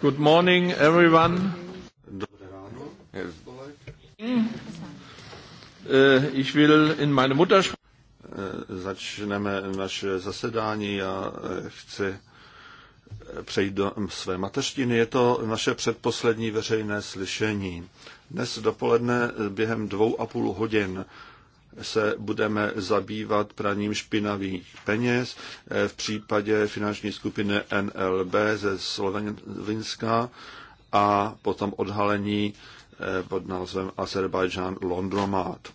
Good morning, everyone. Eh, ráno. Eh, začneme naše zasedání a eh, chci přejít do mm, své mateřštiny. Je to naše předposlední veřejné slyšení. Dnes dopoledne během dvou a půl hodin se budeme zabývat praním špinavých peněz eh, v případě finanční skupiny NLB ze Slovenska a potom odhalení eh, pod názvem Azerbajdžán Londromat.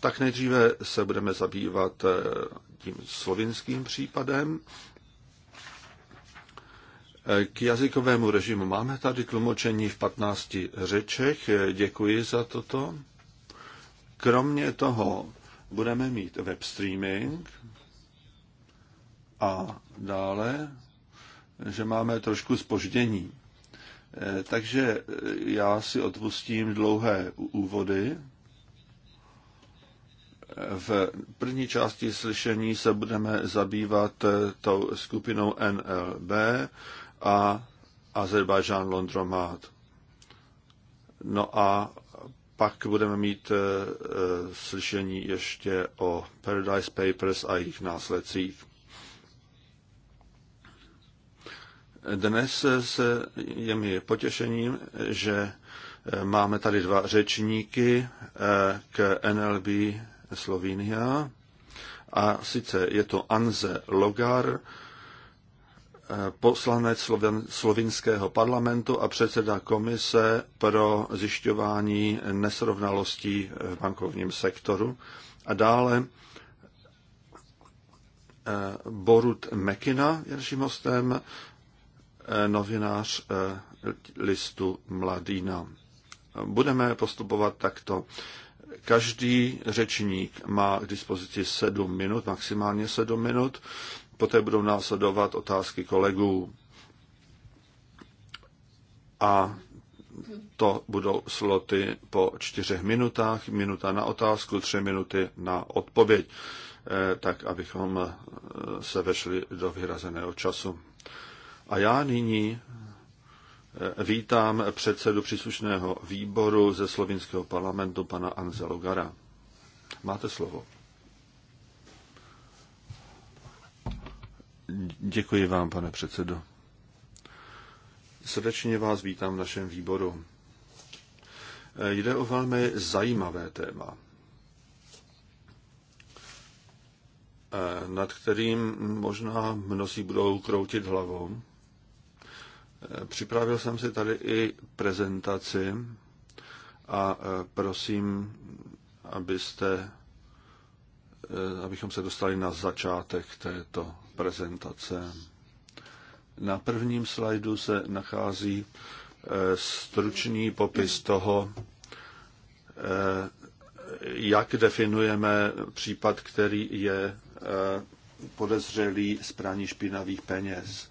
Tak nejdříve se budeme zabývat eh, tím slovinským případem. K jazykovému režimu máme tady tlumočení v 15 řečech. Děkuji za toto. Kromě toho budeme mít web streaming a dále, že máme trošku spoždění. Eh, takže eh, já si odpustím dlouhé úvody. V první části slyšení se budeme zabývat eh, tou skupinou NLB a Azerbajdžán Londromat. No a pak budeme mít eh, eh, slyšení ještě o Paradise Papers a jejich následcích. Dnes eh, se je mi potěšením, že máme tady dva řečníky k NLB Slovenia. A sice je to Anze Logar, poslanec slovinského parlamentu a předseda komise pro zjišťování nesrovnalostí v bankovním sektoru. A dále eh, Borut Mekina jenším hostem, eh, novinář eh, listu Mladýna. Budeme postupovat takto. Každý řečník má k dispozici sedm minut, maximálně sedm minut poté budou následovat otázky kolegů. A to budou sloty po čtyřech minutách, minuta na otázku, tři minuty na odpověď, eh, tak abychom eh, se vešli do vyhrazeného času. A já nyní eh, vítám předsedu příslušného výboru ze slovinského parlamentu, pana Anzelo Gara. Máte slovo. Děkuji vám, pane předsedo. Srdečně vás vítám v našem výboru. Eh, jde o velmi zajímavé téma, eh, nad kterým možná mnozí budou kroutit hlavou. Eh, připravil jsem si tady i prezentaci a prosím, abyste, abychom se dostali na začátek této prezentace. Na prvním slajdu se nachází eh, stručný popis toho, eh, jak definujeme případ, který je eh, podezřelý z praní špinavých peněz.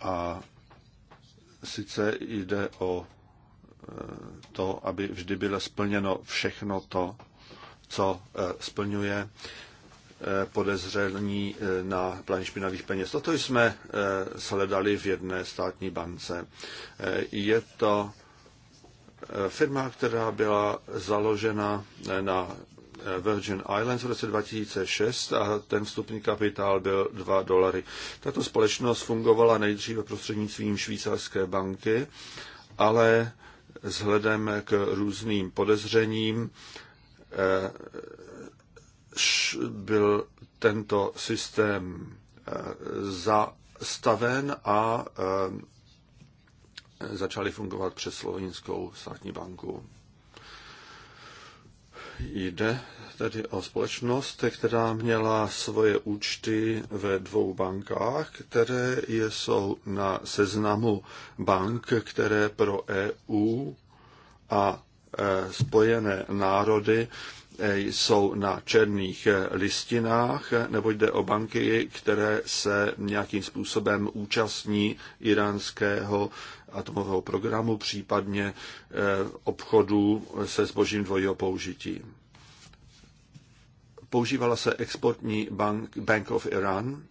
A sice jde o to, aby vždy bylo splněno všechno to, co e, splňuje e, podezření e, na praní špinavých peněz. Toto jsme sledali v jedné státní bance. Je to firma, která byla založena na Virgin Islands v roce 2006 a ten vstupní kapitál byl 2 dolary. Tato společnost fungovala nejdříve prostřednictvím švýcarské banky, ale vzhledem k různým podezřením Eh, byl tento systém eh, zastaven a eh, začaly fungovat přes Slovinskou státní banku. Jde tedy o společnost, která měla svoje účty ve dvou bankách, které jsou na seznamu bank, které pro EU a spojené národy eh, jsou na černých eh, listinách, eh, nebo jde o banky, které se nějakým způsobem účastní iránského atomového programu, případně obchodu se zbožím dvojího použití. Používala se exportní bank, Bank of Iran,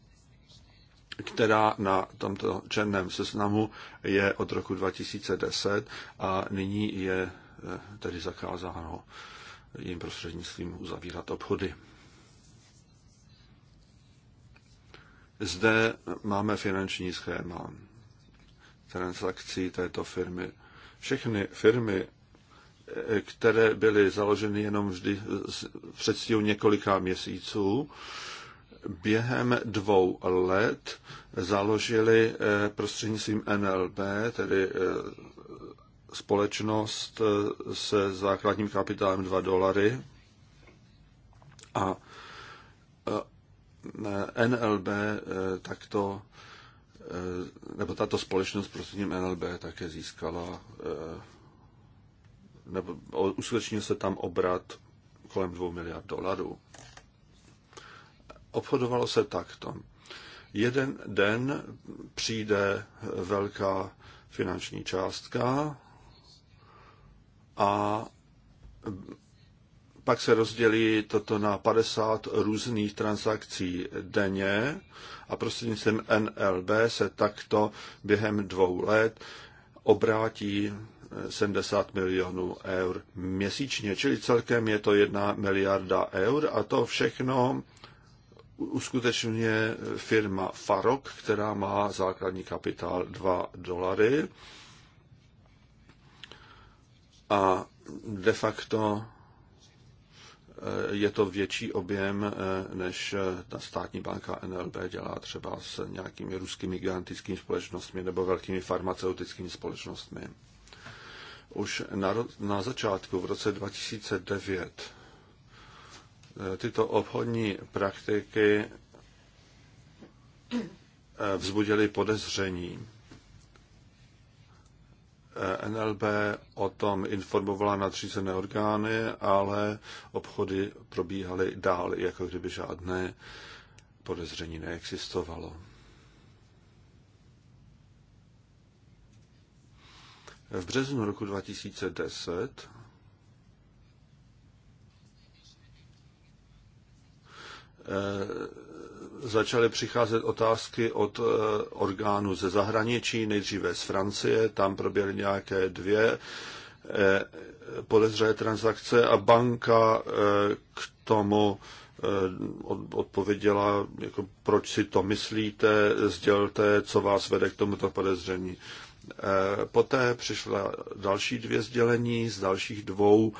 která na tomto černém seznamu je od roku 2010 a nyní je Eh, tedy zakázáno jim prostřednictvím uzavírat obchody. Zde máme finanční schéma transakcí této firmy. Všechny firmy, eh, které byly založeny jenom vždy v předstihu několika měsíců, během dvou let založili eh, prostřednictvím NLB, tedy společnost eh, se základním kapitálem 2 dolary a eh, eh, NLB takto, nebo tato společnost prostřednictvím NLB také získala, nebo uskutečnil se tam obrat kolem 2 miliard dolarů. Obchodovalo se takto. Jeden den přijde velká finanční částka a pak se rozdělí toto na 50 různých transakcí denně a prostřednictvím NLB se takto během dvou let obrátí 70 milionů eur měsíčně, čili celkem je to 1 miliarda eur a to všechno uskutečňuje firma Farok, která má základní kapitál 2 dolary a de facto eh, je to větší objem, eh, než eh, ta státní banka NLB dělá třeba s nějakými ruskými gigantickými společnostmi nebo velkými farmaceutickými společnostmi. Už na, na začátku v roce 2009 tyto obchodní praktiky vzbudily podezření Eh, NLB o tom informovala nadřízené orgány, ale obchody probíhaly dál, jako kdyby žádné podezření neexistovalo. V březnu roku 2010 začaly přicházet otázky od eh, orgánů ze zahraničí, nejdříve z Francie, tam proběhly nějaké dvě eh, podezřelé transakce a banka eh, k tomu odpověděla, jako proč si to myslíte, sdělte, co vás vede k tomuto podezření. Poté přišla další dvě sdělení z dalších dvou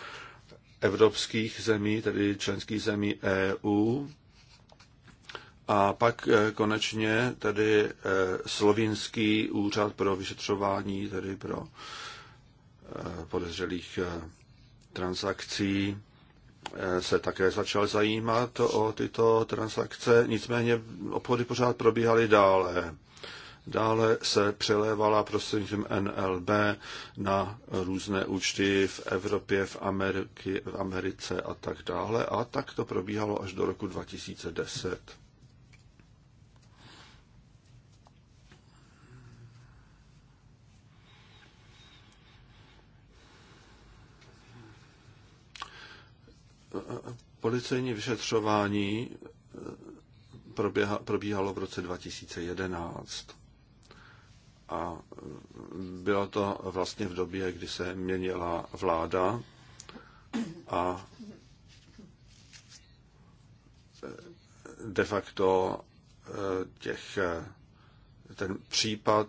evropských zemí, tedy členských zemí EU, a pak eh, konečně tedy eh, slovinský úřad pro vyšetřování, tedy pro eh, podezřelých transakcí, se také začal zajímat o tyto transakce, nicméně obchody pořád probíhaly dále. Dále se přelévala prostřednictvím NLB na různé účty v Evropě, v, Ameriky, v Americe a tak dále. A tak to probíhalo až do roku 2010. policejní vyšetřování eh, proběha, probíhalo v roce 2011. A eh, bylo to vlastně v době, kdy se měnila vláda a eh, de facto těch, ten případ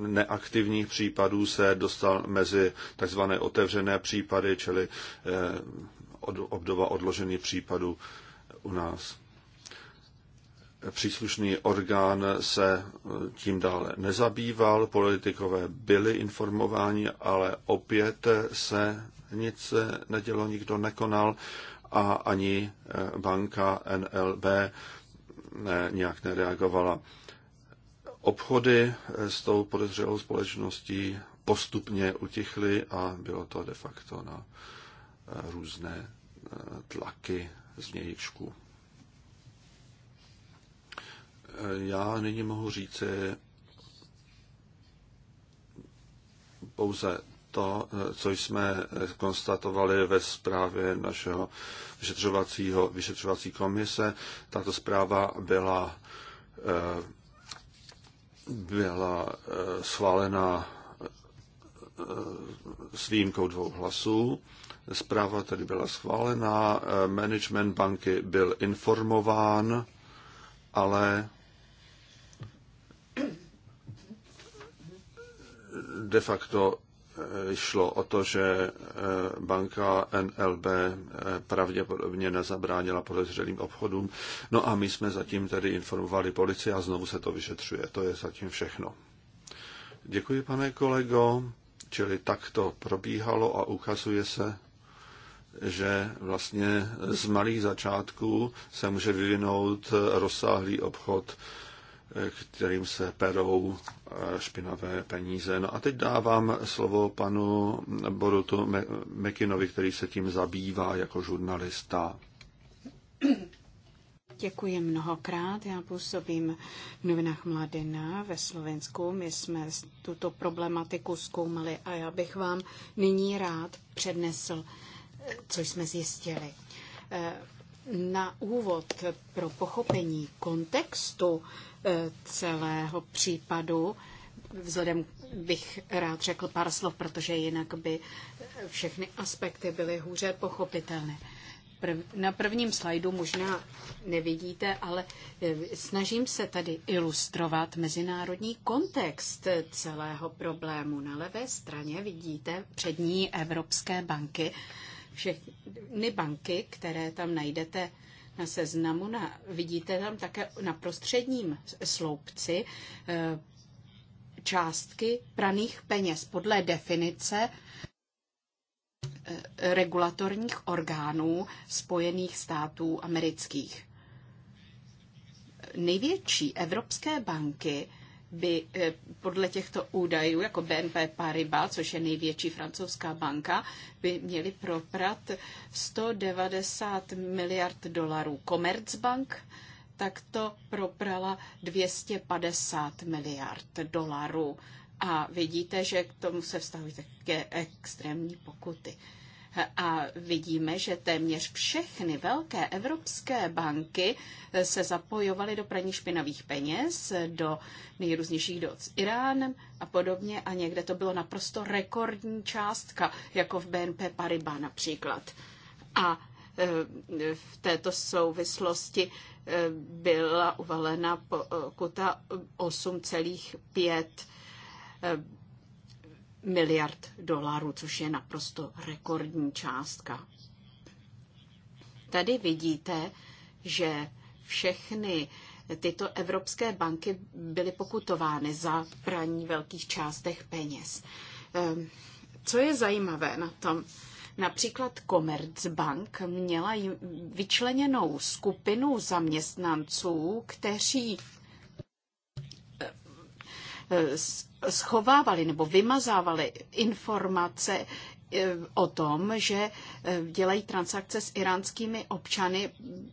neaktivních případů se dostal mezi takzvané otevřené případy, čili obdoba odložených případů u nás. Příslušný orgán se eh, tím dále nezabýval, politikové byli informováni, ale opět se nic eh, nedělo, nikdo nekonal a ani eh, banka NLB ne, nějak nereagovala. Obchody s tou podezřelou společností postupně utichly a bylo to de facto na různé eh, tlaky z vnějšku. Eh, já nyní mohu říci pouze to, eh, co jsme konstatovali ve zprávě našeho vyšetřovacího, vyšetřovací komise. Tato zpráva byla, byla schválena s výjimkou dvou hlasů Zpráva tedy byla schválená, eh, management banky byl informován, ale de facto eh, šlo o to, že eh, banka NLB pravděpodobně nezabránila podezřelým obchodům. No a my jsme zatím tedy informovali policii a znovu se to vyšetřuje. To je zatím všechno. Děkuji, pane kolego. Čili tak to probíhalo a ukazuje se, že vlastně z malých začátků se může vyvinout rozsáhlý obchod, kterým se perou špinavé peníze. No a teď dávám slovo panu Borutu Mekinovi, který se tím zabývá jako žurnalista. Děkuji mnohokrát. Já působím v novinách Mladina ve Slovensku. My jsme tuto problematiku zkoumali a já bych vám nyní rád přednesl co jsme zjistili. Eh, na úvod pro pochopení kontextu eh, celého případu vzhledem bych rád řekl pár slov, protože jinak by všechny aspekty byly hůře pochopitelné. Prv, na prvním slajdu možná nevidíte, ale eh, snažím se tady ilustrovat mezinárodní kontext celého problému. Na levé straně vidíte přední evropské banky, všechny banky, které tam najdete na seznamu, na, vidíte tam také na prostředním sloupci eh, částky praných peněz podle definice eh, regulatorních orgánů Spojených států amerických. Největší evropské banky by eh, podle těchto údajů, jako BNP Paribas, což je největší francouzská banka, by měly proprat 190 miliard dolarů. Commerzbank to proprala 250 miliard dolarů. A vidíte, že k tomu se vztahují také extrémní pokuty. A vidíme, že téměř všechny velké evropské banky se zapojovaly do praní špinavých peněz, do nejrůznějších dohod s Iránem a podobně. A někde to bylo naprosto rekordní částka, jako v BNP Paribas například. A e, v této souvislosti e, byla uvalena pokuta 8,5 miliard dolarů, což je naprosto rekordní částka. Tady vidíte, že všechny tyto evropské banky byly pokutovány za praní velkých částech peněz. Ehm, co je zajímavé na tom, Například Commerzbank měla vyčleněnou skupinu zaměstnanců, kteří Eh, schovávali nebo vymazávali informace eh, o tom, že eh, dělají transakce s iránskými občany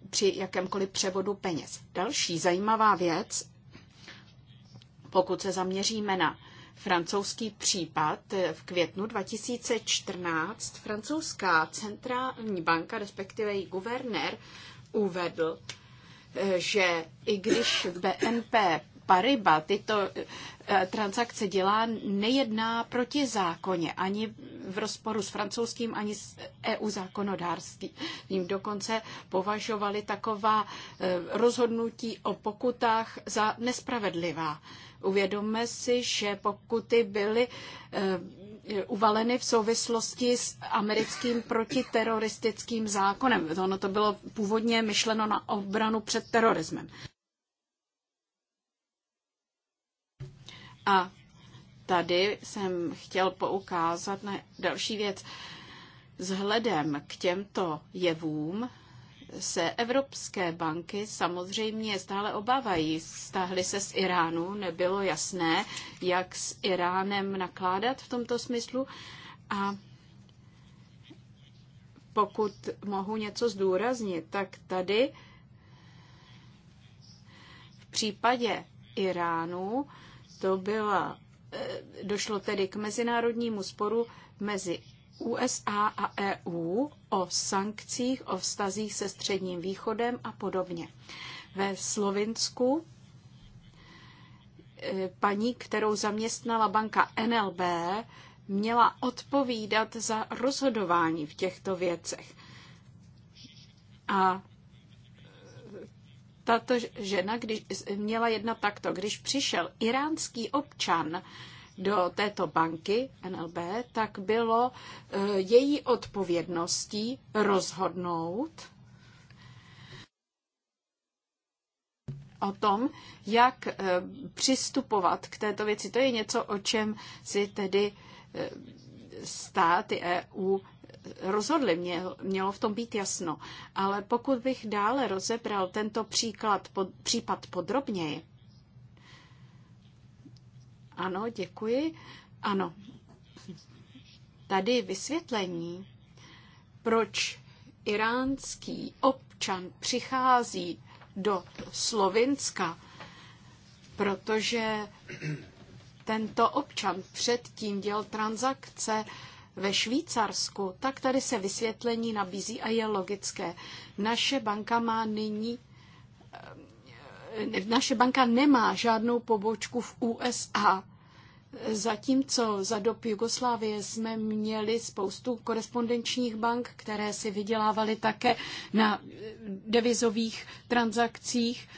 při jakémkoliv převodu peněz. Další zajímavá věc, pokud se zaměříme na francouzský případ. V květnu 2014 francouzská centrální banka, respektive její guvernér, uvedl, že i když BNP Pariba tyto eh, transakce dělá, nejedná proti zákoně, ani v rozporu s francouzským, ani s EU zákonodárstvím. Dokonce považovali taková eh, rozhodnutí o pokutách za nespravedlivá. Uvědomme si, že pokuty byly eh, uvaleny v souvislosti s americkým protiteroristickým zákonem. Ono to bylo původně myšleno na obranu před terorismem. A tady jsem chtěl poukázat na další věc. Vzhledem k těmto jevům se evropské banky samozřejmě stále obávají. Stáhly se z Iránu, nebylo jasné, jak s Iránem nakládat v tomto smyslu. A pokud mohu něco zdůraznit, tak tady v případě Iránu to byla, eh, došlo tedy k mezinárodnímu sporu mezi USA a EU o sankcích, o vztazích se Středním východem a podobně. Ve Slovinsku eh, paní, kterou zaměstnala banka NLB, měla odpovídat za rozhodování v těchto věcech. A tato žena když, měla jedna takto. Když přišel iránský občan do této banky NLB, tak bylo eh, její odpovědností rozhodnout o tom, jak eh, přistupovat k této věci. To je něco, o čem si tedy eh, státy EU rozhodli, mě, mělo v tom být jasno. Ale pokud bych dále rozebral tento příklad, pod, případ podrobněji, ano, děkuji. Ano, tady vysvětlení, proč iránský občan přichází do Slovinska, protože tento občan předtím dělal transakce ve Švýcarsku, tak tady se vysvětlení nabízí a je logické. Naše banka má nyní eh, naše banka nemá žádnou pobočku v USA, Zatímco za dob Jugoslávie jsme měli spoustu korespondenčních bank, které si vydělávaly také na devizových transakcích.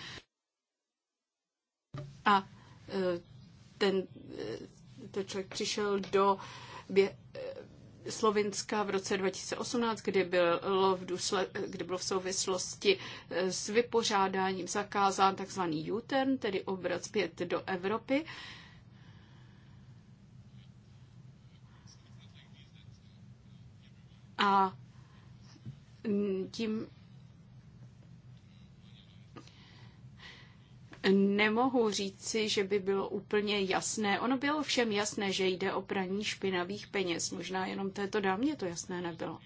A eh, ten eh, to člověk přišel do Slovinska v roce 2018, kdy bylo v, kdy bylo v souvislosti eh, s vypořádáním zakázán tzv. u tedy obrat zpět do Evropy. A tím nemohu říci, že by bylo úplně jasné. Ono bylo všem jasné, že jde o praní špinavých peněz. Možná jenom této dámě to jasné nebylo.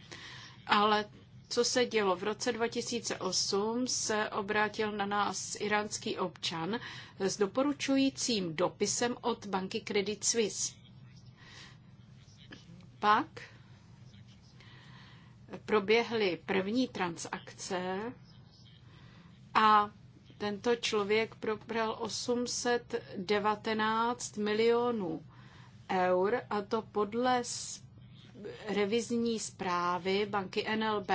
Ale co se dělo? V roce 2008 se obrátil na nás iránský občan s doporučujícím dopisem od banky Credit Suisse. Pak proběhly první transakce a tento člověk probral 819 milionů eur a to podle revizní zprávy banky NLB.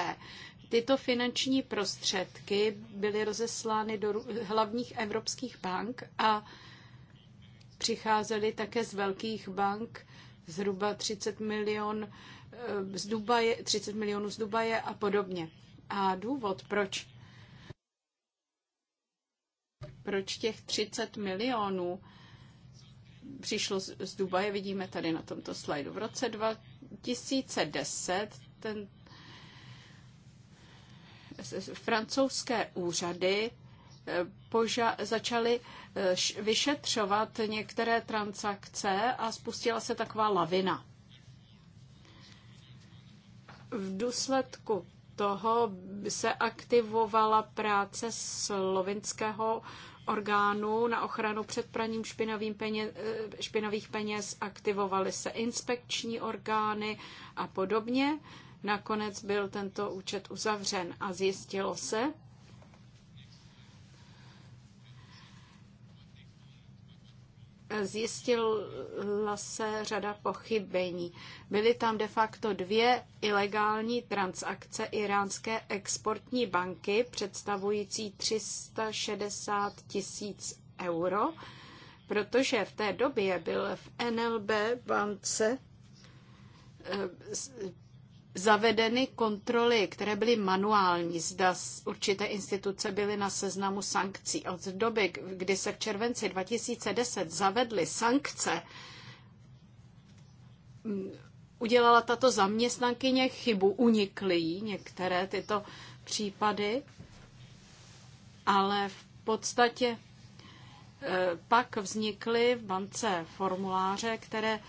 Tyto finanční prostředky byly rozeslány do hlavních evropských bank a přicházely také z velkých bank zhruba 30 milion eh, z Dubaje, 30 milionů z Dubaje a podobně. A důvod, proč proč těch 30 milionů přišlo z, z Dubaje, vidíme tady na tomto slajdu. V roce 2010 ten francouzské úřady e, poža- začaly e, vyšetřovat některé transakce a spustila se taková lavina. V důsledku toho se aktivovala práce slovinského orgánu na ochranu před praním špinavým peněz, eh, špinavých peněz, aktivovaly se inspekční orgány a podobně. Nakonec byl tento účet uzavřen a zjistilo se, zjistila se řada pochybení. Byly tam de facto dvě ilegální transakce iránské exportní banky představující 360 tisíc euro, protože v té době byl v NLB bance eh, zavedeny kontroly, které byly manuální, zda určité instituce byly na seznamu sankcí. Od doby, kdy se v červenci 2010 zavedly sankce, mm, udělala tato zaměstnankyně chybu, unikly jí některé tyto případy, ale v podstatě eh, pak vznikly v bance formuláře, které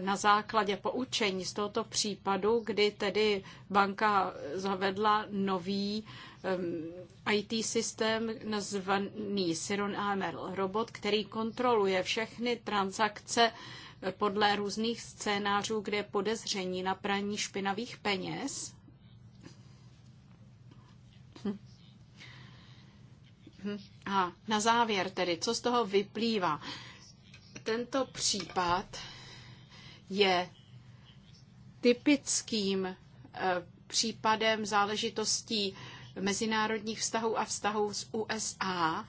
na základě poučení z tohoto případu, kdy tedy banka zavedla nový IT systém nazvaný Siron AML robot, který kontroluje všechny transakce podle různých scénářů, kde je podezření na praní špinavých peněz. A na závěr tedy, co z toho vyplývá? Tento případ je typickým eh, případem záležitostí mezinárodních vztahů a vztahů s USA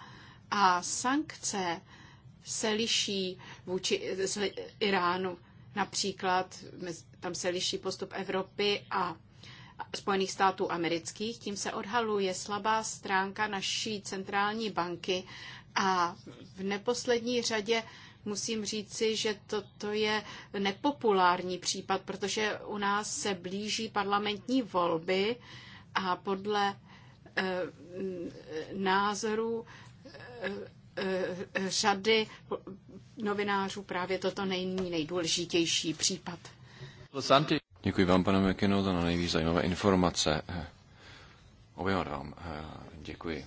a sankce se liší vůči eh, Iránu. Například tam se liší postup Evropy a Spojených států amerických. Tím se odhaluje slabá stránka naší centrální banky a v neposlední řadě musím říci, že toto je nepopulární případ, protože u nás se blíží parlamentní volby a podle e, názoru eh, eh, řady novinářů právě toto není nejdůležitější případ. Děkuji vám, pane McKinnon, za nejvíc zajímavé informace. Oběma vám děkuji.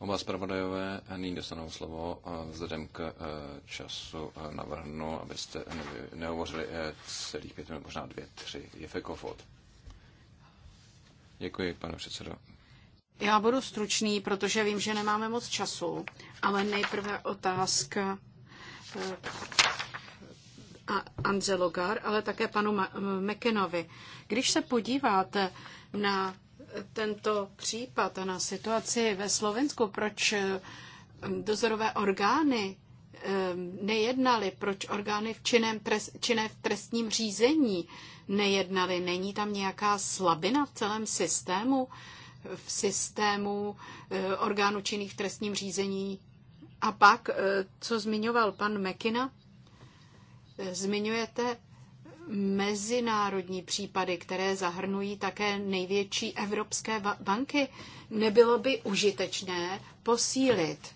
Oba zpravodajové nyní dostanou slovo vzhledem k eh, času eh, navrhnu, abyste nehovořili eh, celých pět minut, možná dvě, tři. Je fekofot. Děkuji, pane předsedo. Já budu stručný, protože vím, že nemáme moc času, ale nejprve otázka a Anze Logar, ale také panu McKenovi. Když se podíváte na tento případ a na situaci ve Slovensku, proč eh, dozorové orgány eh, nejednali, proč orgány v činném činné v trestním řízení nejednali. Není tam nějaká slabina v celém systému, v systému eh, orgánů činných v trestním řízení. A pak, co zmiňoval pan Mekina, zmiňujete mezinárodní případy, které zahrnují také největší evropské banky, nebylo by užitečné posílit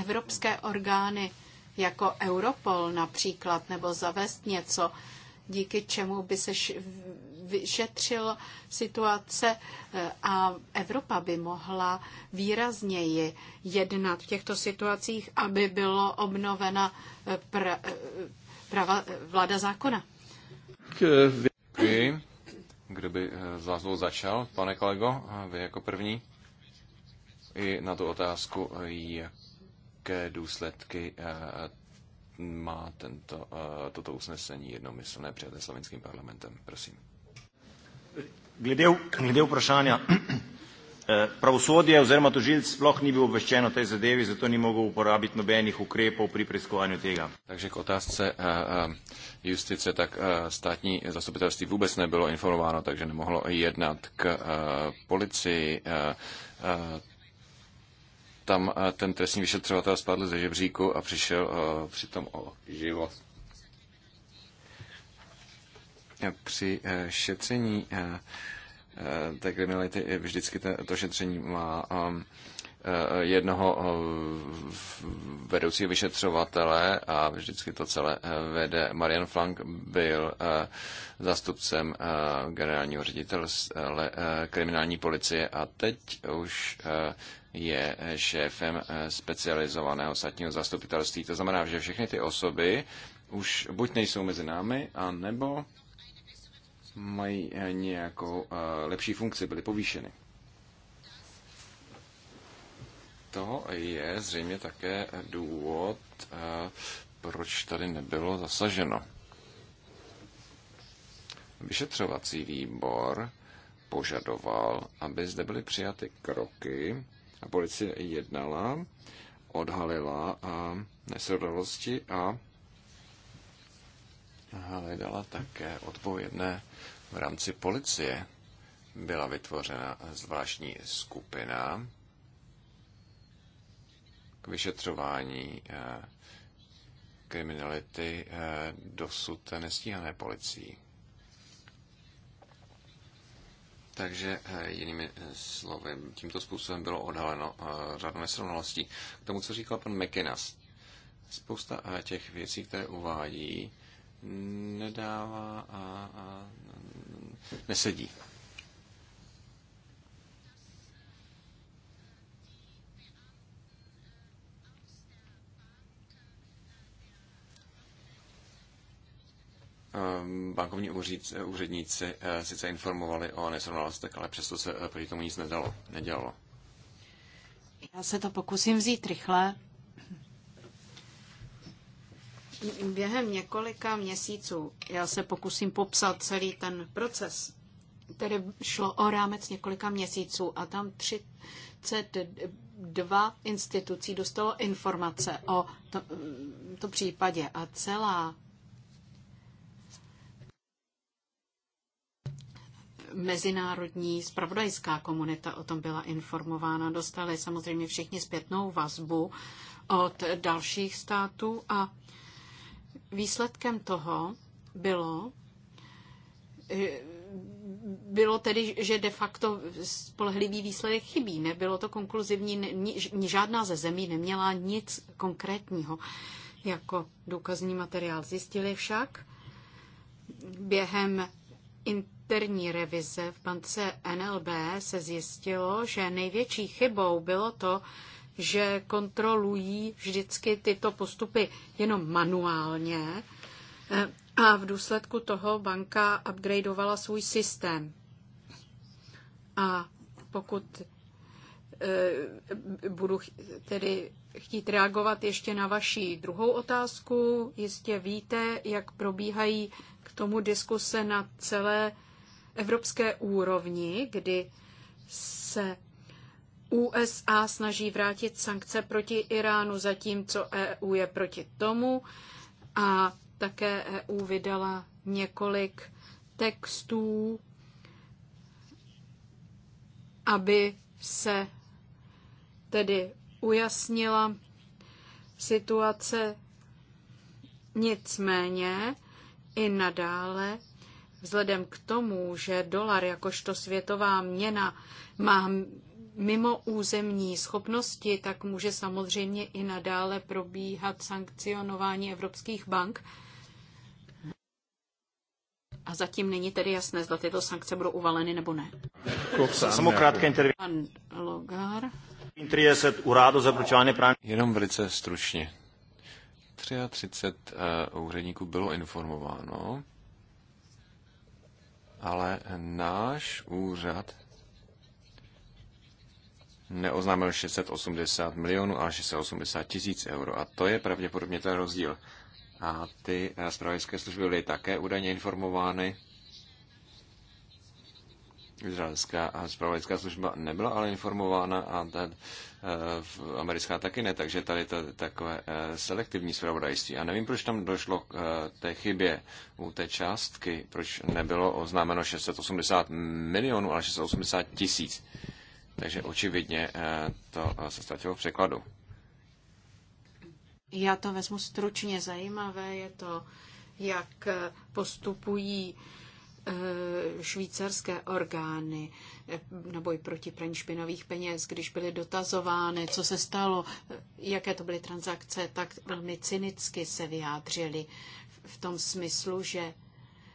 evropské orgány jako Europol například, nebo zavést něco, díky čemu by se vyšetřil situace eh, a Evropa by mohla výrazněji jednat v těchto situacích, aby bylo obnovena eh, pr- eh, prava, eh, vláda zákona. Děkuji. Eh, kdo by eh, z vás začal, pane kolego, vy jako první? I na tu otázku, jaké důsledky má tento, toto usnesení jednomyslné přijaté slovenským parlamentem. Prosím. Glede, glede Eh, pravosodje oziroma tožilc sploh ni bil obveščen o tej zadevi, zato ni mogel uporabiti nobenih ukrepov pri preiskovanju tega. Takže k otázce eh, eh, justice, tak státní zastupitelství vůbec nebylo informováno, takže nemohlo jednat k policii. Tam ten trestní vyšetřovatel spadl ze žebříku a přišel přitom o život. Při šetření Eh, té kriminality vždycky to šetření má ehm, eh, jednoho eh, vedoucího vyšetřovatele a vždycky to celé vede. Marian Flank byl zástupcem generálního ředitele kriminální policie a teď už je šéfem specializovaného státního zastupitelství. To znamená, že všechny ty osoby už buď nejsou mezi námi, a nebo mají eh, nějakou eh, lepší funkci, byly povýšeny. To je zřejmě také důvod, eh, proč tady nebylo zasaženo. Vyšetřovací výbor požadoval, aby zde byly přijaty kroky a policie jednala, odhalila a nesrovnalosti a hledala také odpovědné v rámci policie. Byla vytvořena zvláštní skupina k vyšetřování eh, kriminality eh, dosud nestíhané policií. Takže eh, jinými slovy, tímto způsobem bylo odhaleno řadu nesrovnalostí. K tomu, co říkal pan McInnes, spousta těch věcí, které uvádí, nedává a, a nesedí. Ehm, bankovní úředníci eh, sice informovali o nesrovnalostech, ale přesto se eh, proti tomu nic nedalo, nedělalo. Já se to pokusím vzít rychle během několika měsíců. Já se pokusím popsat celý ten proces. který šlo o rámec několika měsíců a tam 32 institucí dostalo informace o to, to případě a celá mezinárodní spravodajská komunita o tom byla informována. Dostali samozřejmě všichni zpětnou vazbu od dalších států a výsledkem toho bylo, eh, bylo tedy, že de facto spolehlivý výsledek chybí. Nebylo to konkluzivní, ni, žádná ze zemí neměla nic konkrétního jako důkazní materiál. Zjistili však během interní revize v bance NLB se zjistilo, že největší chybou bylo to, že kontrolují vždycky tyto postupy jenom manuálně eh, a v důsledku toho banka upgradeovala svůj systém. A pokud eh, budu tedy chtít reagovat ještě na vaši druhou otázku. Jistě víte, jak probíhají k tomu diskuse na celé evropské úrovni, kdy se USA snaží vrátit sankce proti Iránu, zatímco EU je proti tomu. A také EU vydala několik textů, aby se tedy ujasnila situace. Nicméně i nadále Vzhledem k tomu, že dolar jakožto světová měna má mimo územní schopnosti, tak může samozřejmě i nadále probíhat sankcionování evropských bank. A zatím není tedy jasné, zda tyto sankce budou uvaleny nebo ne. Samokrátké krátké intervju. Pan Logár. Jenom velice stručně. 33 eh, úředníků bylo informováno, ale náš úřad neoznámil 680 milionů, ale 680 tisíc euro. A to je pravděpodobně ten rozdíl. A ty eh, zpravodajské služby byly také údajně informovány. Izraelská zpravodajská služba nebyla ale informována a ta, e, americká taky ne, takže tady to takové e, selektivní zpravodajství. A nevím, proč tam došlo k e, té chybě u té částky, proč nebylo oznámeno 680 milionů, ale 680 tisíc. Takže očividně eh, to eh, se ztratilo v překladu. Já to vezmu stručně zajímavé, je to, jak eh, postupují švýcarské orgány na boj proti praní špinových peněz, když byly dotazovány, co se stalo, jaké to byly transakce, tak velmi cynicky se vyjádřili v tom smyslu, že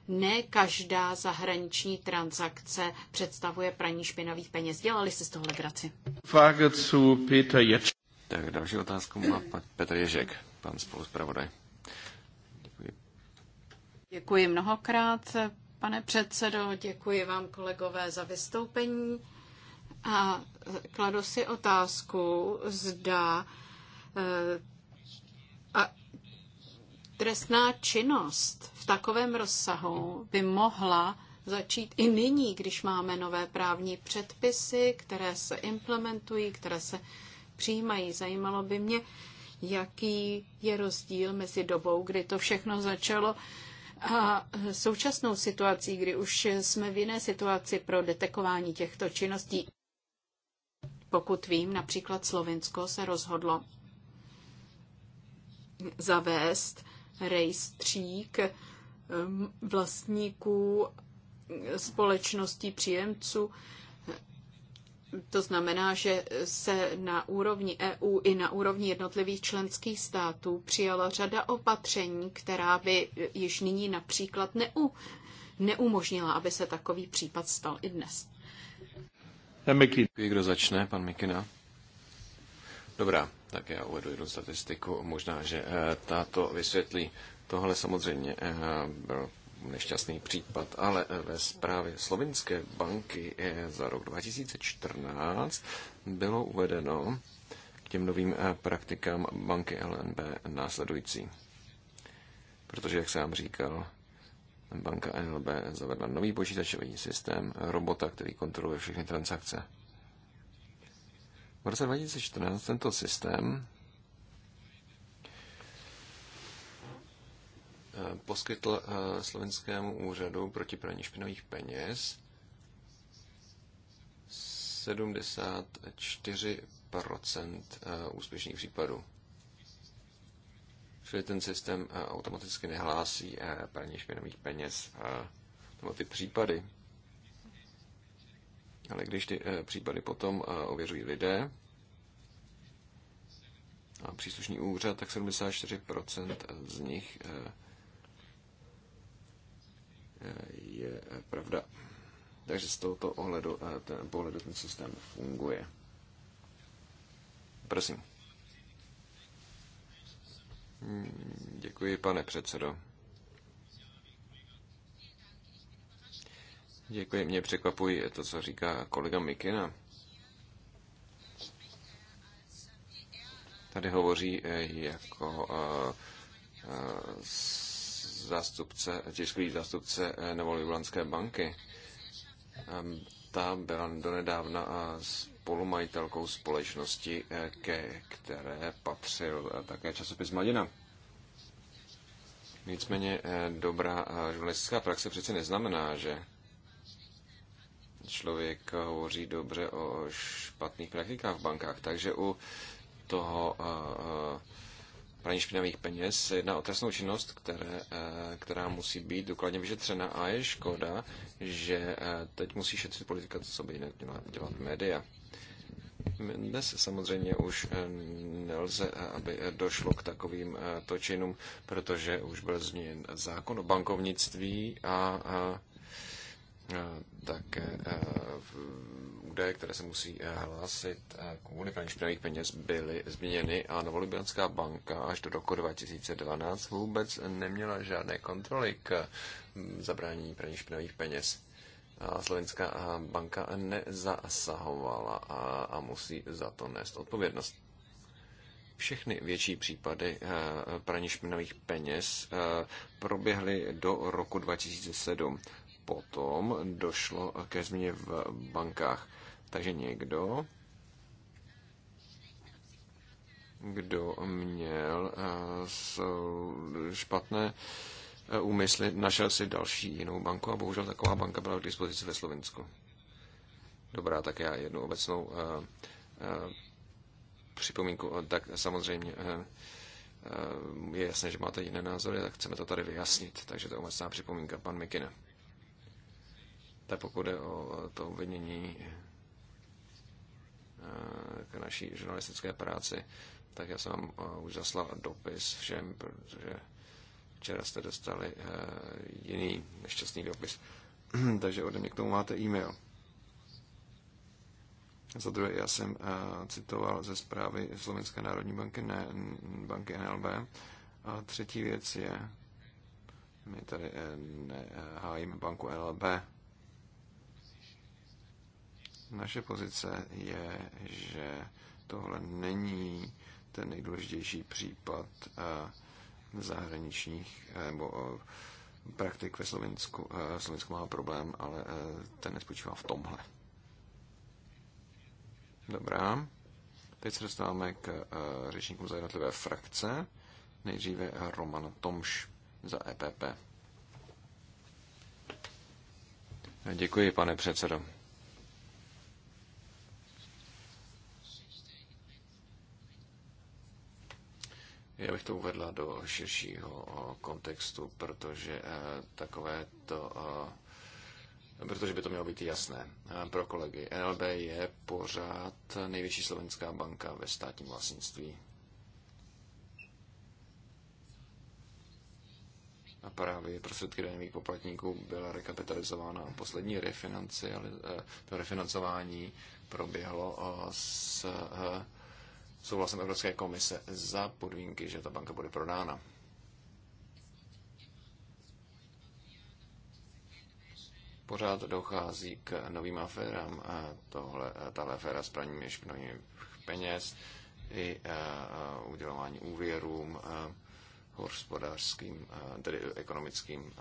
ne každá zahraniční transakce představuje praní špinavých peněz. Dělali jste z toho legraci. Tak další otázku má Petr Ježek, pan spoluzpravodaj. Děkuji. Děkuji mnohokrát, pane předsedo, děkuji vám kolegové za vystoupení a kladu si otázku, zda eh, a Trestná činnost v takovém rozsahu by mohla začít i nyní, když máme nové právní předpisy, které se implementují, které se přijímají. Zajímalo by mě, jaký je rozdíl mezi dobou, kdy to všechno začalo a současnou situací, kdy už jsme v jiné situaci pro detekování těchto činností. Pokud vím, například Slovinsko se rozhodlo zavést rejstřík vlastníků společností příjemců. To znamená, že se na úrovni EU i na úrovni jednotlivých členských států přijala řada opatření, která by již nyní například neu, neumožnila, aby se takový případ stal i dnes. Kdo začne? Pan Mikina. Dobrá. Tak já uvedu jednu statistiku, možná, že eh, tato vysvětlí. Tohle samozřejmě eh, byl nešťastný případ, ale eh, ve zprávě Slovinské banky za rok 2014 bylo uvedeno k těm novým praktikám banky LNB následující. Protože, jak jsem říkal, banka LNB zavedla nový počítačový systém robota, který kontroluje všechny transakce. V roce 2014 tento systém eh, poskytl eh, slovenskému úřadu proti praní špinavých peněz 74 eh, úspěšných případů. Čili ten systém automaticky nehlásí praní špinavých peněz nebo ty případy. Ale když ty eh, případy potom eh, ověřují lidé a příslušný úřad, tak 74% z nich eh, je pravda. Takže z tohoto ohledu, ten, pohledu ten systém funguje. Prosím. Hmm, děkuji, pane předsedo. Děkuji, mě překvapuje to, co říká kolega Mikina. Tady hovoří eh, jako eh, eh, zástupce, tiskový zástupce nebo Ljubljanské banky. Ehm, ta byla donedávna spolumajitelkou společnosti, ke které patřil také časopis Madina. Nicméně dobrá žurnalistická praxe přece neznamená, že člověk hovoří dobře o špatných praktikách v bankách. Takže u toho eh, eh, praní špinavých peněz se jedná o trestnou činnost, které, eh, která musí být důkladně vyšetřena a je škoda, že teď musí šetřit politika, co by jinak měla dělat média. Dnes samozřejmě už nelze, aby došlo k takovým točinům, protože už byl změněn zákon o bankovnictví a také eh, údaje, které se musí eh, hlásit eh, kvůli praní špinavých peněz, byly změněny a Novolibianská banka až do roku 2012 vůbec neměla žádné kontroly k hm, zabrání praní špinavých peněz. Slovenská banka nezasahovala a, a musí za to nést odpovědnost všechny větší případy praní špinavých peněz proběhly do roku 2007 potom došlo ke změně v bankách. Takže někdo, kdo měl eh, špatné eh, úmysly, našel si další jinou banku a bohužel taková banka byla k dispozici ve Slovensku. Dobrá, tak já jednu obecnou eh, připomínku. Tak samozřejmě je jasné, že máte jiné názory, tak chceme to tady vyjasnit. Takže to je obecná připomínka, pan Mikina tak pokud je o to obvinění eh, k naší žurnalistické práci, tak já jsem vám eh, už zaslal dopis všem, protože včera jste dostali eh, jiný nešťastný dopis. Takže ode mě k tomu máte e-mail. Za druhé, já jsem citoval ze zprávy Slovenské národní banky, ne, banky NLB. A třetí věc je, my tady nehájíme banku NLB, naše pozice je, že tohle není ten nejdůležitější případ eh, zahraničních eh, nebo eh, praktik ve Slovensku. Slovensko má problém, ale ten nespočívá v tomhle. Dobrá. Teď se dostáváme k řečníkům za jednotlivé frakce. Nejdříve Roman Tomš za EPP. Děkuji, pane předsedo. Já bych to uvedla do širšího kontextu, protože e, takové to protože by to mělo být jasné e, pro kolegy. NLB je pořád největší slovenská banka ve státním vlastnictví. A právě prostředky daňových poplatníků byla rekapitalizována. Poslední refinanci, ale e, to refinancování proběhlo s souhlasem Evropské komise za podmínky, že ta banka bude prodána. Pořád dochází k novým aférám. Tohle, tahle aféra s praním špinavých peněz i udělování úvěrům hospodářským, tedy ekonomickým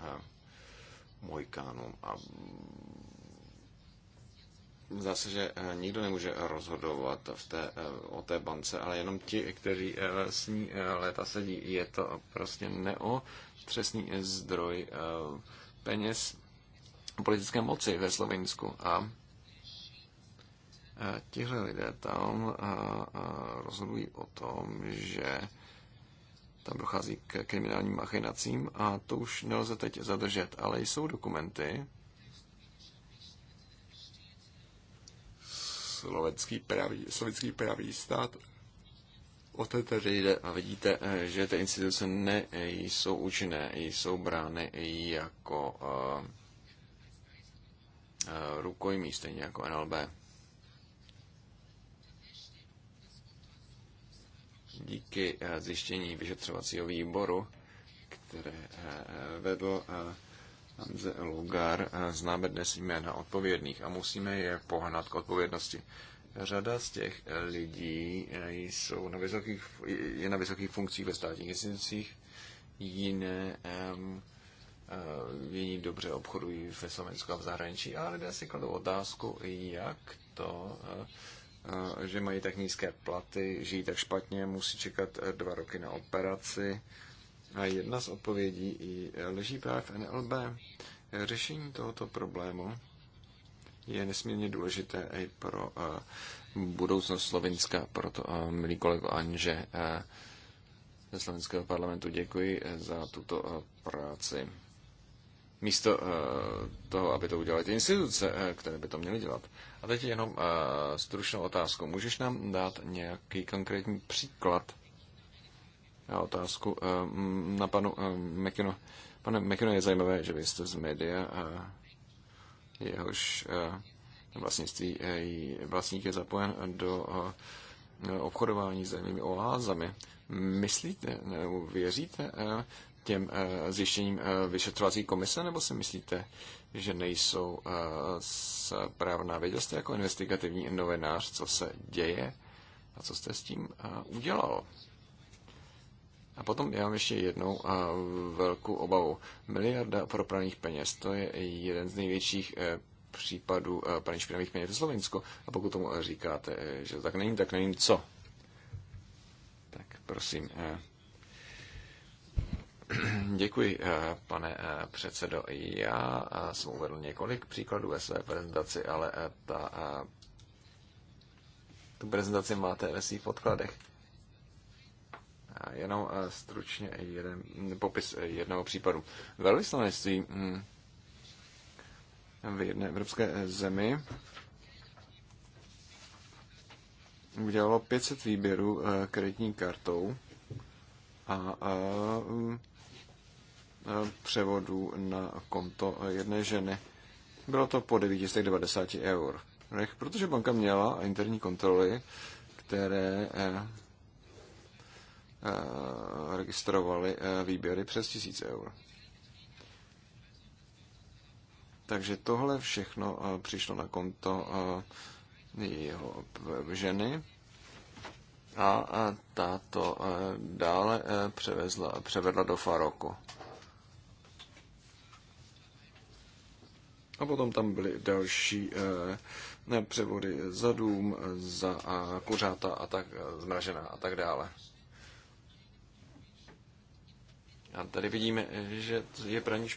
mojkánům a zdá se, že eh, nikdo nemůže rozhodovat v té, eh, o té bance, ale jenom ti, kteří eh, s ní léta sedí. Je to prostě neotřesný zdroj peněz politické moci ve Slovensku a tihle lidé tam rozhodují o tom, že tam dochází k kriminálním machinacím a to už nelze teď zadržet, ale jsou dokumenty, slovenský pravý, Slovenský pravý stát. O to tedy jde a vidíte, eh, že ty instituce ne jsou účinné, jsou brány jako uh, rukojmí, stejně jako NLB. Díky zjištění vyšetřovacího výboru, které vedl uh, Hanze Lugar eh, známe dnes jména odpovědných a musíme je pohnat k odpovědnosti. Řada z těch eh, lidí eh, jsou na vysokých, je na vysokých funkcích ve státních institucích, jiné um, jiní dobře obchodují ve Slovensku a v zahraničí ale lidé si kladou otázku, jak to, že mají tak nízké platy, žijí tak špatně, musí čekat dva roky na operaci, a jedna z odpovědí i leží právě v NLB. Řešení tohoto problému je nesmírně důležité i pro eh, budoucnost Slovenska. Proto, eh, milý kolego Anže, eh, ze slovenského parlamentu děkuji za tuto práci. Místo toho, aby to udělali ty instituce, které by to měly dělat. A teď jenom stručnou otázku. Můžeš nám dát nějaký konkrétní příklad a otázku eh, na panu eh, Mekino, Pane Mekino je zajímavé, že vy jste z média a jehož eh, vlastnictví, vlastník je zapojen do obchodování s zemními oázami. Myslíte, nebo věříte těm zjištěním vyšetřovací komise, nebo si myslíte, že nejsou správná? Věděl jste jako investigativní novinář, co se děje a co jste s tím udělal? A potom já mám ještě jednou a velkou obavu. Miliarda propraných peněz, to je jeden z největších e, případů e, praní špinavých peněz v Slovensku. A pokud tomu říkáte, e, že tak není, tak nevím co. Tak prosím. Děkuji, pane předsedo. Já jsem uvedl několik příkladů ve své prezentaci, ale ta, tu prezentaci máte ve svých podkladech. Jenom eh, stručně jeden popis eh, jednoho případu. Velvyslanectví mm, v jedné evropské eh, zemi udělalo 500 výběrů kreditní kartou a mm, převodu na konto jedné ženy. Bylo to po 990 eur. Protože banka měla interní kontroly, které Eh, registrovali eh, výběry přes 1000 eur. Takže tohle všechno eh, přišlo na konto jeho ženy a ta to dále převezla, převedla do Faroku. A potom tam byly další převody za dům, za kuřáta a tak zmražená a tak dále. A tady vidíme, že je praní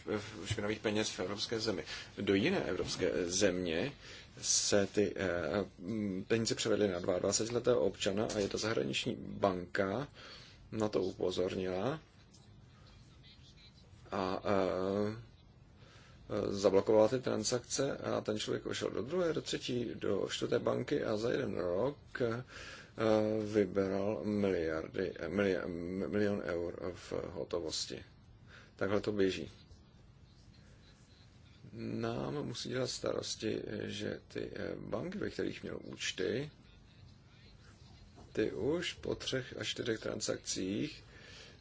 špinavých peněz v evropské zemi. Do jiné evropské země se ty eh, peníze převedly na 22-letého občana a je to zahraniční banka, na to upozornila a eh, zablokovala ty transakce a ten člověk ošel do druhé, do třetí, do čtvrté banky a za jeden rok Eh, vybral miliardy, eh, milion, milion eur v hotovosti. Takhle to běží. Nám musí dělat starosti, že ty eh, banky, ve kterých měl účty, ty už po třech a čtyřech transakcích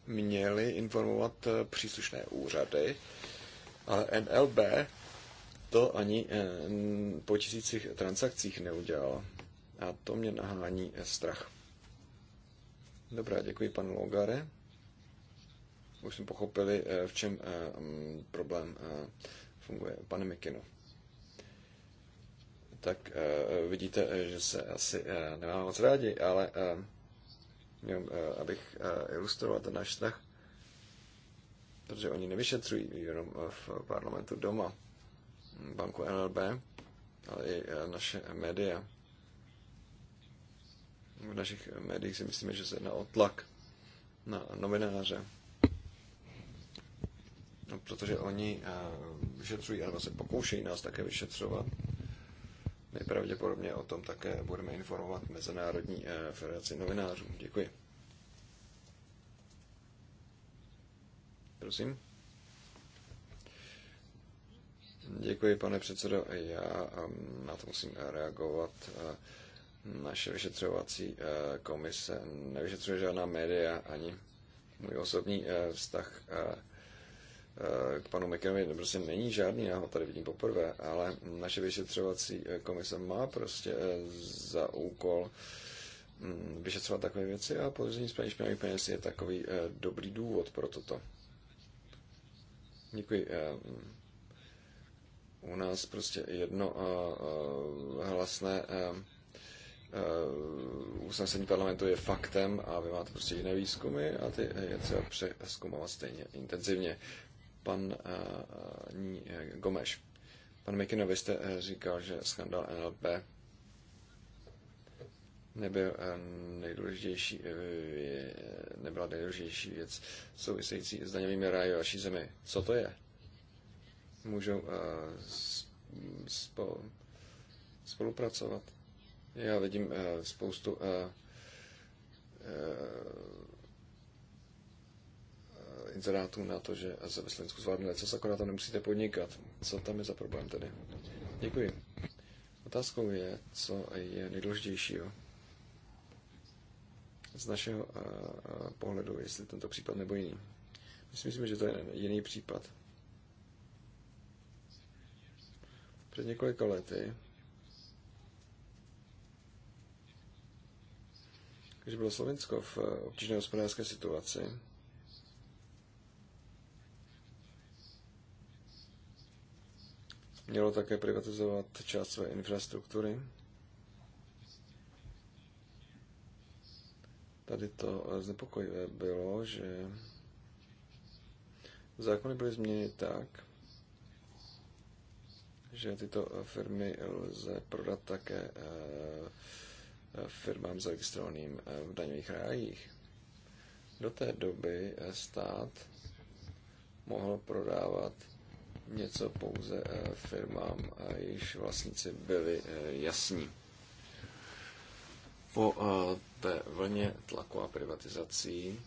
měly informovat příslušné úřady, ale NLB to ani po tisících transakcích neudělalo. A to mě nahání eh, strach. Dobrá, děkuji panu Logare. Už jsme pochopili, eh, v čem eh, problém funguje. Pane Mikino. Tak vidíte, že se asi nemáme moc rádi, ale abych ilustroval ten náš strach, protože oni nevyšetřují jenom v parlamentu doma banku NLB, ale i naše média. V našich médiích si myslíme, že se jedná o tlak na novináře, no, protože oni eh, vyšetřují, nebo se pokoušejí nás také vyšetřovat. Nejpravděpodobně o tom také budeme informovat Mezinárodní eh, federaci novinářů. Děkuji. Prosím. Děkuji, pane předsedo. Já eh, na to musím reagovat. Naše vyšetřovací eh, komise nevyšetřuje žádná média ani můj osobní eh, vztah eh, k panu McKenovi prostě není žádný, já ho tady vidím poprvé, ale naše vyšetřovací komise má prostě za úkol mm, vyšetřovat takové věci a podezření z paní peněz je takový dobrý důvod pro toto. Děkuji. U nás prostě jedno hlasné Eh, usnesení parlamentu je faktem a vy máte prostě jiné výzkumy a ty je třeba přeskoumávat stejně intenzivně. Pan uh, Gomeš, pan Mikino, vy jste říkal, že skandal NLP nebyl nejdůležitější, nebyla nejdůležitější věc související s daňovými ráji vaší zemi. Co to je? Můžou uh, spo, spolupracovat? Já vidím eh, spoustu eh, eh, inzerátů na to, že se ve Slovensku zvládne něco, akorát to nemusíte podnikat. Co tam je za problém tedy? Děkuji. Otázkou je, co je nejdůležitějšího z našeho pohledu, jestli tento případ nebo jiný. My si myslíme, že to je jiný případ. Před několika lety když bylo Slovensko v eh, obtížné hospodářské situaci, mělo také privatizovat část své infrastruktury. Tady to eh, znepokojivé bylo, že zákony byly změněny tak, že tyto eh, firmy lze prodat také firmám zaregistrovaným eh, v daňových rájích. Do té doby eh, stát mohl prodávat něco pouze eh, firmám, a jejichž vlastníci byli jasní. Po té vlně tlaku a privatizací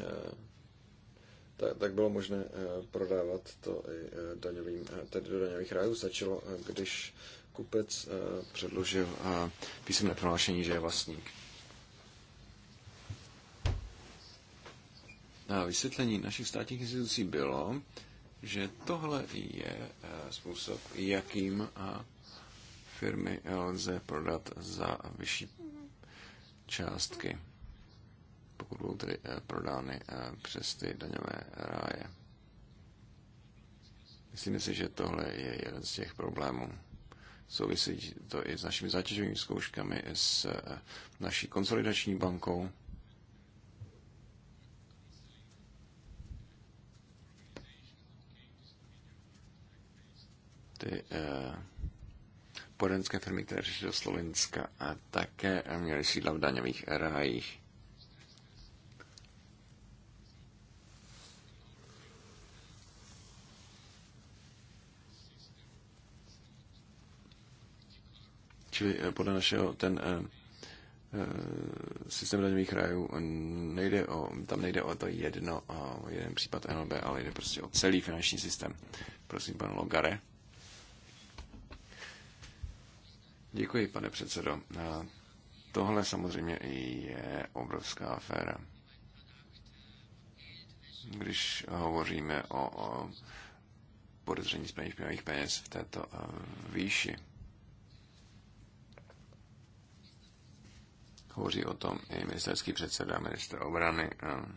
Eh, tak, tak bylo možné eh, prodávat to i eh, daňovým, tedy do daňových rájů. Stačilo, když kupec předložil písemné prohlášení, že je vlastník. A vysvětlení našich státních institucí bylo, že tohle je způsob, jakým firmy lze prodat za vyšší částky pokud budou tedy eh, prodány eh, přes ty daňové ráje. Myslím si, že tohle je jeden z těch problémů. Souvisí to i s našimi zátěžovými zkouškami, s eh, naší konsolidační bankou. Ty eh, poradenské firmy, které přišly do Slovenska, a také měly sídla v daňových rájích. Čili eh, podle našeho ten eh, eh, systém daňových rájů nejde o, tam nejde o to jedno, o jeden případ NLB, ale jde prostě o celý finanční systém. Prosím, pan Logare. Děkuji, pane předsedo. Tohle samozřejmě je obrovská aféra. Když hovoříme o, o podezření z peněz v této výši, Hovoří o tom i ministerský předseda, minister obrany, eh,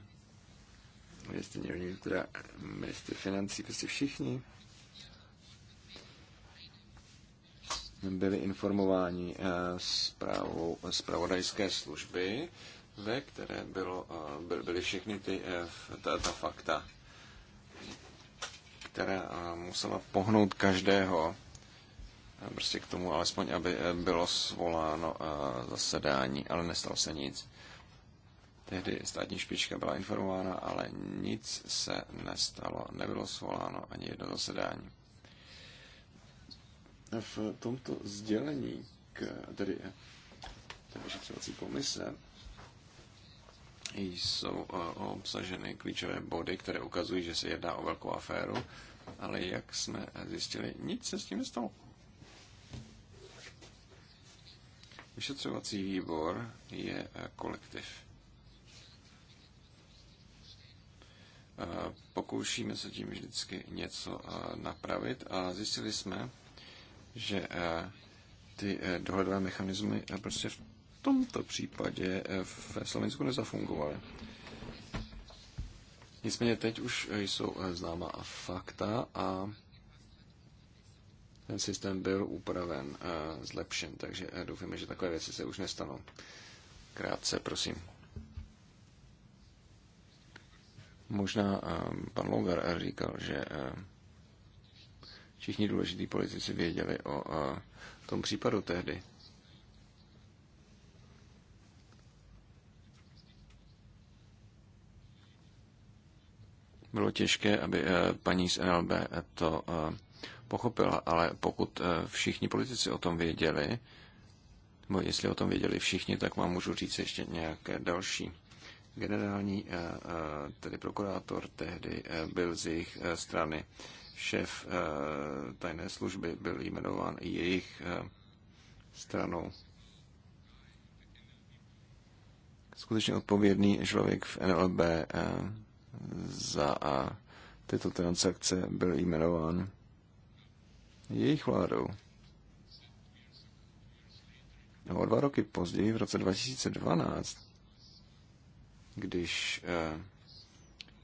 minister vnitra, minister financí, prostě všichni byli informováni eh, zprávou zpravodajské služby, ve které bylo, eh, byly všechny ty, ta, ta fakta, která musela pohnout každého prostě k tomu alespoň, aby eh, bylo svoláno eh, zasedání, ale nestalo se nic. Tehdy státní špička byla informována, ale nic se nestalo, nebylo svoláno ani jedno zasedání. V tomto sdělení k, tedy eh, vyšetřovací komise jsou obsaženy klíčové body, které ukazují, že se jedná o velkou aféru, ale jak jsme zjistili, nic se s tím nestalo. Vyšetřovací výbor je eh, kolektiv. Eh, pokoušíme se tím vždycky něco eh, napravit a zjistili jsme, že ty dohledové mechanismy prostě v tomto případě ve Slovensku nezafungovaly. Nicméně teď už jsou známa fakta a ten systém byl upraven, zlepšen, takže eh, doufáme, že takové věci se už nestanou. Krátce, prosím. Možná eh, pan Logar říkal, že eh, všichni důležití politici věděli o tom případu tehdy. Bylo těžké, aby paní z NLB to pochopila, ale pokud eh, všichni politici o tom věděli, nebo jestli o tom věděli všichni, tak vám můžu říct ještě nějaké další. Generální, eh, eh, tedy prokurátor tehdy byl z jejich strany šéf tajné služby, byl jmenován jejich stranou. Skutečně odpovědný člověk v NLB za tyto transakce byl jmenován jejich vládou. A o dva roky později, v roce 2012, když eh,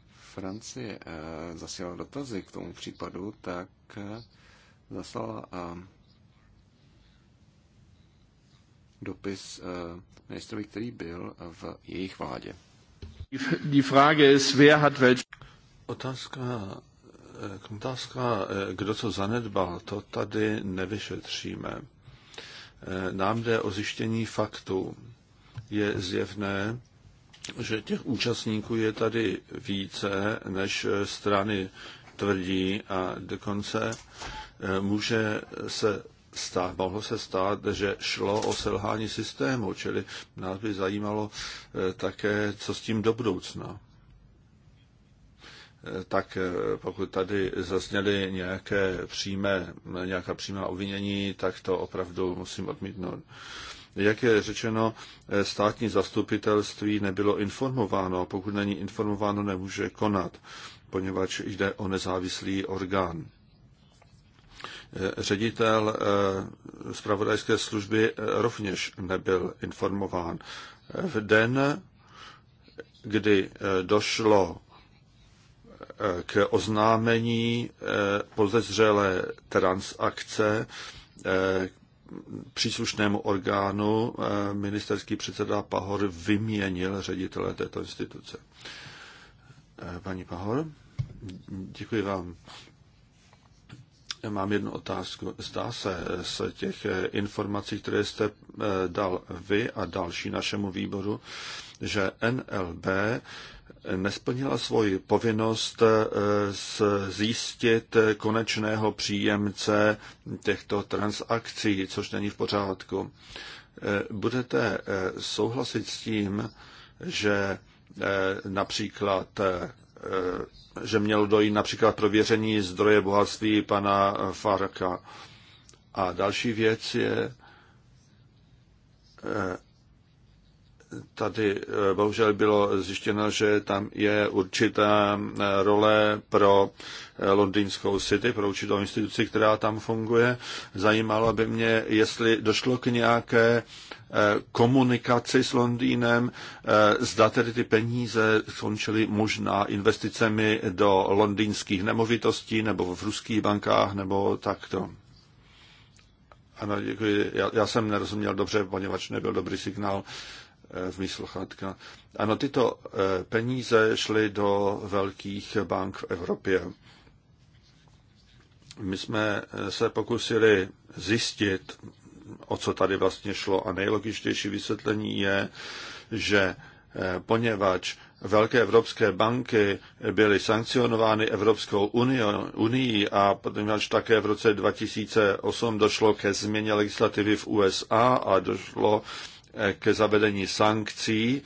Francie eh, zasílala dotazy k tomu případu, tak eh, zaslala eh, dopis eh, ministrovi, který byl v jejich vládě. Die Frage ist, wer hat welche. Otázka Eh, otázka, eh, kdo co zanedbal, to tady nevyšetříme. Eh, nám jde o zjištění faktů. Je zjevné, že těch účastníků je tady více, než strany tvrdí a dokonce může se stát, mohlo se stát, že šlo o selhání systému, čili nás by zajímalo také, co s tím do budoucna tak eh, pokud tady zazněly nějaké přímé, nějaká přímá obvinění, tak to opravdu musím odmítnout. Jak je řečeno, eh, státní zastupitelství nebylo informováno. Pokud není informováno, nemůže konat, poněvadž jde o nezávislý orgán. Eh, ředitel zpravodajské služby rovněž nebyl informován. V den, kdy došlo k oznámení eh, podezřelé transakce eh, příslušnému orgánu eh, ministerský předseda Pahor vyměnil ředitele této instituce. Paní Pahor, děkuji vám. Mám jednu otázku. Zdá se z těch informací, které jste dal vy a další našemu výboru, že NLB nesplnila svoji povinnost eh, zjistit konečného příjemce těchto transakcí, což není v pořádku. Eh, budete eh, souhlasit s tím, že například že mělo dojít například prověření zdroje bohatství pana Farka. A další věc je, tady eh, bohužel bylo zjištěno, že tam je určitá eh, role pro eh, londýnskou city, pro určitou instituci, která tam funguje. Zajímalo by mě, jestli došlo k nějaké komunikaci s Londýnem, zda tedy ty peníze skončily možná investicemi do londýnských nemovitostí nebo v ruských bankách nebo takto. Ano, děkuji. Já, já jsem nerozuměl dobře, poněvadž nebyl dobrý signál. Uh, Eh, v výsluchatka. Ano, tyto eh, peníze šly do velkých bank v Evropě. My jsme eh, se pokusili zjistit, o co tady vlastně šlo. A nejlogičtější vysvětlení je, že poněvadž velké evropské banky byly sankcionovány Evropskou unii a poněvadž také v roce 2008 došlo ke změně legislativy v USA a došlo k zavedení sankcí,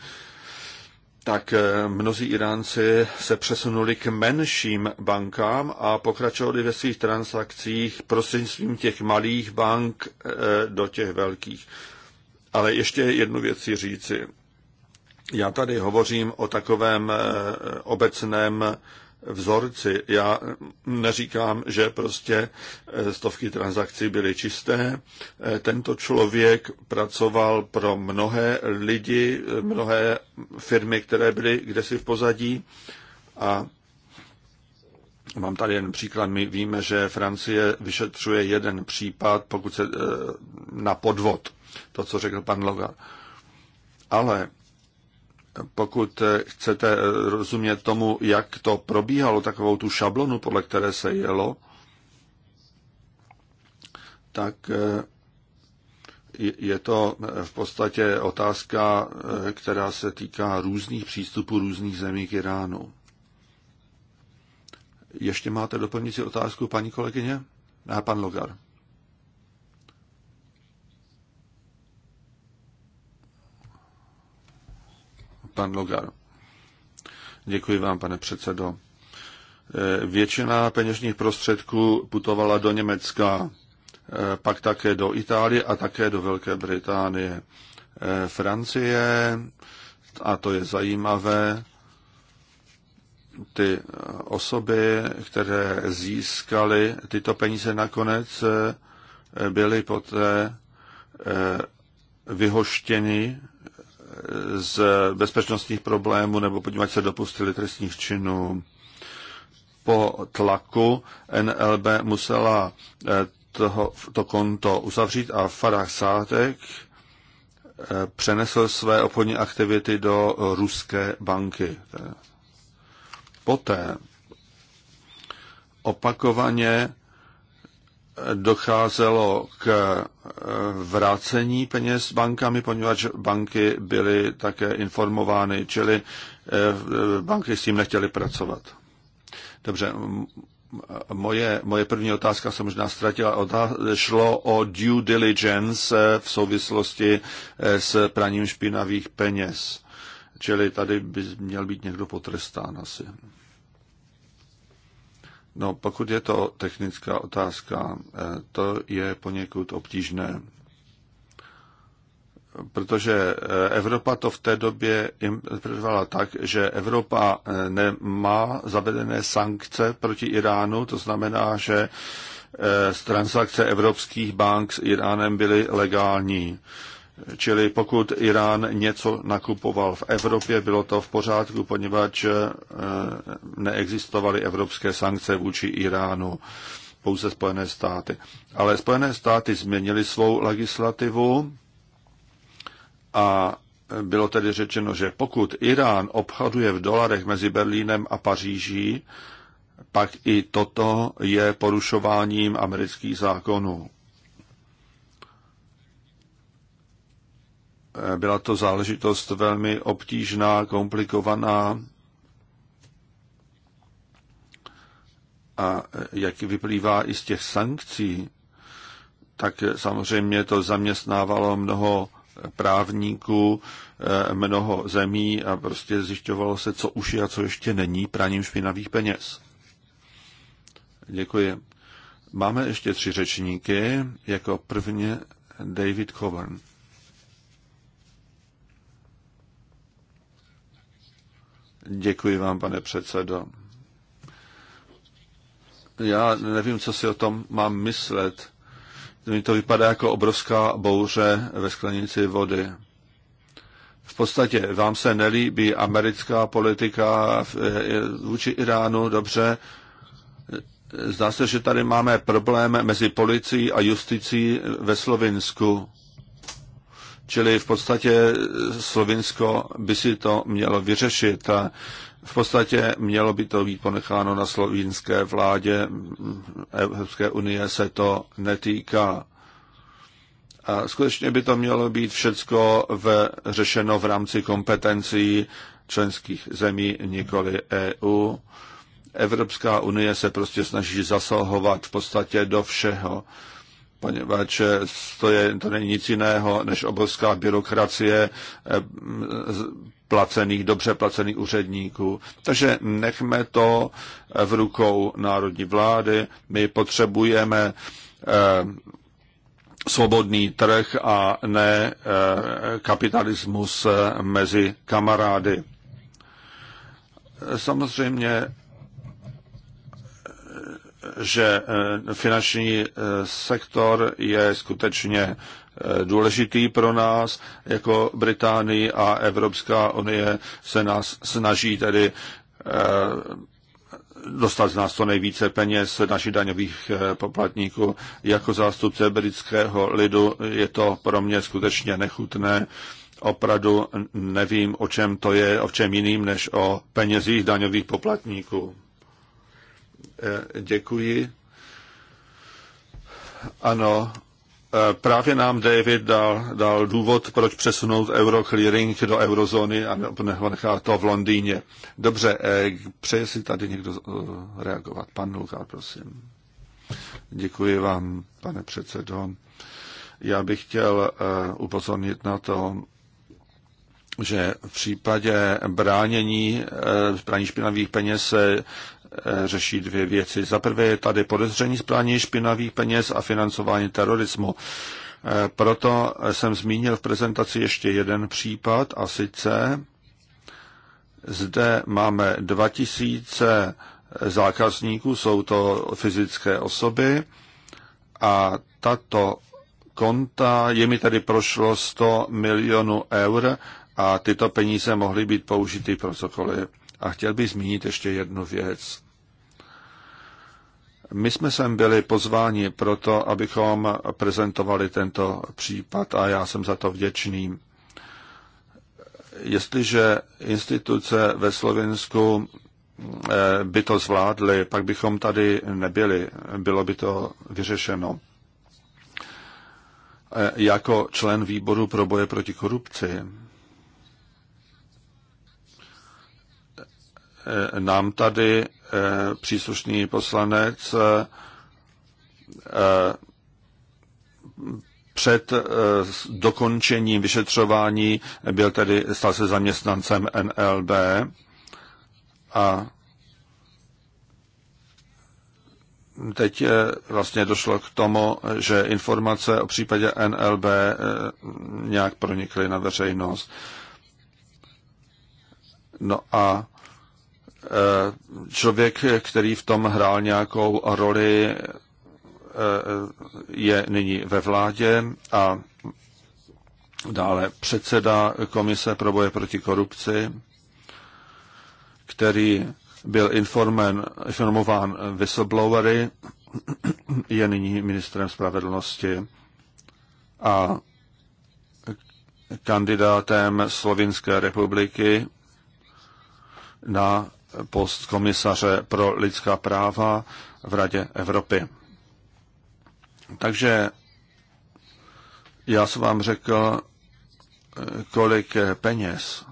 tak eh, mnozí Iránci se přesunuli k menším bankám a pokračovali ve svých transakcích prostřednictvím těch malých bank eh, do těch velkých. Ale ještě jednu věc si říci. Já tady hovořím o takovém eh, obecném vzorci. Já neříkám, že prostě eh, stovky transakcí byly čisté. Eh, tento člověk pracoval pro mnohé lidi, eh, mnohé firmy, které byly kdesi v pozadí a Mám tady jen příklad. My víme, že Francie vyšetřuje jeden případ, pokud se na podvod, to, co řekl pan Logar. Ale pokud chcete rozumět tomu, jak to probíhalo, takovou tu šablonu, podle které se jelo, tak eh, je to v podstatě otázka, eh, která se týká různých přístupů různých zemí k Iránu. Ještě máte doplňující otázku, paní kolegyně? A pan Logar. pan Logar. Děkuji vám, pane předsedo. Eh, většina peněžních prostředků putovala do Německa, eh, pak také do Itálie a také do Velké Británie. Eh, Francie, a to je zajímavé, ty osoby, které získaly tyto peníze nakonec, byly poté vyhoštěni z bezpečnostních problémů nebo podívat se dopustili trestních činů. Po tlaku NLB musela eh, toho, to konto uzavřít a Farah Sátek eh, přenesl své obchodní aktivity do ruské banky. Poté opakovaně docházelo k eh, vrácení peněz bankami, poněvadž banky byly také informovány, čili eh, banky s tím nechtěly pracovat. Dobře, moje, moje první otázka se možná ztratila. šlo o due diligence eh, v souvislosti s praním špinavých peněz. Čili tady by měl být někdo potrestán asi. No, pokud je to technická otázka, eh, to je poněkud obtížné. Protože eh, Evropa to v té době interpretovala tak, že Evropa eh, nemá zavedené sankce proti Iránu, to znamená, že transakce evropských bank s Iránem byly legální. Čili pokud Irán něco nakupoval v Evropě, bylo to v pořádku, poněvadž eh, neexistovaly evropské sankce vůči Iránu, pouze Spojené státy. Ale Spojené státy změnily svou legislativu a bylo tedy řečeno, že pokud Irán obchoduje v dolarech mezi Berlínem a Paříží, pak i toto je porušováním amerických zákonů. Byla to záležitost velmi obtížná, komplikovaná a jak vyplývá i z těch sankcí, tak samozřejmě to zaměstnávalo mnoho právníků, mnoho zemí a prostě zjišťovalo se, co už je a co ještě není praním špinavých peněz. Děkuji. Máme ještě tři řečníky. Jako prvně David Coburn. Děkuji vám, pane předsedo. Já nevím, co si o tom mám myslet. Mi to vypadá jako obrovská bouře ve sklenici vody. V podstatě vám se nelíbí americká politika e, e, vůči Iránu, dobře. Zdá se, že tady máme problém mezi policií a justicí ve Slovinsku. Čili v podstatě Slovinsko by si to mělo vyřešit a v podstatě mělo by to být ponecháno na slovinské vládě. Evropské unie se to netýká. A skutečně by to mělo být všecko v, řešeno v rámci kompetencí členských zemí, nikoli EU. Evropská unie se prostě snaží zasahovat v podstatě do všeho poněvadž to, je, to není nic jiného než obrovská byrokracie eh, placených, dobře placených úředníků. Takže nechme to eh, v rukou národní vlády. My potřebujeme eh, svobodný trh a ne kapitalismus mezi kamarády. Samozřejmě že eh, finanční eh, sektor je skutečně eh, důležitý pro nás jako Británii a Evropská unie se nás snaží tedy dostat z nás to nejvíce peněz našich daňových poplatníků. Jako zástupce britského lidu je to pro mě skutečně nechutné. Opravdu nevím, o čem to je, o čem jiným, než o penězích daňových poplatníků. Eh, děkuji. Ano, eh, právě nám David dal, dal důvod, proč přesunout euroclearing do eurozóny a nechá to v Londýně. Dobře, eh, přeje si tady někdo reagovat. Pan Lukár, prosím. Děkuji vám, pane předsedo. Já bych chtěl upozornit na to, že v případě bránění, brání špinavých peněz se Eh, řeší dvě věci. Za prvé je tady podezření z prání špinavých peněz a financování terorismu. Eh, proto jsem zmínil v prezentaci ještě jeden případ a sice zde máme 2000 zákazníků, jsou to fyzické osoby a tato konta, je mi tady prošlo 100 milionů eur a tyto peníze mohly být použity pro cokoliv. A chtěl bych zmínit ještě jednu věc. My jsme sem byli pozváni proto, abychom prezentovali tento případ a já jsem za to vděčný. Jestliže instituce ve Slovensku eh, by to zvládly, pak bychom tady nebyli, bylo by to vyřešeno. Eh, jako člen výboru pro boje proti korupci Eh, nám tady eh, příslušný poslanec eh, před dokončením vyšetřování byl tedy, stal se zaměstnancem NLB a teď vlastně došlo k tomu, že informace o případě NLB nějak pronikly na veřejnost. No a Eh, člověk, který v tom hrál nějakou roli, eh, je nyní ve vládě a dále předseda Komise pro boje proti korupci, který byl informen, informován whistleblowery, je nyní ministrem spravedlnosti a kandidátem Slovinské republiky na post komisaře pro lidská práva v Radě Evropy. Takže já jsem vám řekl, kolik peněz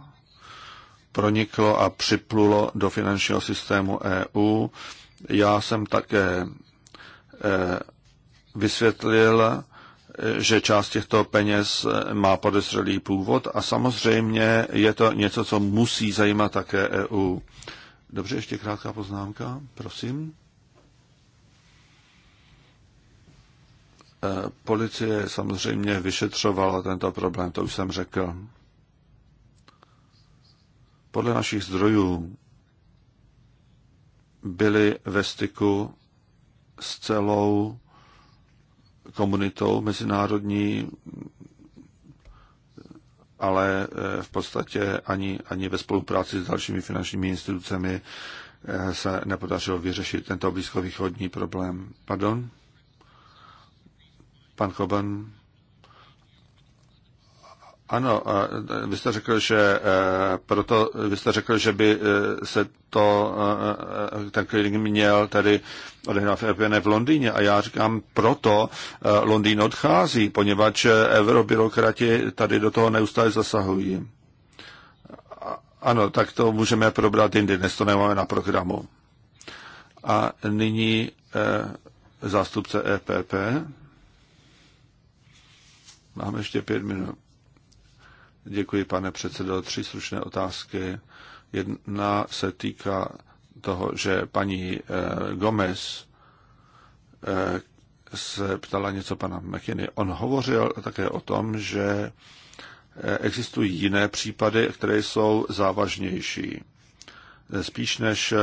proniklo a připlulo do finančního systému EU. Já jsem také e, vysvětlil, že část těchto peněz má podezřelý původ a samozřejmě je to něco, co musí zajímat také EU. Dobře, ještě krátká poznámka, prosím. Eh, policie samozřejmě vyšetřovala tento problém, to už jsem řekl. Podle našich zdrojů byli ve styku s celou komunitou mezinárodní, ale eh, v podstatě ani, ani ve spolupráci s dalšími finančními institucemi eh, se nepodařilo vyřešit tento blízkovýchodní problém. Pardon? Pan Choban ano, e, vy jste řekl, že e, proto vy jste řekl, že by e, se to ten clearing měl tady odehrát v Evropě, ne v Londýně. A já říkám, proto Londýn odchází, poněvadž eurobyrokrati tady do toho neustále zasahují. Ano, tak to můžeme probrat jindy, dnes to nemáme na programu. A nyní zástupce EPP. Máme ještě pět minut. Děkuji, pane předsedo. Tři slušné otázky. Jedna se týká toho, že paní eh, Gomez eh, se ptala něco pana McKinney. On hovořil také o tom, že eh, existují jiné případy, které jsou závažnější. Spíš než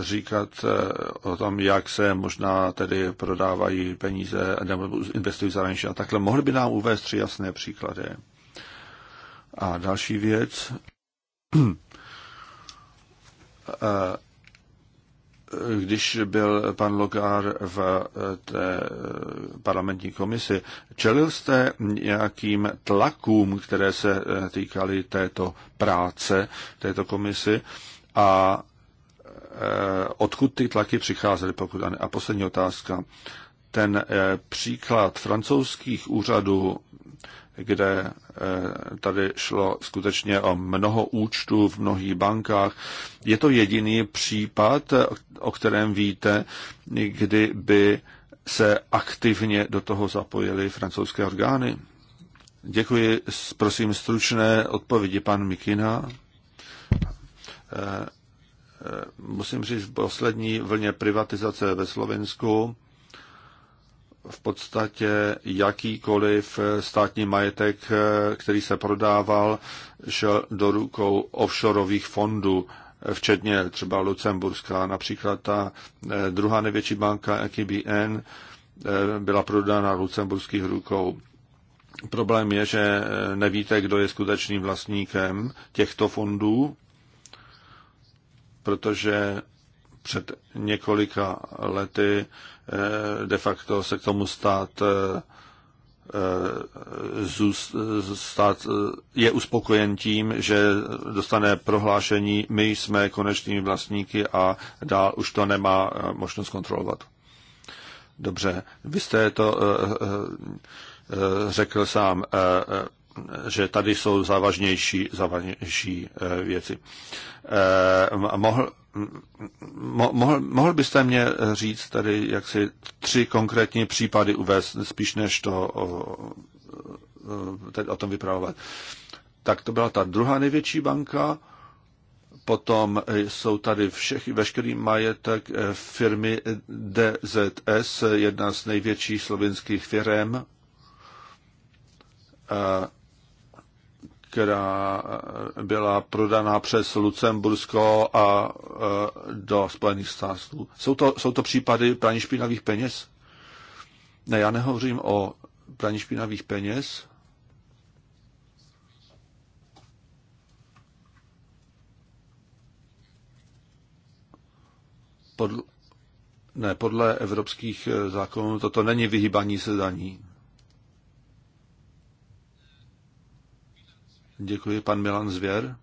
říkat eh, o tom, jak se možná tedy prodávají peníze nebo investují zahraničí a takhle. Mohli by nám uvést tři jasné příklady. A další věc. Eh, když byl pan Logár v eh, té parlamentní komisi, čelil jste nějakým tlakům, které se týkaly této práce, této komisi, a Eh, odkud ty tlaky přicházely, pokud A poslední otázka. Ten eh, příklad francouzských úřadů, kde eh, tady šlo skutečně o mnoho účtů v mnohých bankách, je to jediný případ, o kterém víte, kdy by se aktivně do toho zapojily francouzské orgány? Děkuji, prosím, stručné odpovědi pan Mikina. Eh, musím říct, v poslední vlně privatizace ve Slovensku v podstatě jakýkoliv eh, státní majetek, eh, který se prodával, šel do rukou offshoreových fondů, včetně třeba Lucemburská. Například ta druhá největší banka KBN byla prodána lucemburských rukou. Problém je, že nevíte, kdo je skutečným vlastníkem těchto fondů, protože před několika lety eh, de facto se k tomu stát eh, eh, stát je uspokojen tím, že dostane prohlášení, my jsme konečnými vlastníky a dál už to nemá možnost kontrolovat. Dobře, vy jste to řekl sám že tady jsou závažnější, závažnější eh, věci. Eh, mohl, mohl, mohl byste mě říct tady, jak si tři konkrétní případy uvést, spíš než to o, teď o tom vyprávovat. Tak to byla ta druhá největší banka, potom jsou tady všech, veškerý majetek eh, firmy DZS, jedna z největších slovinských firm, která eh, byla prodaná přes Lucembursko a eh, do Spojených států. Jsou to, jsou to případy praní špinavých peněz? Ne, já nehovořím o praní špinavých peněz. Podle, ne, podle evropských eh, zákonů toto není vyhýbaní se daní. Děkuji, pan Milan Zvěr.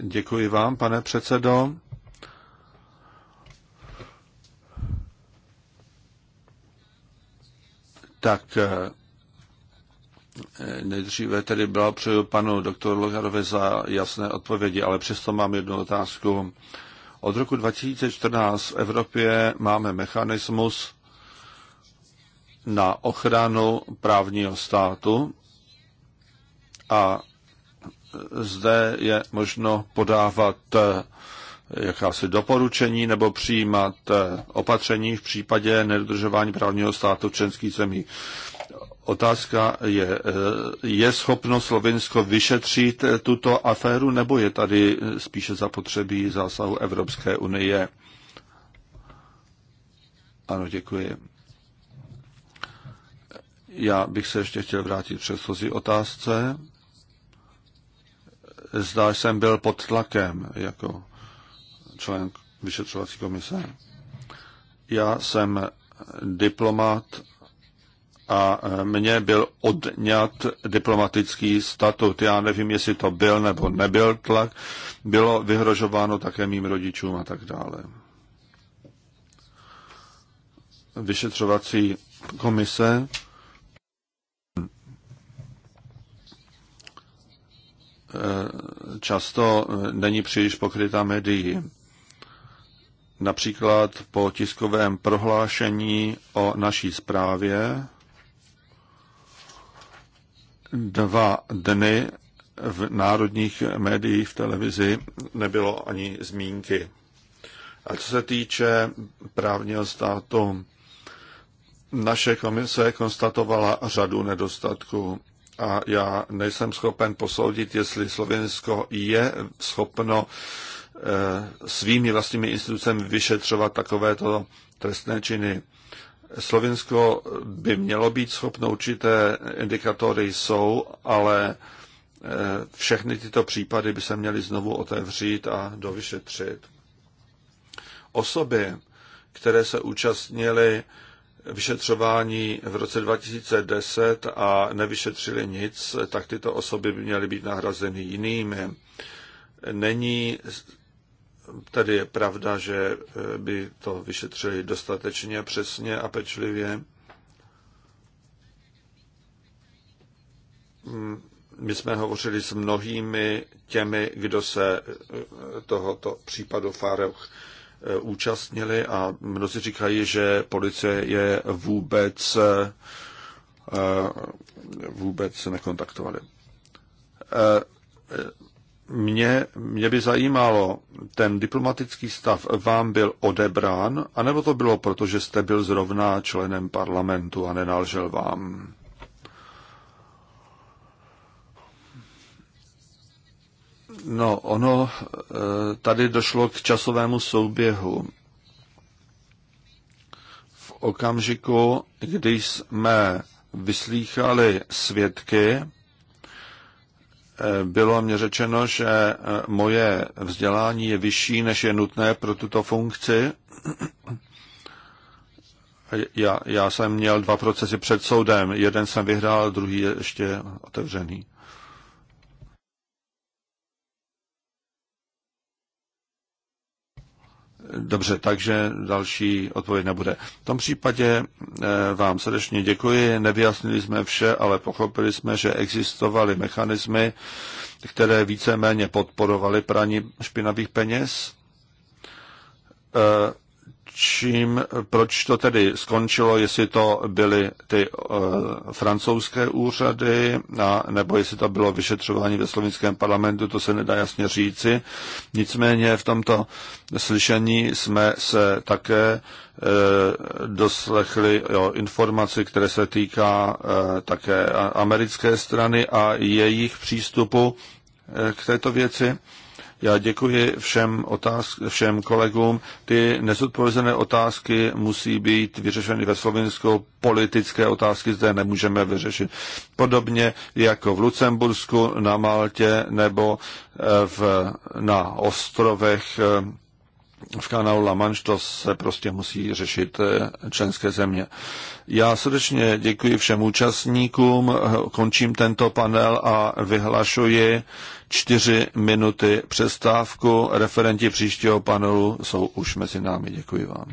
Děkuji vám, pane předsedo. Tak eh, nejdříve tedy byla přeju panu doktoru Logarovi za jasné odpovědi, ale přesto mám jednu otázku. Od roku 2014 v Evropě máme mechanismus na ochranu právního státu a zde je možno podávat eh, jakási doporučení nebo přijímat eh, opatření v případě nedodržování právního státu v členských zemí. Otázka je, eh, je schopno Slovinsko vyšetřit tuto aféru, nebo je tady spíše zapotřebí zásahu Evropské unie? Ano, děkuji. Já bych se ještě chtěl vrátit předchozí otázce. Zdá jsem byl pod tlakem jako člen vyšetřovací komise. Já jsem diplomat a mně byl odňat diplomatický statut. Já nevím, jestli to byl nebo nebyl tlak. Bylo vyhrožováno také mým rodičům a tak dále. Vyšetřovací komise Eh, často eh, není příliš pokryta médií. Například po tiskovém prohlášení o naší zprávě dva dny v národních médiích v televizi nebylo ani zmínky. A co se týče právního státu, naše komise konstatovala řadu nedostatků a já nejsem schopen posoudit, jestli Slovensko je schopno eh, svými vlastními institucemi vyšetřovat takovéto trestné činy. Slovensko by mělo být schopno, určité indikatory jsou, ale eh, všechny tyto případy by se měly znovu otevřít a dovyšetřit. Osoby, které se účastnily vyšetřování v roce 2010 a nevyšetřili nic, tak tyto osoby by měly být nahrazeny jinými. Není tedy je pravda, že eh, by to vyšetřili dostatečně přesně a pečlivě. Hmm, my jsme hovořili s mnohými těmi, kdo se eh, tohoto případu Fareuch Eh, účastnili a mnozí říkají, že policie je vůbec, eh, vůbec nekontaktovali. Eh, mě, mě by zajímalo, ten diplomatický stav vám byl odebrán, anebo to bylo proto, že jste byl zrovna členem parlamentu a nenalžel vám? No, ono eh, tady došlo k časovému souběhu. V okamžiku, kdy jsme vyslýchali svědky, eh, bylo mě řečeno, že eh, moje vzdělání je vyšší, než je nutné pro tuto funkci. Já, já jsem měl dva procesy před soudem. Jeden jsem vyhrál, druhý je ještě otevřený. Dobře, takže další odpověď nebude. V tom případě eh, vám srdečně děkuji. Nevyjasnili jsme vše, ale pochopili jsme, že existovaly mechanismy, které víceméně podporovaly praní špinavých peněz eh, čím, proč to tedy skončilo, jestli to byly ty uh, francouzské úřady, a, nebo jestli to bylo vyšetřování ve slovinském parlamentu, to se nedá jasně říci. Nicméně v tomto slyšení jsme se také uh, doslechli jo, informaci, které se týká uh, také americké strany a jejich přístupu uh, k této věci. Já děkuji všem, otázk, všem kolegům. Ty nezodpovězené otázky musí být vyřešeny ve Slovensku. Politické otázky zde nemůžeme vyřešit. Podobně jako v Lucembursku, na Maltě nebo eh, v, na ostrovech eh, v kanálu La Manche, to se prostě musí řešit eh, členské země. Já srdečně děkuji všem účastníkům, končím tento panel a vyhlašuji čtyři minuty přestávku. Referenti příštího panelu jsou už mezi námi. Děkuji vám.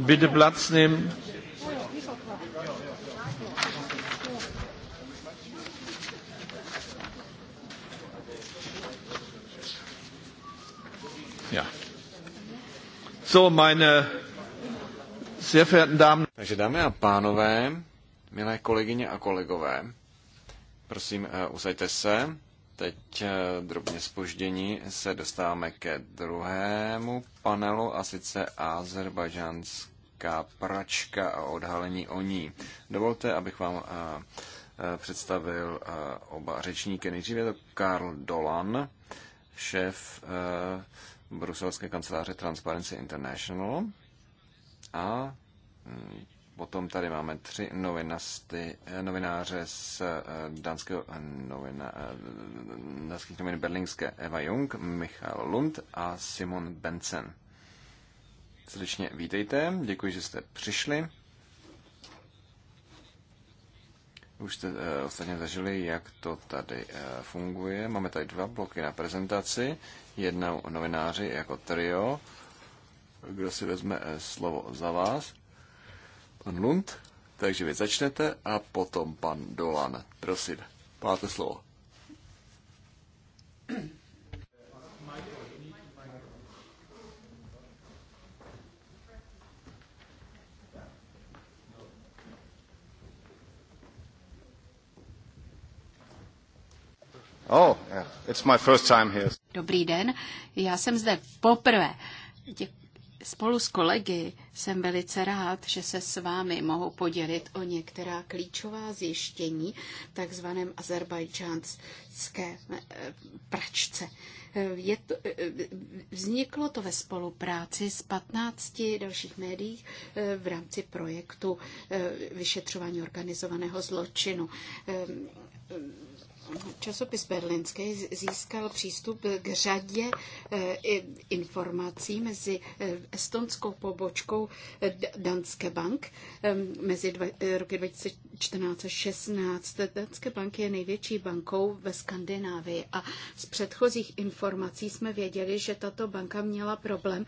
Bitte Platz nehmen. Ja. So, meine sehr verehrten Damen. Takže dámy a pánové, milé kolegyně a kolegové, prosím, eh, usaďte se teď eh, drobně spoždění se dostáváme ke druhému panelu a sice azerbajdžanská pračka a odhalení o ní. Dovolte, abych vám eh, eh, představil oba řečníky. Nejdříve to Karl Dolan, šéf bruselské kanceláře Transparency International a hm, Potom tady máme tři novinasty, eh, novináře z eh, danského eh, novina, danských novin berlingské Eva Jung, Michal Lund a Simon Benson. Srdečně vítejte, děkuji, že jste přišli. Už jste uh, ostatně zažili, jak to tady uh, funguje. Máme tady dva bloky na prezentaci. Jednou novináři jako trio, kdo si vezme uh, slovo za vás pan Lund, takže vy začnete a potom pan Dolan. Prosím, máte slovo. Oh, yeah. It's my first time here. Dobrý den, já jsem zde poprvé. Děkuji spolu s kolegy jsem velice rád, že se s vámi mohu podělit o některá klíčová zjištění takzvaném azerbajdžánské eh, pračce. Eh, je to, eh, vzniklo to ve spolupráci s 15 dalších médií v rámci projektu vyšetřování organizovaného zločinu Časopis Berlínský získal přístup k řadě eh, informací mezi eh, estonskou pobočkou Danske Bank mezi eh, roky 2014 16. Danske Bank je největší bankou ve Skandinávii a z předchozích informací jsme věděli, že tato banka měla problém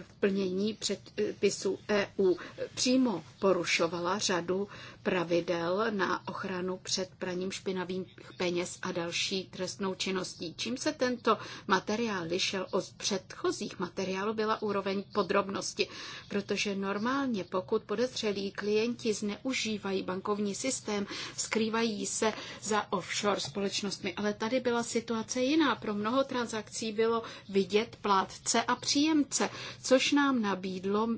v plnění předpisů EU. Přímo porušovala řadu pravidel na ochranu před praním špinavých peněz a další trestnou činností. Čím se tento materiál lišel od předchozích materiálů, byla úroveň podrobnosti, protože normálně, pokud podezřelí klienti zneužívají bankovní systém, skrývají se za offshore společnostmi. Ale tady byla situace jiná. Pro mnoho transakcí bylo vidět plátce a příjemce, což nám nabídlo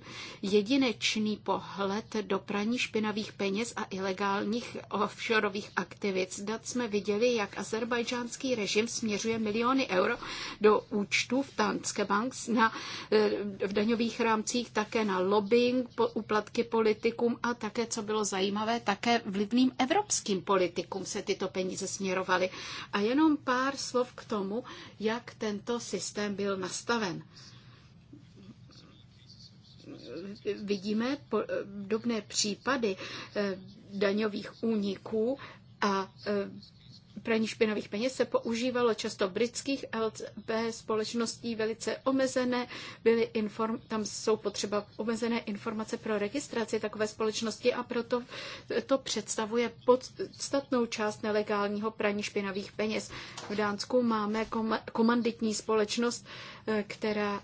jedinečný pohled do praní špinavých peněz a ilegálních offshoreových aktivit. Snad jsme viděli, jak azerbajdžánský režim směřuje miliony euro do účtů v Tanske Banks na, eh, v daňových rámcích, také na lobbying, uplatky politikům a také, co bylo zajímavé, také vlivným evropským politikům se tyto peníze směrovaly. A jenom pár slov k tomu, jak tento systém byl nastaven vidíme podobné případy eh, daňových úniků a eh, praní špinavých peněz se používalo často britských LCB společností velice omezené, byly inform, tam jsou potřeba omezené informace pro registraci takové společnosti a proto to představuje podstatnou část nelegálního praní špinavých peněz. V Dánsku máme kom, komanditní společnost, eh, která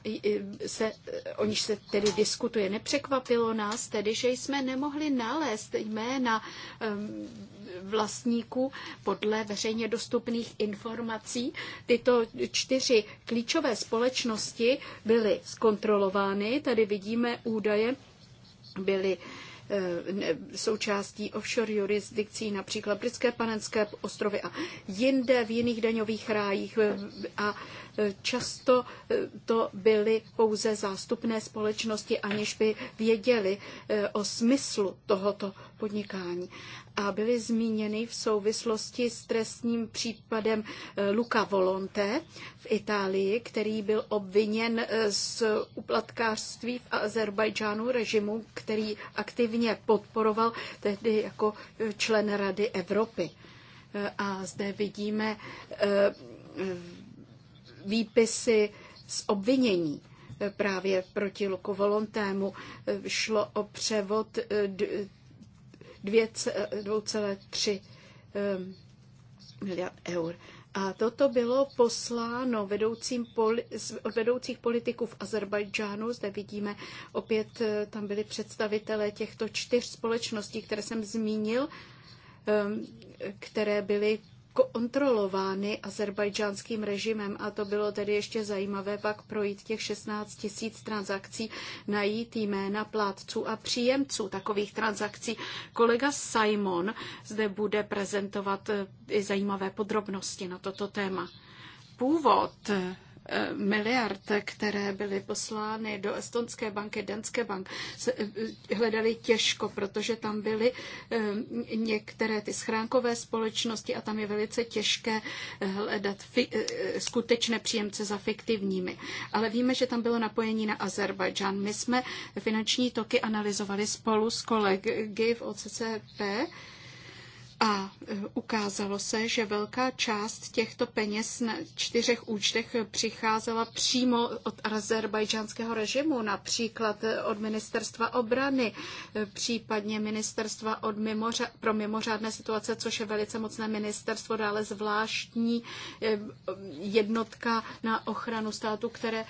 se, eh, o níž se tedy diskutuje. Nepřekvapilo nás tedy, že jsme nemohli nalézt jména um, vlastníků podle veřejně dostupných informací. Tyto čtyři klíčové společnosti byly zkontrolovány. Tady vidíme údaje, byly eh, součástí offshore jurisdikcí, například Britské panenské ostrovy a jinde v jiných daňových rájích a eh, často eh, to byly pouze zástupné společnosti, aniž by věděli o smyslu tohoto podnikání a byly zmíněny v souvislosti s trestním případem eh, Luca Volonte v Itálii, který byl obviněn eh, z uplatkářství v Azerbajdžánu režimu, který aktivně podporoval tehdy jako eh, člen Rady Evropy. A zde vidíme výpisy z obvinění právě proti Luku Volontému. Šlo o převod 2,3 ehm, miliard eur. A toto bylo posláno vedoucím poli, od vedoucích politiků v Azerbajdžánu. Zde vidíme, opět eh, tam byli představitelé těchto čtyř společností, které jsem zmínil, ehm, které byly kontrolovány azerbajdžánským režimem a to bylo tedy ještě zajímavé pak projít těch 16 tisíc transakcí, najít jména plátců a příjemců takových transakcí. Kolega Simon zde bude prezentovat eh, i zajímavé podrobnosti na toto téma. Původ Eh, miliard, které byly poslány do Estonské banky, Denské bank, eh, hledali těžko, protože tam byly eh, některé ty schránkové společnosti a tam je velice těžké hledat skutečné příjemce za fiktivními. Ale víme, že tam bylo napojení na Azerbajdžán. My jsme finanční toky analyzovali spolu s kolegy v OCCP a e, ukázalo se, že velká část těchto peněz na čtyřech účtech přicházela přímo od azerbajdžánského režimu, například e, od ministerstva obrany, e, případně ministerstva od mimořa- pro mimořádné situace, což je velice mocné ministerstvo, dále zvláštní jednotka na ochranu státu, které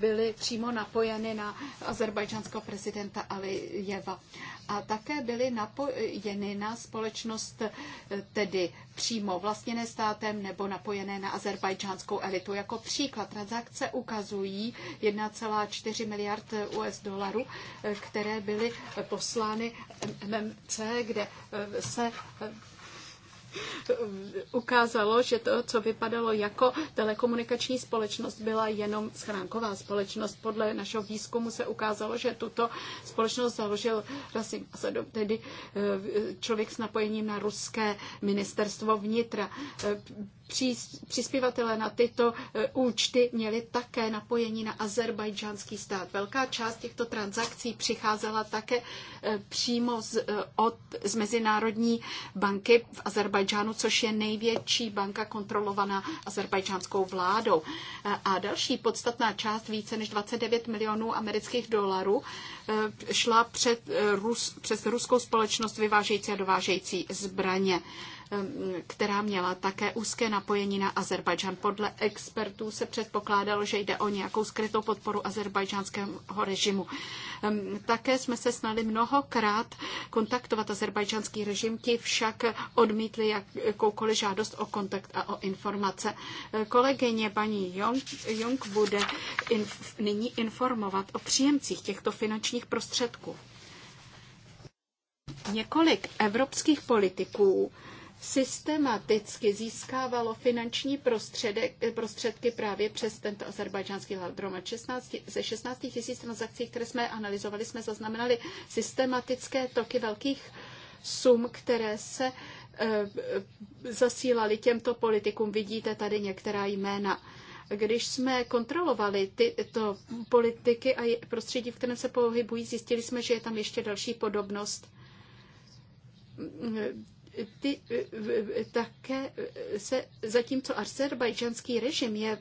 byly přímo napojeny na azerbajdžánského prezidenta Alijeva a také byly napojeny na společnost eh, tedy přímo vlastněné státem nebo napojené na azerbajdžánskou elitu. Jako příklad transakce ukazují 1,4 miliard US dolarů, eh, které byly poslány MMC, kde eh, se ukázalo, že to, co vypadalo jako telekomunikační společnost, byla jenom schránková společnost. Podle našeho výzkumu se ukázalo, že tuto společnost založil Rasim Asadov, tedy eh, člověk s napojením na ruské ministerstvo vnitra. Eh, přispěvatelé na tyto e, účty měli také napojení na azerbajdžánský stát. Velká část těchto transakcí přicházela také e, přímo z, e, od, z Mezinárodní banky v Azerbajdžánu, což je největší banka kontrolovaná azerbajdžánskou vládou. A další podstatná část, více než 29 milionů amerických dolarů, šla před, Rus, přes ruskou společnost vyvážející a dovážející zbraně která měla také úzké napojení na Azerbajdžan. Podle expertů se předpokládalo, že jde o nějakou skrytou podporu azerbajdžánského režimu. Také jsme se snali mnohokrát kontaktovat azerbajdžánský režim, ti však odmítli jakoukoliv žádost o kontakt a o informace. Kolegyně paní Jung Jung bude inf, nyní informovat o příjemcích těchto finančních prostředků. Několik evropských politiků systematicky získávalo finanční prostředky právě přes tento azerbajdžánský hladromat. 16, ze 16 tisíc transakcí, které jsme analyzovali, jsme zaznamenali systematické toky velkých sum, které se e, zasílaly těmto politikům. Vidíte tady některá jména. Když jsme kontrolovali tyto politiky a prostředí, v kterém se pohybují, zjistili jsme, že je tam ještě další podobnost ty, eh, eh, také eh, se, zatímco azerbajdžanský režim je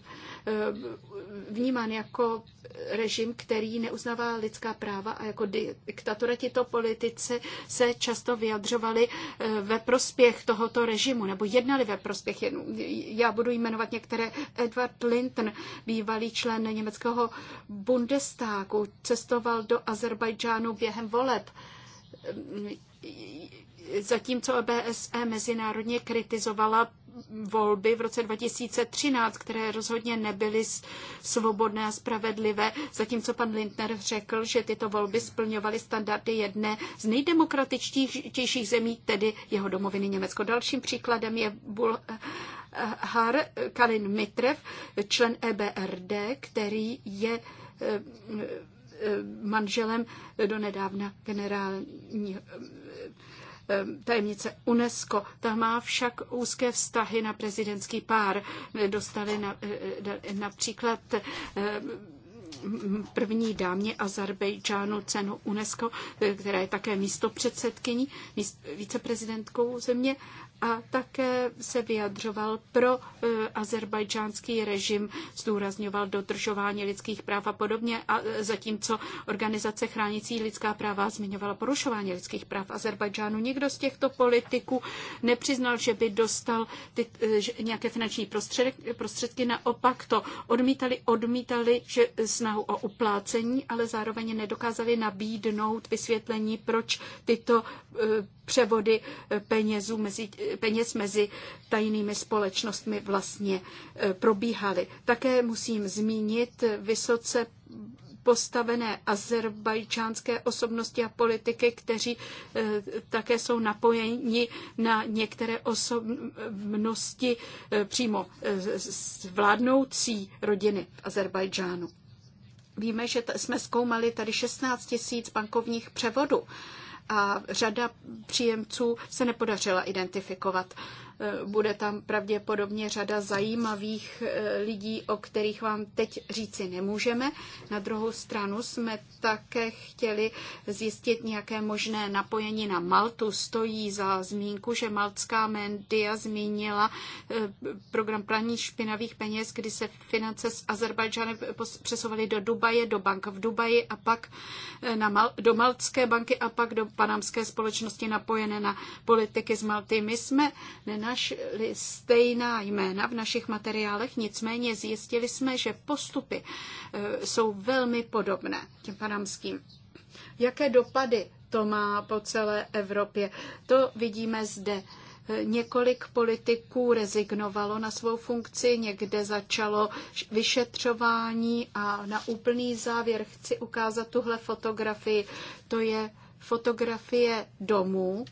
vnímán jako režim, který neuznává lidská práva a jako diktatura tito politici se často vyjadřovali ve prospěch tohoto režimu, nebo jednali ve prospěch. Já budu jmenovat některé. Edward Linton, bývalý člen německého Bundestagu, cestoval do Azerbajdžánu během voleb Zatímco BSE mezinárodně kritizovala volby v roce 2013, které rozhodně nebyly svobodné a spravedlivé, zatímco pan Lindner řekl, že tyto volby splňovaly standardy jedné z nejdemokratičtějších zemí, tedy jeho domoviny Německo. Dalším příkladem je Bulhar Kalin Mitrev, člen EBRD, který je eh, eh, manželem donedávna generální Eh, tajemnice UNESCO. Ta má však úzké vztahy na prezidentský pár. Dostali na, eh, například eh, první dámě Azerbejdžánu cenu UNESCO, která je také místo předsedkyní, míst, viceprezidentkou země a také se vyjadřoval pro e, azerbajdžánský režim, zdůrazňoval dodržování lidských práv a podobně, a e, zatímco organizace chránící lidská práva zmiňovala porušování lidských práv Azerbajdžánu. Nikdo z těchto politiků nepřiznal, že by dostal ty, e, nějaké finanční prostředky, prostředky, naopak to odmítali, odmítali že snahu o uplácení, ale zároveň nedokázali nabídnout vysvětlení, proč tyto převody eh, penězů mezi, eh, peněz mezi tajnými společnostmi vlastně eh, probíhaly. Také musím zmínit vysoce postavené azerbajčánské osobnosti a politiky, kteří také jsou napojeni na některé osobnosti přímo vládnoucí rodiny v Azerbajdžánu. Víme, že jsme zkoumali tady 16 tisíc bankovních převodů a řada příjemců se nepodařila identifikovat. Eh, bude tam pravděpodobně řada zajímavých eh, lidí, o kterých vám teď říci nemůžeme. Na druhou stranu jsme také chtěli zjistit nějaké možné napojení na Maltu. Stojí za zmínku, že maltská média zmínila eh, program praní špinavých peněz, kdy se finance z Azerbajdžánem přesovaly do Dubaje, do bank v Dubaji a pak na Mal- do Maltské banky a pak do panamské společnosti napojené na politiky z Malty. My jsme nenašli nenašli stejná jména v našich materiálech, nicméně zjistili jsme, že postupy e, jsou velmi podobné těm panamským. Jaké dopady to má po celé Evropě? To vidíme zde. E, několik politiků rezignovalo na svou funkci, někde začalo vyšetřování a na úplný závěr chci ukázat tuhle fotografii. To je fotografie domů,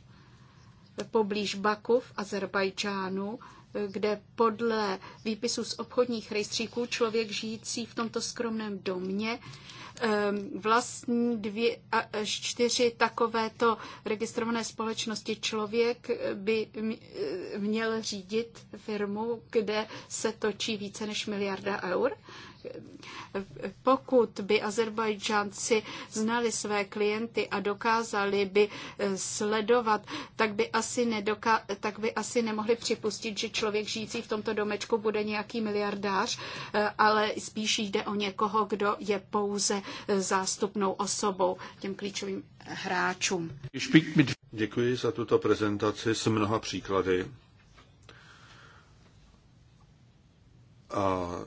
poblíž Baku v Azerbajdžánu, kde podle výpisu z obchodních rejstříků člověk žijící v tomto skromném domě vlastní dvě až e, čtyři takovéto registrované společnosti. Člověk by e, měl řídit firmu, kde se točí více než miliarda eur pokud by Azerbajdžanci znali své klienty a dokázali by eh, sledovat, tak by asi, nedoka- tak by asi nemohli připustit, že člověk žijící v tomto domečku bude nějaký miliardář, eh, ale spíš jde o někoho, kdo je pouze eh, zástupnou osobou, těm klíčovým hráčům. Děkuji za tuto prezentaci s mnoha příklady. dama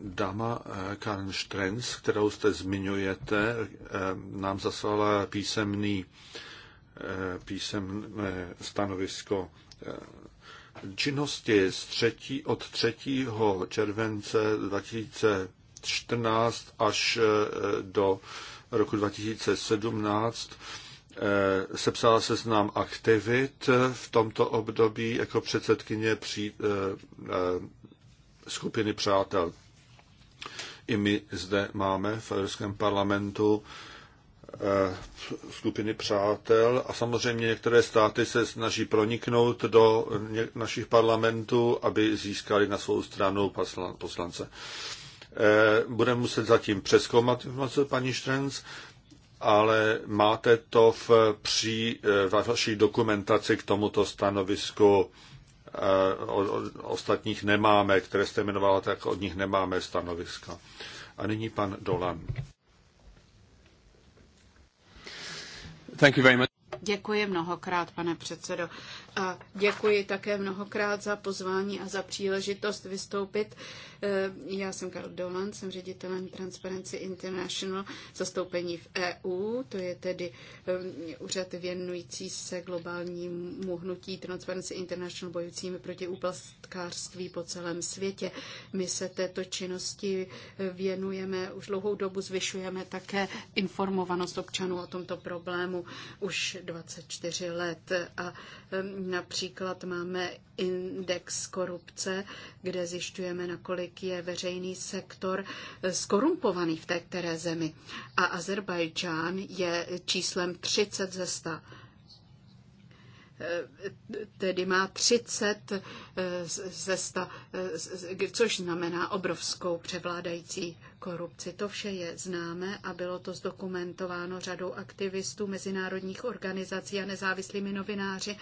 dáma eh, Karen Strenz, kterou jste zmiňujete, eh, nám zaslala písemný eh, písemné stanovisko činnosti z třetí, od 3. července 2014 až do roku 2017 sepsala seznam aktivit v tomto období jako předsedkyně při, skupiny přátel. I my zde máme v Evropském parlamentu eh, skupiny přátel a samozřejmě některé státy se snaží proniknout do našich parlamentů, aby získali na svou stranu poslance. Eh, budeme muset zatím přeskoumat informace paní Štrenc, ale máte to v, při, v eh, vaší dokumentaci k tomuto stanovisku od, eh, od ostatních nemáme, které jste jmenovala, tak od nich nemáme stanoviska. A nyní pan Dolan. Thank you very much. Děkuji mnohokrát, pane předsedo. A děkuji také mnohokrát za pozvání a za příležitost vystoupit. Uh, Eh, já jsem Karl Dolan, jsem ředitelem Transparency International zastoupení v EU, to je tedy eh, úřad věnující se globálnímu hnutí Transparency International bojujícím proti úplastkářství po celém světě. My se této činnosti eh, věnujeme už dlouhou dobu, zvyšujeme také informovanost občanů o tomto problému už 24 let a například máme index korupce, kde zjišťujeme, nakolik nakolik je veřejný sektor skorumpovaný v té které zemi. A Azerbajdžán je číslem 30 ze 100. Eh, tedy má 30 eh, ze 100, eh, což znamená obrovskou převládající korupci. To vše je známé a bylo to zdokumentováno řadou aktivistů, mezinárodních organizací a nezávislými novináři,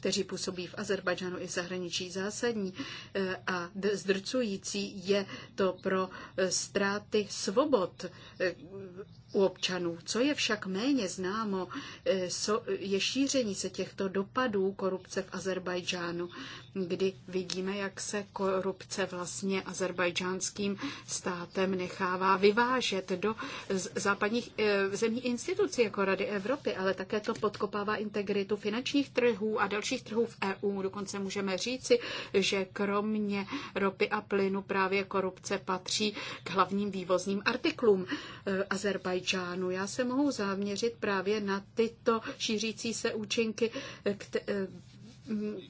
kteří působí v Azerbajdžanu i v zahraničí zásadní a zdrcující je to pro ztráty svobod u občanů. Co je však méně známo, eh, je šíření se těchto dopadů korupce v Azerbajdžánu, kdy vidíme, jak se korupce vlastně azerbajdžánským státem nechává vyvážet do západních eh, zemí institucí jako Rady Evropy, ale také to podkopává integritu finančních trhů a dalších trhů v EU. Dokonce můžeme říci, že kromě ropy a plynu právě korupce patří k hlavním vývozním artiklům eh, Azerbajdžánu. Azerbajdžánu. Já se mohu záměřit právě na tyto šířící se účinky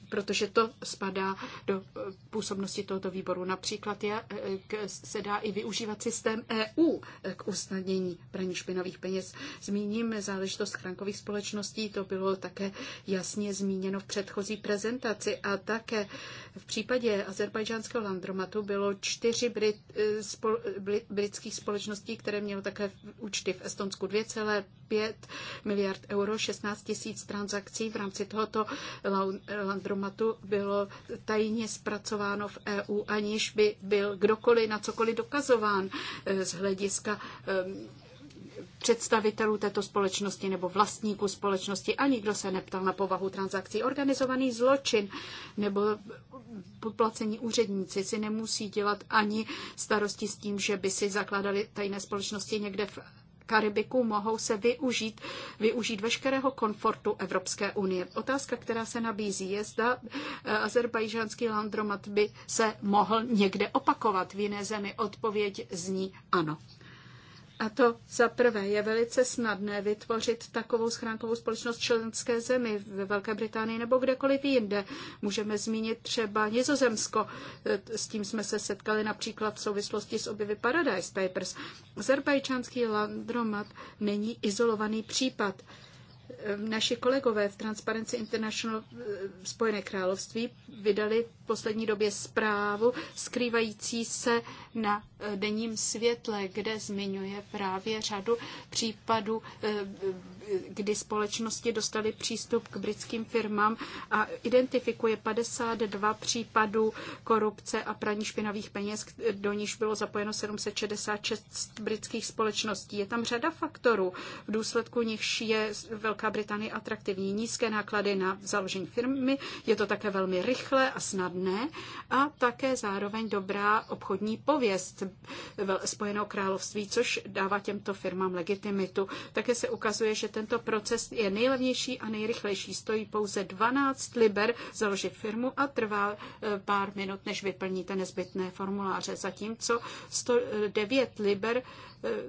protože to spadá do působnosti tohoto výboru. Například je, eh, se dá i využívat systém EU k usnadnění praní špinavých peněz. Zmíním záležitost chránkových společností, to bylo také jasně zmíněno v předchozí prezentaci a také v případě azerbajdžánského landromatu bylo čtyři Brit, eh, spol, britských společností, které mělo také účty v Estonsku 2,5 miliard euro, 16 tisíc transakcí v rámci tohoto landromatu bylo tajně zpracováno v EU, aniž by byl kdokoliv na cokoliv dokazován eh, z hlediska eh, představitelů této společnosti nebo vlastníků společnosti a nikdo se neptal na povahu transakcí. Organizovaný zločin nebo podplacení úředníci si nemusí dělat ani starosti s tím, že by si zakládali tajné společnosti někde v Karibiku mohou se využít, využít veškerého komfortu Evropské unie. Otázka, která se nabízí, je, zda eh, azerbajžanský landromat by se mohl někde opakovat v jiné zemi. Odpověď zní ano. A to za prvé je velice snadné vytvořit takovou schránkovou společnost členské zemi ve Velké Británii nebo kdekoliv jinde. Můžeme zmínit třeba Nizozemsko. S tím jsme se setkali například v souvislosti s objevy Paradise Papers. Azerbajčanský landromat není izolovaný případ. Ehm, naši kolegové v Transparency International ehm, Spojené království vydali v poslední době zprávu skrývající se na ehm, denním světle, kde zmiňuje právě řadu případů, kdy společnosti dostaly přístup k britským firmám a identifikuje 52 případů korupce a praní špinavých peněz, do níž bylo zapojeno 766 britských společností. Je tam řada faktorů, v důsledku nichž je velký Velká Británie atraktivní. Nízké náklady na založení firmy, je to také velmi rychlé a snadné a také zároveň dobrá obchodní pověst Spojeného království, což dává těmto firmám legitimitu. Také se ukazuje, že tento proces je nejlevnější a nejrychlejší. Stojí pouze 12 liber založit firmu a trvá eh, pár minut, než vyplníte nezbytné formuláře, zatímco 109 eh, liber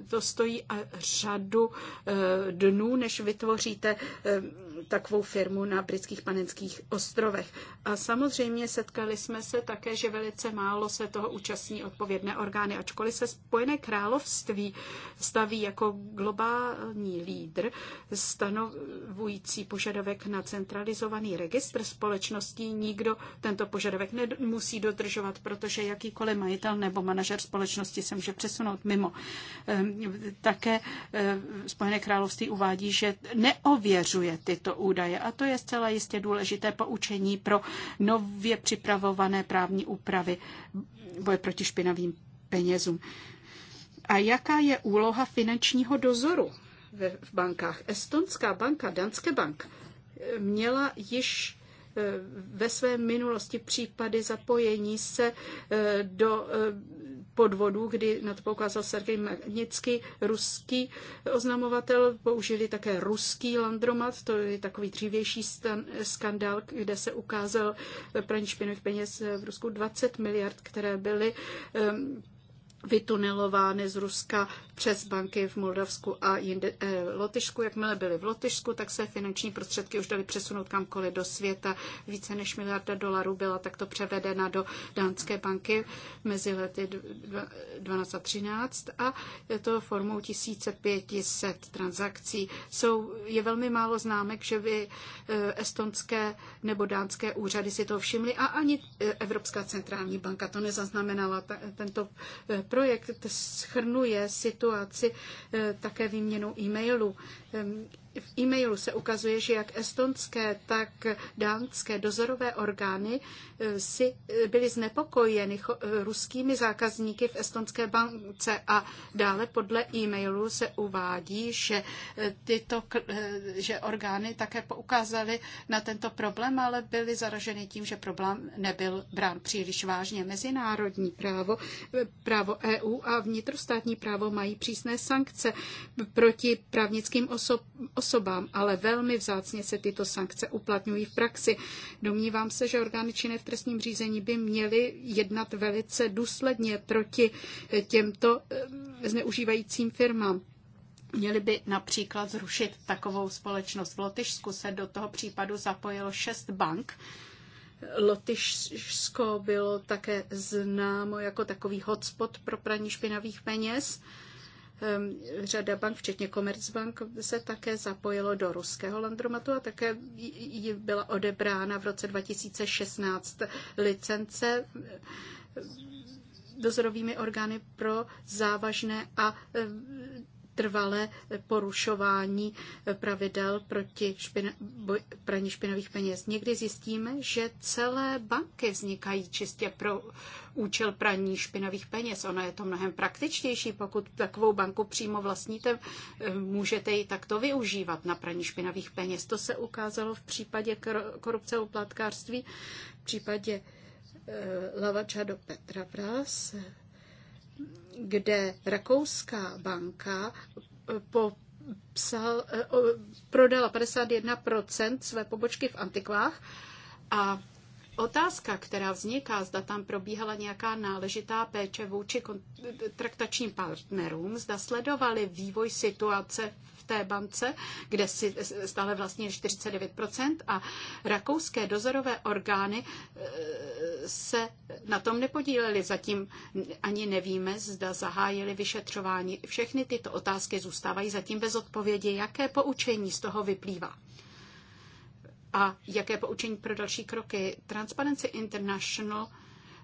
to stojí a řadu eh, dnů, než vytvoříte eh, takovou firmu na britských panenských ostrovech. A samozřejmě setkali jsme se také, že velice málo se toho účastní odpovědné orgány, ačkoliv se Spojené království staví jako globální lídr, stanovující požadavek na centralizovaný registr společností, nikdo tento požadavek nemusí dodržovat, protože jakýkoliv majitel nebo manažer společnosti se může přesunout mimo. Ehm, také ehm, Spojené království uvádí, že neověřuje tyto tyto údaje. A to je zcela jistě důležité poučení pro nově připravované právní úpravy boje proti špinavým penězům. A jaká je úloha finančního dozoru v bankách? Estonská banka, Danske Bank, měla již eh, ve své minulosti případy zapojení se eh, do eh, podvodů, kdy na to poukázal Sergej Magnický, ruský oznamovatel, použili také ruský landromat, to je takový dřívější stan, skandál, kde se ukázal praní špinových peněz v Rusku 20 miliard, které byly um, vytunelovány z Ruska přes banky v Moldavsku a jinde, e, Lotyšsku. Jakmile byly v Lotyšsku, tak se finanční prostředky už daly přesunout kamkoliv do světa. Více než miliarda dolarů byla takto převedena do dánské banky mezi lety 12 a 13 a je to formou 1500 transakcí. Jsou, je velmi málo známek, že by eh, estonské nebo dánské úřady si to všimly a ani eh, Evropská centrální banka to nezaznamenala. Tento projekt schrnuje situaci situaci eh, také výměnou e-mailů v e-mailu se ukazuje, že jak estonské, tak dánské dozorové orgány eh, si eh, byly znepokojeny eh, ruskými zákazníky v estonské bance a dále podle e-mailu se uvádí, že, tyto, že orgány také poukázaly na tento problém, ale byly zaraženy tím, že problém nebyl brán příliš vážně. Mezinárodní právo, právo EU a vnitrostátní právo mají přísné sankce proti právnickým osobám osobám, ale velmi vzácně se tyto sankce uplatňují v praxi. Domnívám se, že orgány činné v trestním řízení by měly jednat velice důsledně proti těmto eh, zneužívajícím firmám. Měli by například zrušit takovou společnost. V Lotyšsku se do toho případu zapojilo šest bank. Lotyšsko bylo také známo jako takový hotspot pro praní špinavých peněz. Ehm, řada bank, včetně Commerzbank, se také zapojilo do ruského landromatu a také jí byla odebrána v roce 2016 licence ehm, dozorovými orgány pro závažné a ehm, trvalé porušování pravidel proti špina, boj, praní špinavých peněz. Někdy zjistíme, že celé banky vznikají čistě pro účel praní špinavých peněz. Ono je to mnohem praktičtější, pokud takovou banku přímo vlastníte, můžete ji takto využívat na praní špinavých peněz. To se ukázalo v případě korupce a uplatkářství, v případě eh, Lavača do Petra Pras, kde rakouská banka eh, po psal, eh, prodala 51% své pobočky v antikvách a Otázka, která vzniká, zda tam probíhala nějaká náležitá péče vůči traktačním partnerům, zda sledovali vývoj situace v té bance, kde si stále vlastně 49% a rakouské dozorové orgány e, se na tom nepodíleli, Zatím ani nevíme, zda zahájili vyšetřování. Všechny tyto otázky zůstávají zatím bez odpovědi. Jaké poučení z toho vyplývá? a jaké poučení pro další kroky. Transparency International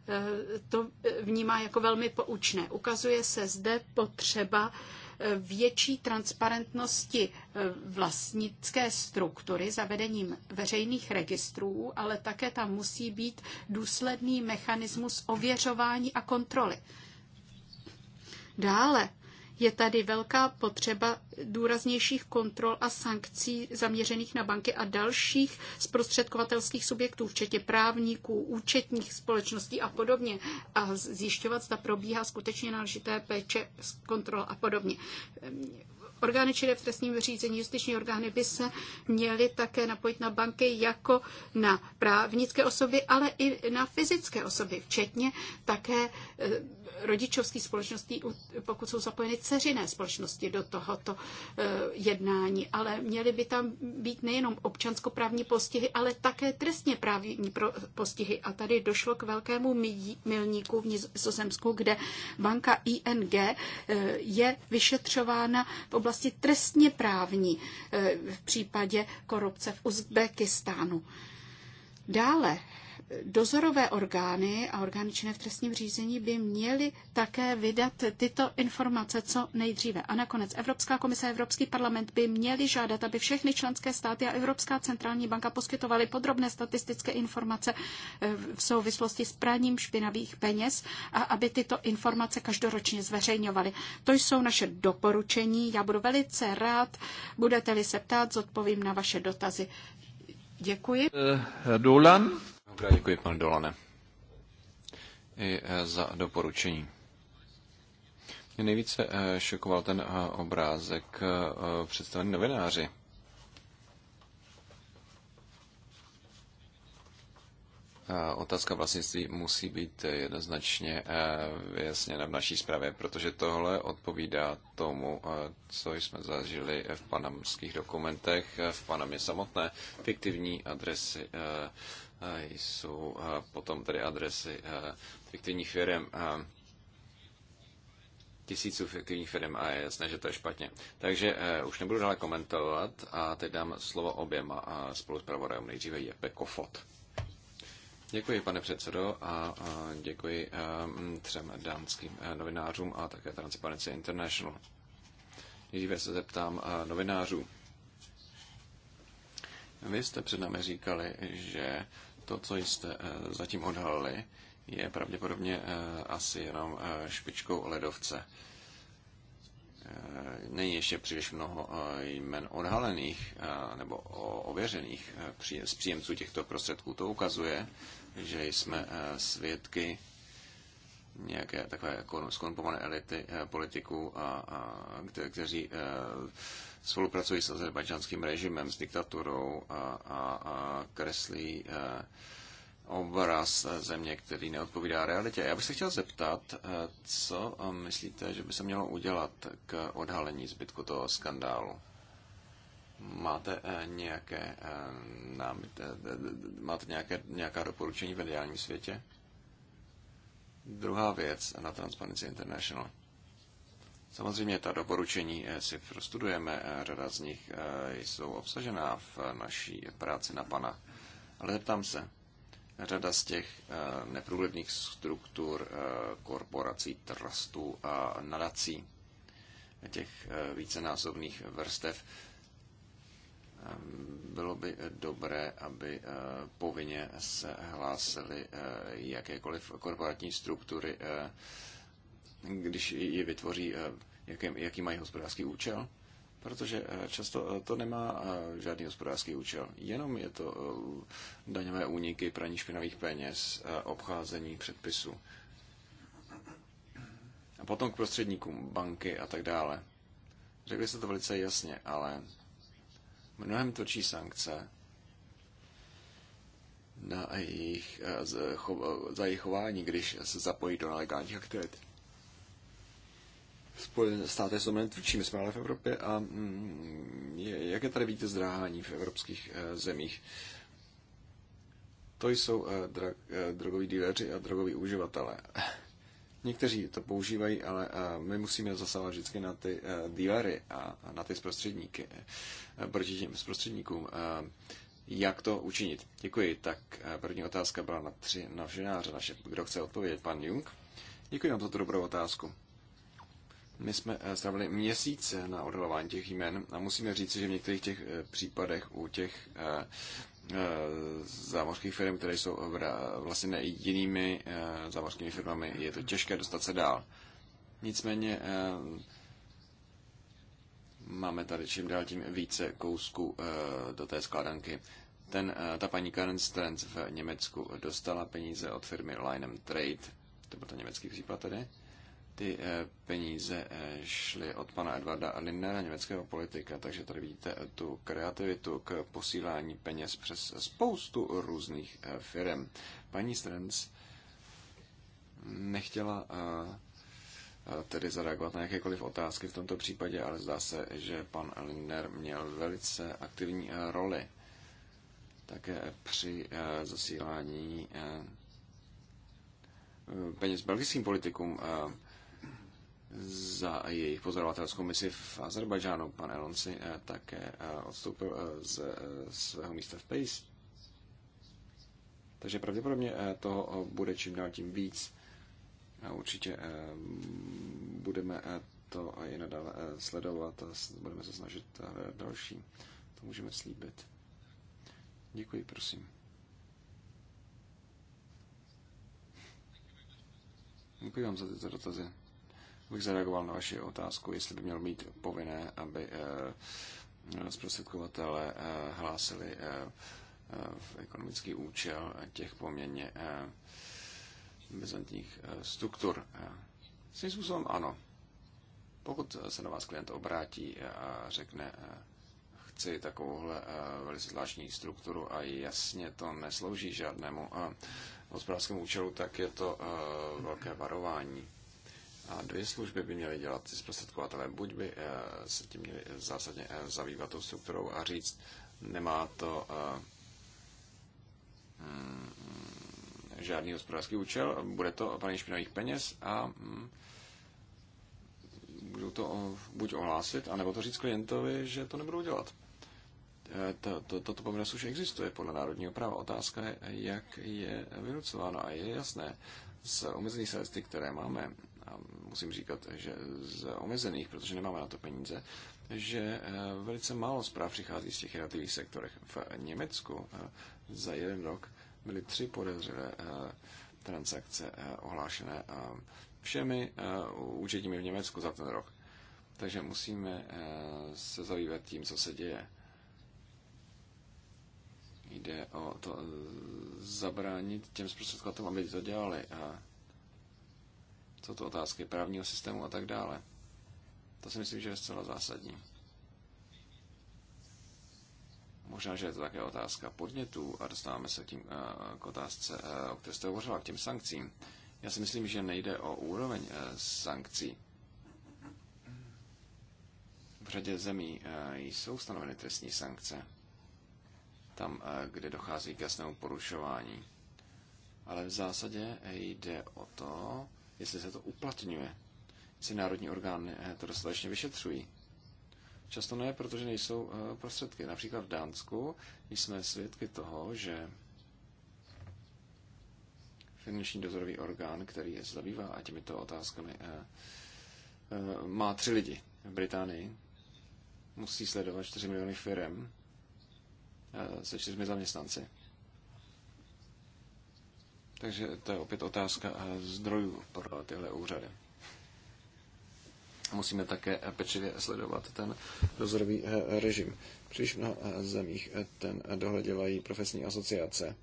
eh, to vnímá jako velmi poučné. Ukazuje se zde potřeba eh, větší transparentnosti eh, vlastnické struktury zavedením veřejných registrů, ale také tam musí být důsledný mechanismus ověřování a kontroly. Dále je tady velká potřeba důraznějších kontrol a sankcí zaměřených na banky a dalších zprostředkovatelských subjektů, včetně právníků, účetních společností a podobně, a zjišťovat, zda probíhá skutečně náležité péče, kontrol a podobně orgány čili v trestním řízení, justiční orgány by se měly také napojit na banky jako na právnické osoby, ale i na fyzické osoby, včetně také eh, rodičovských společnosti, pokud jsou zapojeny ceřiné společnosti do tohoto e, jednání. Ale měly by tam být nejenom občanskoprávní postihy, ale také trestně právní postihy. A tady došlo k velkému milníku v Nizozemsku, kde banka ING e, je vyšetřována v oblasti trestně právní e, v případě korupce v Uzbekistánu. Dále dozorové orgány a orgány činné v trestním řízení by měly také vydat tyto informace co nejdříve. A nakonec Evropská komise a Evropský parlament by měly žádat, aby všechny členské státy a Evropská centrální banka poskytovaly podrobné statistické informace eh, v souvislosti s praním špinavých peněz a aby tyto informace každoročně zveřejňovaly. To jsou naše doporučení. Já budu velice rád, budete-li se ptát, zodpovím na vaše dotazy. Děkuji. Eh, Dolan děkuji, pane Dolane. I eh, za doporučení. Mě nejvíce eh, šokoval ten eh, obrázek představený novináři. Otázka vlastnictví musí být jednoznačně vyjasněna v naší zprávě, protože tohle odpovídá tomu, co jsme zažili v panamských dokumentech, v Panamě samotné, fiktivní adresy jsou potom tedy adresy fiktivních firm, tisíců fiktivních firm a je jasné, že to je špatně. Takže e, už nebudu dále komentovat a teď dám slovo oběma a spolu s pravodajům nejdříve je Pekofot. Děkuji, pane předsedo, a a děkuji e, třem dánským e, novinářům a také Transparency International. Nejdříve se zeptám novinářů. Vy jste před námi říkali, že to, co jste eh, zatím odhalili, je pravděpodobně eh, asi jenom eh, špičkou ledovce. Není ještě příliš mnoho jmen odhalených nebo ověřených z příjemců těchto prostředků. To ukazuje, že jsme svědky nějaké takové skorumpované elity politiků, a, a, kteří spolupracují s azerbajdžanským režimem, s diktaturou a, a, a kreslí a, e, obraz země, který neodpovídá realitě. Já bych se chtěl zeptat, e, co myslíte, že by se mělo udělat k odhalení zbytku toho skandálu? Máte e, nějaké, máte nějaké, nějaká doporučení v mediálním světě? Druhá věc na Transparency International. Samozřejmě ta doporučení eh, si prostudujeme, eh, řada z nich eh, jsou obsažená v naší práci na pana. Ale zeptám se, řada z těch neprůhledných struktur, korporací, trustů a nadací, těch vícenásobných vrstev, bylo by dobré, aby povinně se hlásily jakékoliv korporátní struktury, když je vytvoří, eh, jaký, jaký mají hospodářský účel, protože eh, často eh, to nemá žádný hospodářský účel. Jenom je to daňové úniky, praní špinavých peněz, obcházení předpisů. A potom k prostředníkům, banky a tak dále. Řekli jste to velice jasně, ale mnohem točí sankce na jejich, za jejich chování, když se zapojí do nelegálních aktivit. Spojené státy jsou mnohem tvrdší, jsme ale v Evropě a mm, jaké tady vidíte zdráhání v evropských eh, zemích? To jsou eh, drag, eh, drogoví díleři a drogoví uživatelé. Někteří to používají, ale my musíme zasávat vždycky na ty dílery a na ty zprostředníky, proti těm zprostředníkům. Jak to učinit? Děkuji. Tak první otázka byla na tři navženáře naše. Kdo chce odpovědět? Pan Jung. Děkuji vám za tu dobrou otázku. My jsme eh, strávili měsíce na odhalování těch jmen a musíme říct, že v některých těch eh, případech u těch eh, zámořských firm, které jsou vlastně jinými zámořskými firmami, je to těžké dostat se dál. Nicméně máme tady čím dál tím více kousků do té skládanky. Ten, ta paní Karen Strenz v Německu dostala peníze od firmy Line Trade, to byl to německý případ tedy, ty eh, peníze eh, šly od pana Edvarda Lindnera, německého politika, takže tady vidíte eh, tu kreativitu k posílání peněz přes spoustu různých firm. Paní Strenc nechtěla tedy zareagovat na jakékoliv otázky v tomto případě, ale zdá se, že pan Lindner měl velice aktivní roli také při zasílání peněz belgickým politikům za jejich pozorovatelskou misi v Azerbajdžánu. Pan Elonsi eh, také eh, odstoupil eh, z svého místa v Pace. Takže pravděpodobně toho bude čím dál tím víc. A určitě budeme to i nadále sledovat a budeme se snažit hledat další. To můžeme slíbit. Děkuji, prosím. Děkuji vám za tyto dotazy bych zareagoval na vaši otázku, jestli by měl mít povinné, aby eh, zprostředkovatele eh, hlásili eh, v ekonomický účel těch poměrně bezantních struktur. S tím způsobem ano. Pokud se na vás klient obrátí a řekne, chci takovouhle velice zvláštní strukturu a jasně to neslouží žádnému hospodářskému účelu, tak je to velké varování. A dvě služby by měly dělat ty zprostředkovatelé. Buď by eh, se tím měli zásadně eh, zabývat tou strukturou a říct, nemá to eh, mm, žádný hospodářský účel, bude to paní špinavých peněz a mm, budou to buď ohlásit, anebo to říct klientovi, že to nebudou dělat. Toto to, to povinnost už existuje podle národního práva. Otázka je, jak je vynucováno. A je jasné, z omezených statistik, které máme, musím říkat, že z omezených, protože nemáme na to peníze, že eh, velice málo zpráv přichází z těch jednotlivých sektorech. V Německu eh, za jeden rok byly tři podezřelé eh, transakce ohlášené všemi účetními v Německu za ten rok. Takže musíme se zabývat tím, co se děje. Jde o to zabránit těm zprostředkovatelům, aby to dělali. A jsou to otázky právního systému a tak dále. To si myslím, že je zcela zásadní. Možná, že je to také otázka podnětů a dostáváme se tím, eh, k otázce, eh, o které jste hovořila, k těm sankcím. Já si myslím, že nejde o úroveň eh, sankcí. V řadě zemí jsou stanoveny trestní sankce, tam, kde dochází k jasnému porušování. Ale v zásadě jde o to, jestli se to uplatňuje, jestli národní orgány eh, to dostatečně vyšetřují. Často ne, protože nejsou eh, prostředky. Například v Dánsku jsme svědky toho, že finanční dozorový orgán, který je zabývá a těmito otázkami, eh, má tři lidi v Británii. Musí sledovat 4 miliony firm se čtyřmi zaměstnanci. Takže to je opět otázka eh, zdrojů pro tyhle úřady. Musíme také eh, pečlivě sledovat ten dozorový eh, režim. Příliš na zemích ten dohled dělají profesní asociace.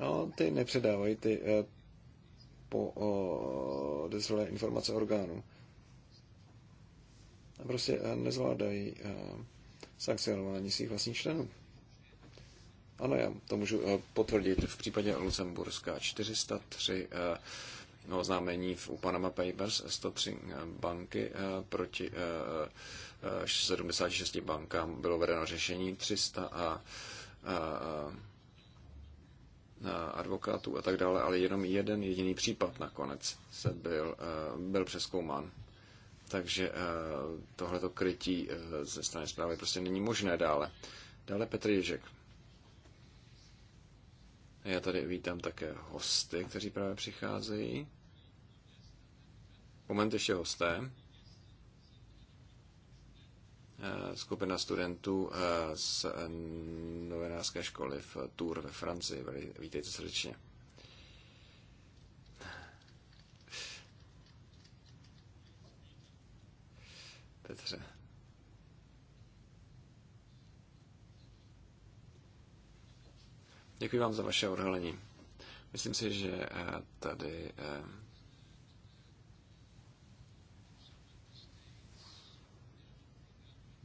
No, ty nepředávají ty po desilé informace orgánů. prostě nezvládají sankcionování svých vlastních členů. Ano, já to můžu eh, potvrdit. V případě Lucemburska 403 eh, no, oznámení v Panama Papers 103 eh, banky proti 76 bankám bylo vedeno řešení 300 a, a, a advokátů a tak dále, ale jenom jeden jediný případ nakonec se byl, byl přeskoumán. Takže tohleto krytí ze strany zprávy prostě není možné dále. Dále Petr Ježek. Já tady vítám také hosty, kteří právě přicházejí. Moment ještě hosté. Eh, skupina studentů eh, z eh, novinářské školy v Tour ve Francii. Vítejte srdečně. Petře. Děkuji vám za vaše odhalení. Myslím si, že eh, tady eh,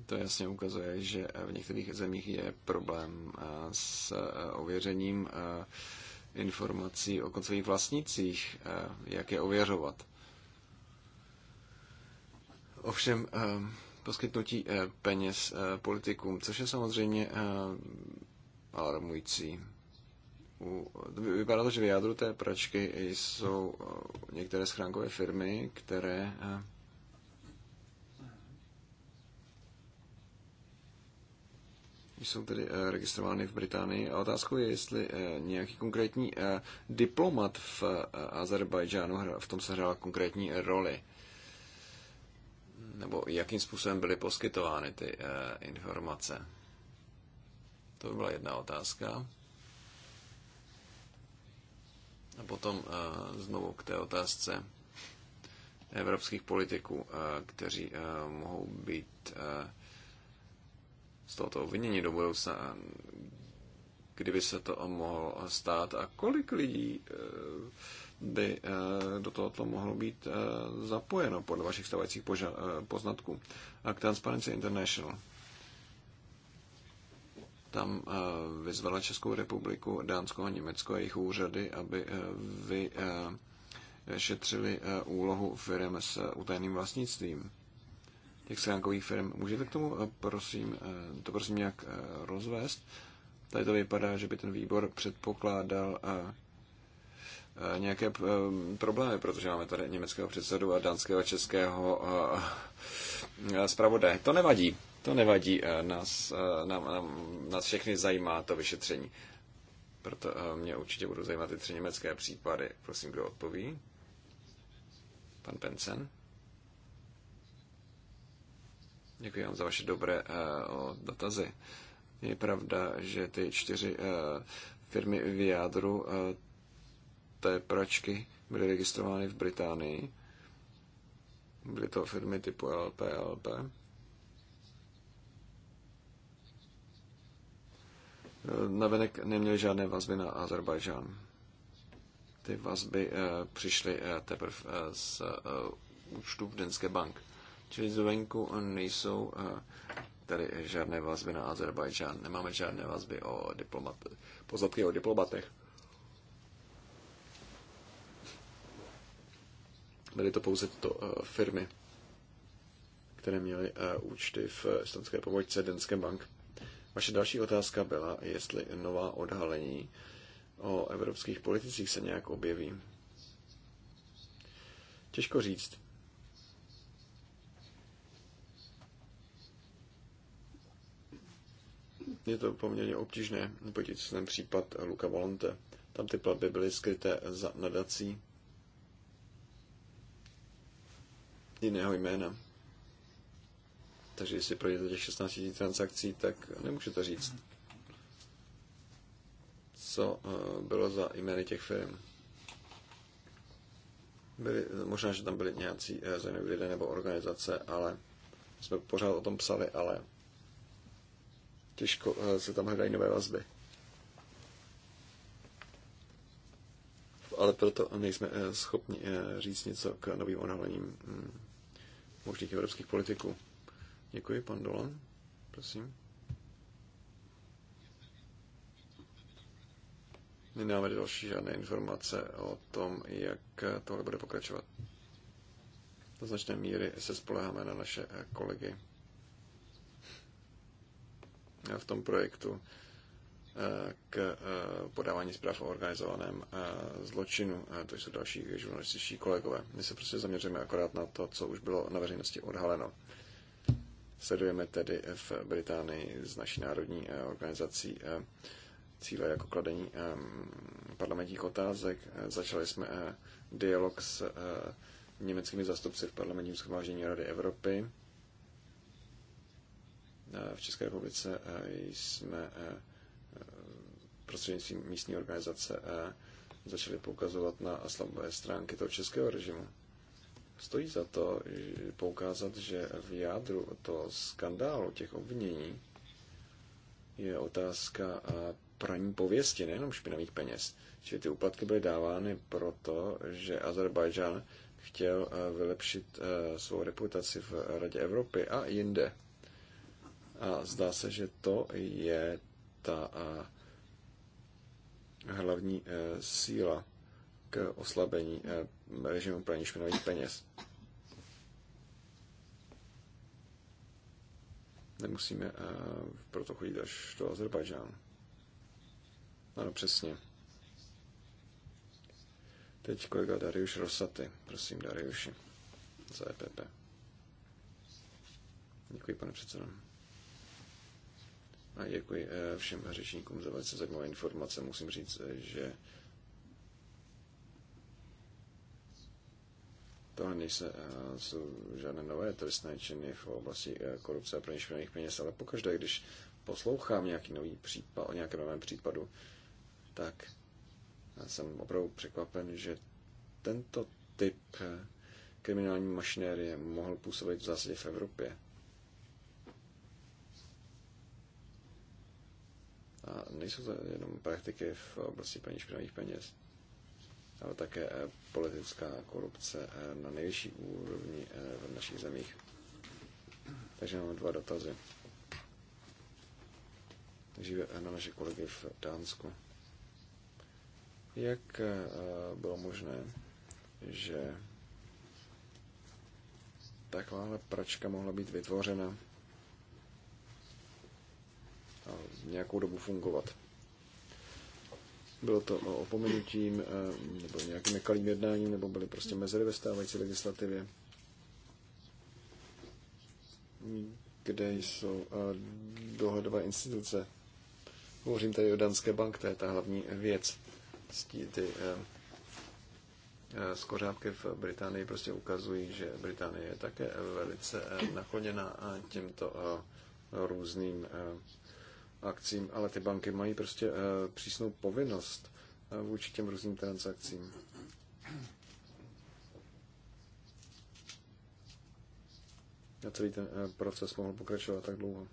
to jasně ukazuje, že eh, v některých zemích je problém s ověřením informací o koncových vlastnících, jak je ověřovat. Ovšem, poskytnutí peněz politikům, což je samozřejmě alarmující vypadá to, že v jádru té pračky jsou eh, některé schránkové firmy, které eh, jsou tedy eh, registrovány v Británii. A otázkou je, jestli nějaký konkrétní diplomat v Azerbajdžánu v tom se hrál konkrétní roli. Nebo jakým způsobem byly poskytovány ty informace. To by byla jedna otázka. A potom eh, znovu k té otázce evropských politiků, eh, kteří eh, mohou být z tohoto obvinění do budoucna, kdyby se to mohlo stát a kolik lidí by do tohoto mohlo být zapojeno pod vašich stavajících poznatků. A k Transparency International tam eh, vyzvala Českou republiku, Dánsko a Německo a jejich úřady, aby eh, vyšetřili eh, úlohu firm s utajeným vlastnictvím těch schránkových firm. Můžete k tomu, prosím, to prosím nějak rozvést? Tady to vypadá, že by ten výbor předpokládal Eh, nějaké eh, problémy, protože máme tady německého předsedu a dánského českého eh, zpravodaje. To nevadí, to nevadí, nás, nám, nám, nás všechny zajímá to vyšetření. Proto mě určitě budou zajímat ty tři německé případy. Prosím, kdo odpoví? Pan Pensen. Děkuji vám za vaše dobré uh, dotazy. Je pravda, že ty čtyři uh, firmy v jádru uh, té pračky byly registrovány v Británii. Byly to firmy typu LP, LP. Navenek neměly žádné vazby na Azerbajžán. Ty vazby eh, přišly eh, teprve eh, z účtu v Denské bank. Čili zvenku nejsou tady žádné vazby na Azerbajžán. Nemáme žádné vazby o diplomat, pozadky o diplomatech. Byly to pouze tyto eh, firmy, které měly eh, účty v estonské pomočce Denské Bank. Vaše další otázka byla, jestli nová odhalení o evropských politicích se nějak objeví. Těžko říct. Je to poměrně obtížné, podívejte se ten případ Luka Volante. Tam ty platby byly skryté za nadací jiného jména. Takže jestli projdete těch 16 000 transakcí, tak nemůžete říct, co eh, bylo za jmény těch firm. Byli, možná, že tam byli nějací eh, zajímavé lidé nebo organizace, ale jsme pořád o tom psali, ale těžko eh, se tam hledají nové vazby. Ale proto nejsme schopni říct něco k novým odhalením hmm možných evropských politiků. Děkuji, pan Dolan. Prosím. Nenáme další žádné informace o tom, jak tohle bude pokračovat. Do značné míry se spoleháme na naše kolegy v tom projektu Eh, k eh, podávání zpráv o organizovaném eh, zločinu. To jsou další žurnalističtí kolegové. My se prostě zaměříme akorát na to, co už bylo na veřejnosti odhaleno. Sledujeme tedy v Británii s naší národní organizací cíle jako kladení parlamentních otázek. Začali jsme dialog s německými zastupci v parlamentním schromáždění Rady Evropy. V České republice jsme prostřednictvím místní organizace eh, začali poukazovat na slabé stránky toho českého režimu. Stojí za to eh, poukázat, že v jádru toho skandálu, těch obvinění, je otázka eh, praní pověsti, nejenom špinavých peněz. Čili ty úplatky byly dávány proto, že Azerbajdžán chtěl vylepšit svou reputaci v Radě Evropy a jinde. A zdá se, že to je ta hlavní eh, síla k oslabení eh, režimu praní špinavých peněz. Nemusíme eh, proto chodit až do Azerbajdžánu. Ano, přesně. Teď kolega Dariuš Rosaty. Prosím, Dariuši, za EPP. Děkuji, pane předsedo. A děkuji eh, všem řečníkům za velice zajímavé informace. Musím říct, eh, že tohle nejse, eh, jsou žádné nové trestné činy v oblasti korupce a praní peněz, ale pokaždé, když poslouchám nějaký nový případ, o nějakém novém případu, tak jsem opravdu překvapen, že tento typ kriminální mašinérie mohl působit v zásadě v Evropě. A nejsou to jenom praktiky v oblasti paní špinavých peněz, ale také eh, politická korupce eh, na nejvyšší úrovni eh, v našich zemích. Takže mám dva dotazy. Takže na naše kolegy v Dánsku. Jak bylo možné, že takováhle pračka mohla být vytvořena nějakou dobu fungovat. Bylo to opomenutím eh, nebo nějakým nekalým jednáním, nebo byly prostě mezery ve stávající legislativě, kde jsou eh, dohodové instituce. Hovořím tady o Danské bank, to je ta hlavní věc. Ty eh, skořápky v Británii prostě ukazují, že Británie je také velice a těmto různým akcím, ale ty banky mají prostě eh, přísnou povinnost eh, vůči těm různým transakcím. A celý ten eh, proces mohl pokračovat tak dlouho.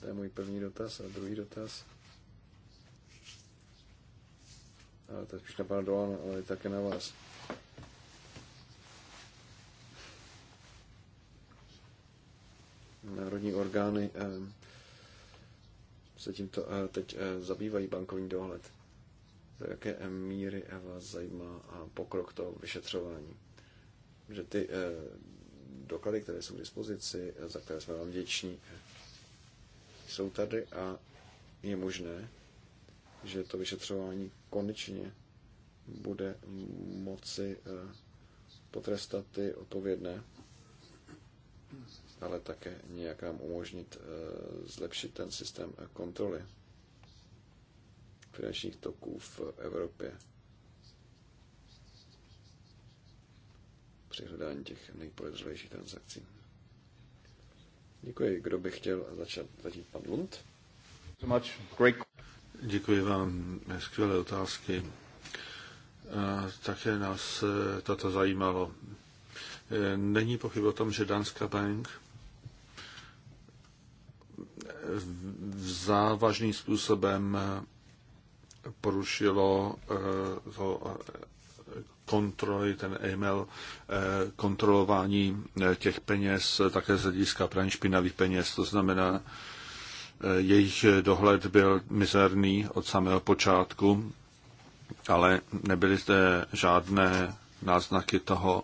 To je můj první dotaz a druhý dotaz. Ale to je spíš na pana Dolana, ale i také na vás. národní orgány eh, se tímto eh, teď eh, zabývají bankovní dohled. Do jaké míry vás zajímá a pokrok toho vyšetřování? Že ty doklady, které jsou k dispozici, za které jsme vám vděční, jsou tady a je možné, že to vyšetřování konečně bude moci potrestat ty odpovědné ale také nějak nám umožnit eh, zlepšit ten systém kontroly finančních toků v Evropě při hledání těch nejpodezřelejších transakcí. Děkuji. Kdo by chtěl začít? Zatím pan Lund. Děkuji vám. Skvělé otázky. Eh, také nás eh, tato zajímalo. Není pochyb o tom, že Danska Bank závažným způsobem porušilo eh, to eh, kontroly, ten e-mail, eh, kontrolování těch peněz, také z hlediska praní špinavých peněz, to znamená, jejich dohled byl mizerný od samého počátku, ale nebyly zde žádné náznaky toho,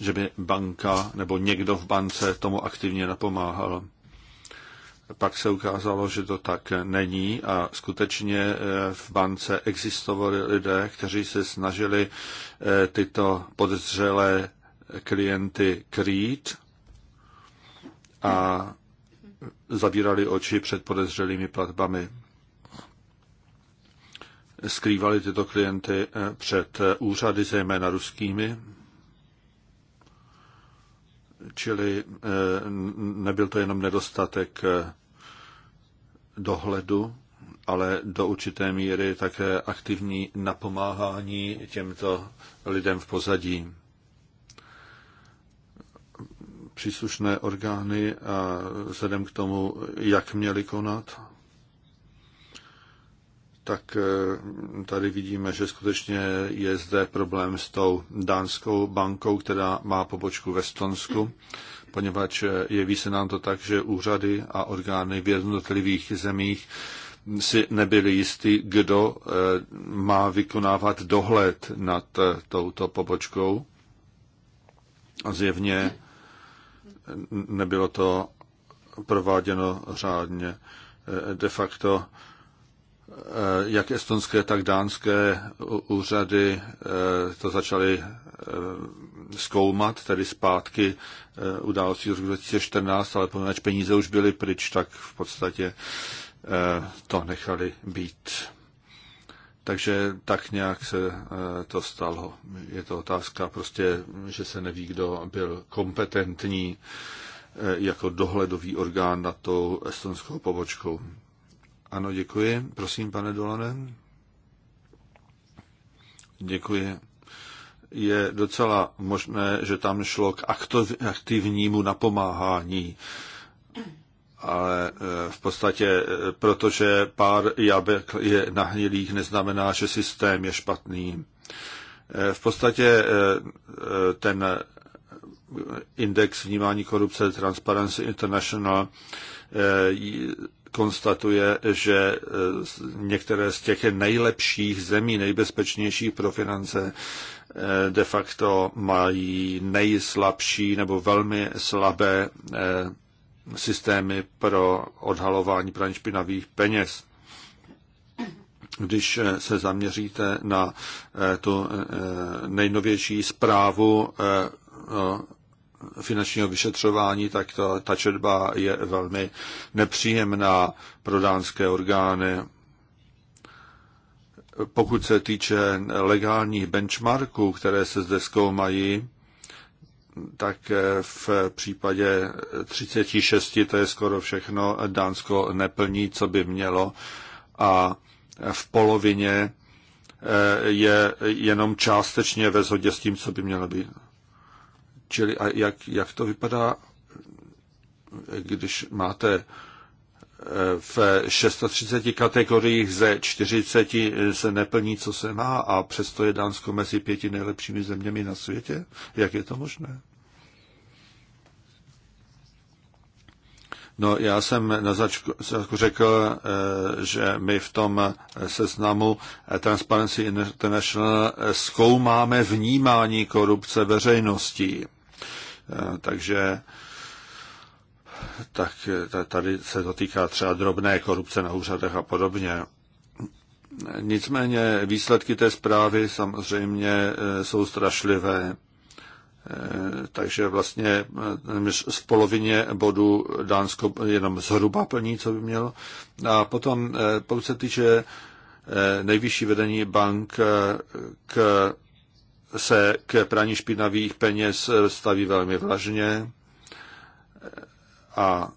že by banka nebo někdo v bance tomu aktivně napomáhal pak se ukázalo, že to tak není a skutečně eh, v bance existovali lidé, kteří se snažili eh, tyto podezřelé klienty krýt a zavírali oči před podezřelými platbami. Skrývali tyto klienty eh, před úřady, zejména ruskými, čili nebyl to jenom nedostatek dohledu, ale do určité míry také aktivní napomáhání těmto lidem v pozadí. Příslušné orgány a vzhledem k tomu, jak měli konat, tak eh, tady vidíme, že skutečně je zde problém s tou dánskou bankou, která má pobočku ve Stonsku poněvadž jeví se nám to tak, že úřady a orgány v jednotlivých zemích si nebyli jistý, kdo eh, má vykonávat dohled nad eh, touto pobočkou. A zjevně eh, nebylo to prováděno řádně. De facto jak estonské, tak dánské úřady to začaly Eh, zkoumat, tedy zpátky eh, události z roku 2014, ale poněvadž peníze už byly pryč, tak v podstatě eh, to nechali být. Takže tak nějak se to stalo. Je to otázka prostě, že se neví, kdo byl kompetentní jako dohledový orgán nad tou estonskou pobočkou. Ano, děkuji. Prosím, pane Dolanem. Děkuji je docela možné, že tam šlo k aktivnímu napomáhání. Ale eh, v podstatě, eh, protože pár jabek je nahnilých, neznamená, že systém je špatný. Eh, v podstatě ten index vnímání korupce Transparency International konstatuje, že e, některé z těch nejlepších zemí, nejbezpečnějších pro finance, e, de facto mají nejslabší nebo velmi slabé e, systémy pro odhalování praní špinavých peněz. Když se zaměříte na tu nejnovější zprávu finančního vyšetřování, tak ta, ta četba je velmi nepříjemná pro dánské orgány. Pokud se týče legálních benchmarků, které se zde zkoumají, tak v případě 36, to je skoro všechno, Dánsko neplní, co by mělo a v polovině eh, je jenom částečně ve shodě s tím, co by mělo být. Čili a jak, jak to vypadá, když máte eh, v 630 kategoriích ze 40 se neplní, co se má a přesto je Dánsko mezi pěti nejlepšími zeměmi na světě? Jak je to možné? No, já jsem na začátku řekl, eh, že my v tom eh, seznamu Transparency International zkoumáme vnímání korupce veřejností. Eh, takže tak tady se to týká třeba drobné korupce na úřadech a podobně. Nicméně výsledky té zprávy samozřejmě eh, jsou strašlivé. Eh, takže vlastně z polovině bodu Dánsko jenom zhruba plní, co by mělo. A potom, pokud se týče nejvyšší vedení bank k se k praní špinavých peněz staví velmi vlažně a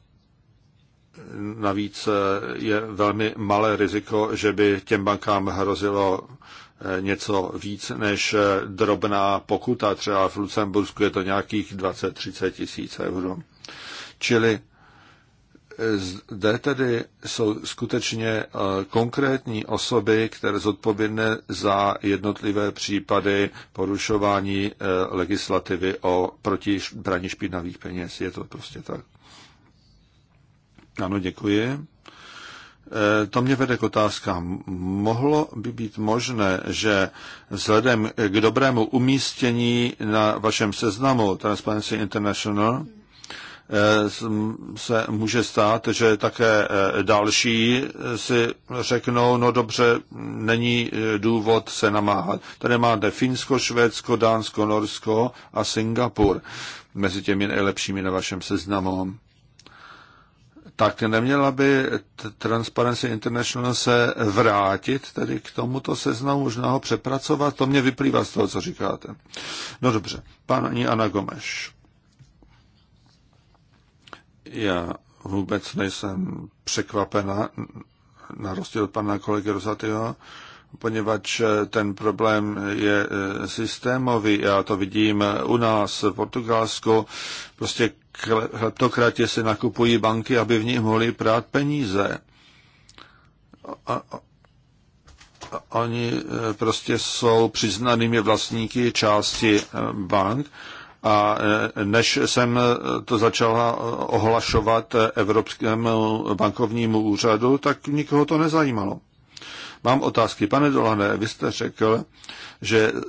navíc je velmi malé riziko, že by těm bankám hrozilo eh, něco víc než eh, drobná pokuta. Třeba v Lucembursku je to nějakých 20-30 tisíc euro. Čili zde tedy jsou skutečně eh, konkrétní osoby, které zodpovědné za jednotlivé případy porušování eh, legislativy o proti braní špinavých peněz. Je to prostě tak. Ano, děkuji. Eh, to mě vede k otázkám. Mohlo by být možné, že vzhledem k dobrému umístění na vašem seznamu Transparency International, Eh, se může stát, že také eh, další eh, si řeknou, no dobře, není důvod se namáhat. Tady máte Finsko, Švédsko, Dánsko, Norsko a Singapur mezi těmi nejlepšími na vašem seznamu. Tak neměla by Transparency International se vrátit tedy k tomuto seznamu, možná ho přepracovat? To mě vyplývá z toho, co říkáte. No dobře, paní Ana Gomeš. Já vůbec nejsem překvapena, na rozdíl od pana kolegy Rosatyho, poněvadž ten problém je eh, systémový. Já to vidím u nás v Portugalsku. Prostě kleptokrati si nakupují banky, aby v nich mohli prát peníze. A, a, a oni eh, prostě jsou přiznanými vlastníky části eh, bank a e, než jsem e, to začala e, ohlašovat Evropskému bankovnímu úřadu, tak nikoho to nezajímalo. Mám otázky. Pane Dolané. vy jste řekl, že v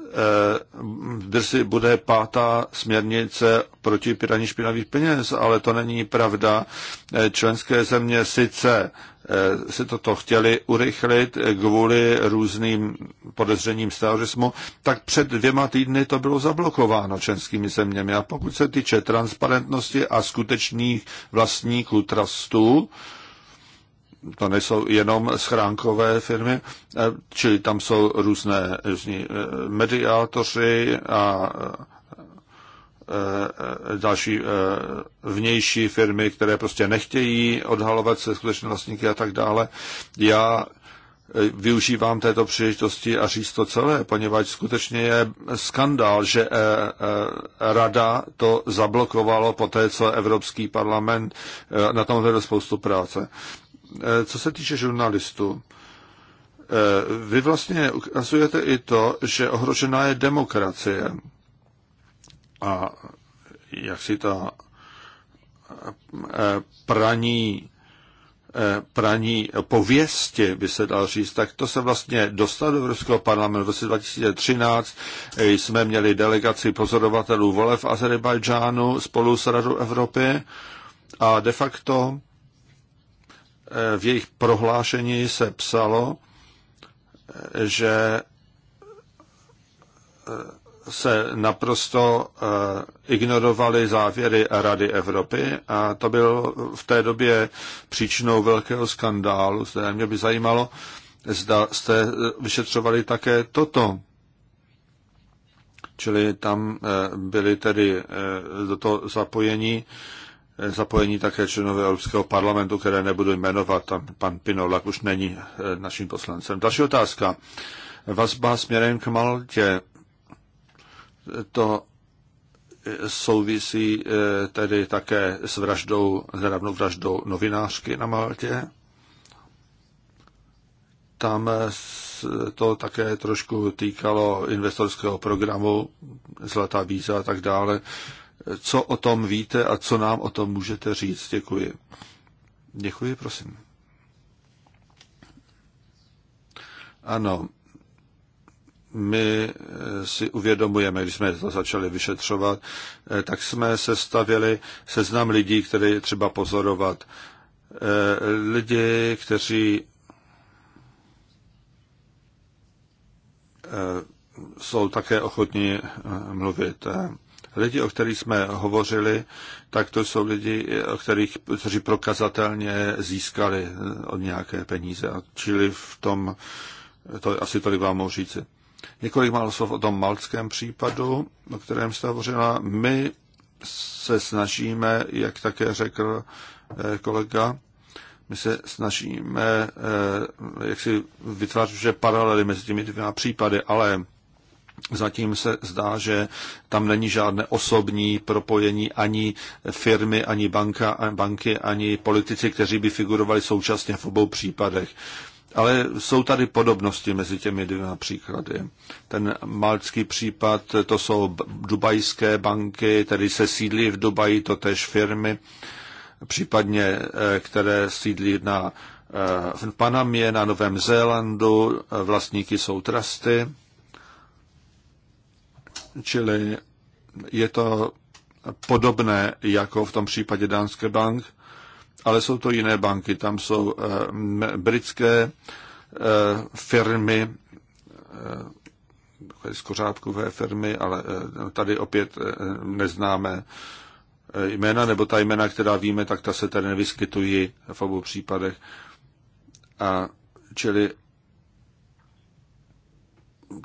eh, Drsi bude pátá směrnice proti piraní špinavých peněz, ale to není pravda. Eh, členské země sice eh, si toto chtěli urychlit kvůli různým podezřením z terorismu, tak před dvěma týdny to bylo zablokováno členskými zeměmi. A pokud se týče transparentnosti a skutečných vlastníků trustů, to nejsou jenom schránkové firmy, e, čili tam jsou různé různí e, mediátoři a e, další vnější firmy, které prostě nechtějí odhalovat se skutečné vlastníky a tak dále. Já využívám této příležitosti a říct to celé, poněvadž skutečně je skandál, že rada to zablokovalo po té, co Evropský parlament na tom vedl spoustu práce. Eh, co se týče žurnalistů, eh, vy vlastně ukazujete i to, že ohrožená je demokracie. A jak si ta eh, praní, praní pověsti, by se dal říct, tak to se vlastně dostalo do Evropského parlamentu. V roce 2013 jsme měli delegaci pozorovatelů vole v Azerbajdžánu spolu s Radou Evropy a de facto v jejich prohlášení se psalo, že eh, se naprosto eh, ignorovaly závěry Rady Evropy a to bylo v té době příčinou velkého skandálu. Zde mě by zajímalo, zda jste vyšetřovali také toto. Čili tam eh, byli tedy do toho zapojení zapojení také členové Evropského parlamentu, které nebudu jmenovat, tam pan Pinolak už není eh, naším poslancem. Další otázka. Vazba směrem k Maltě. To eh, souvisí eh, tedy také s vraždou, nedávnou vraždou novinářky na Maltě. Tam to také trošku týkalo investorského programu, zlatá víza a tak dále co o tom víte a co nám o tom můžete říct. Děkuji. Děkuji, prosím. Ano, my eh, si uvědomujeme, když jsme to začali vyšetřovat, eh, tak jsme sestavili seznam lidí, které je třeba pozorovat. Eh, lidi, kteří jsou také ochotní mluvit. Lidi, o kterých jsme hovořili, tak to jsou lidi, o kterých, kteří prokazatelně získali eh, od nějaké peníze. Čili v tom, to asi tolik vám mohu říci. Několik málo slov o tom malckém případu, o kterém jste hovořila. My se snažíme, jak také řekl eh, kolega, my se snažíme eh, jak si vytvářet paralely mezi těmi dvěma případy, ale Zatím se zdá, že tam není žádné osobní propojení ani firmy, ani banka, banky, ani politici, kteří by figurovali současně v obou případech. Ale jsou tady podobnosti mezi těmi dvěma příklady. Ten malcký případ, to jsou dubajské banky, tedy se sídlí v Dubaji, to tež firmy, případně eh, které sídlí na, eh, v Panamě, na Novém Zélandu, eh, vlastníky jsou trusty Čili je to podobné jako v tom případě Dánské bank, ale jsou to jiné banky. Tam jsou eh, britské eh, firmy, eh, skořádkové firmy, ale tady opět neznáme jména, nebo ta jména, která víme, tak ta se tady nevyskytují v obou případech. A čili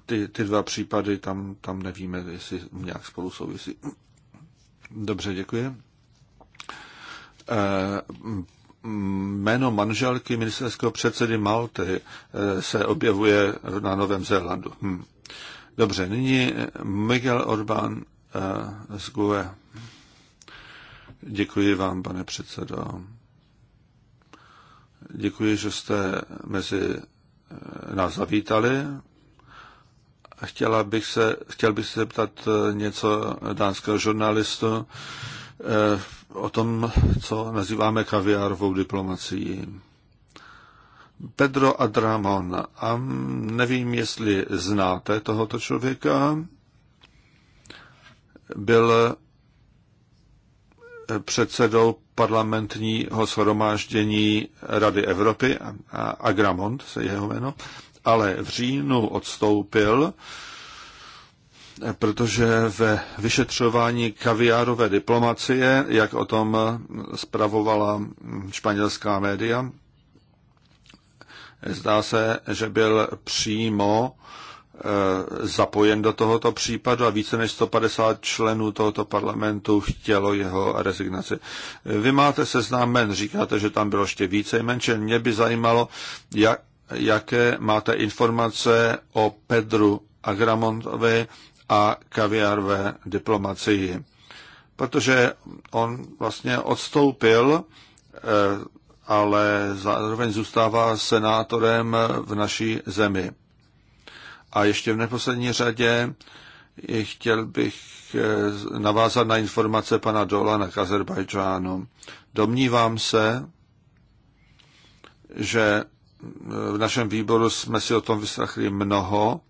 ty, ty dva případy, tam, tam nevíme, jestli nějak spolu souvisí. Dobře, děkuji. Eh, jméno manželky ministerského předsedy Malty eh, se objevuje na Novém Zélandu. Hm. Dobře, nyní Miguel Orbán eh, z GUE. Děkuji vám, pane předsedo. Děkuji, že jste mezi nás zavítali chtěla bych se, chtěl bych se zeptat eh, něco dánského žurnalistu eh, o tom, co nazýváme kaviárovou diplomacií. Pedro Adramon. A nevím, jestli znáte tohoto člověka. Byl eh, předsedou parlamentního shromáždění Rady Evropy, Agramont se jeho jméno, ale v říjnu odstoupil, protože ve vyšetřování kaviárové diplomacie, jak o tom zpravovala španělská média, zdá se, že byl přímo eh, zapojen do tohoto případu a více než 150 členů tohoto parlamentu chtělo jeho rezignaci. Vy máte seznam men, říkáte, že tam bylo ještě více jmen, mě by zajímalo, jak, jaké máte informace o Pedru Agramontovi a kaviarové diplomacii. Protože on vlastně odstoupil, eh, ale zároveň zůstává senátorem v naší zemi. A ještě v neposlední řadě chtěl bych eh, navázat na informace pana Dolana na Azerbajdžánu. Domnívám se, že v našem výboru jsme si o tom vyslechli mnoho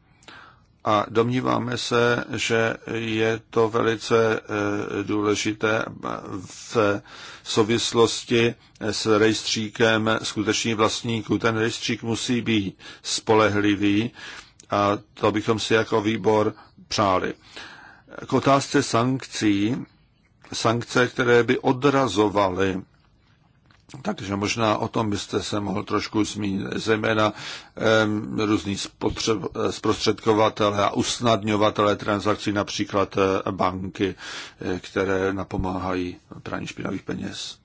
a domníváme se, že je to velice eh, důležité v souvislosti s rejstříkem skutečných vlastníků. Ten rejstřík musí být spolehlivý a to bychom si jako výbor přáli. K otázce sankcí, sankce, které by odrazovaly takže možná o tom byste se mohl trošku zmínit, zejména um, různí spotřeb, zprostředkovatele a usnadňovatele transakcí, například eh, banky, eh, které napomáhají praní špinavých peněz.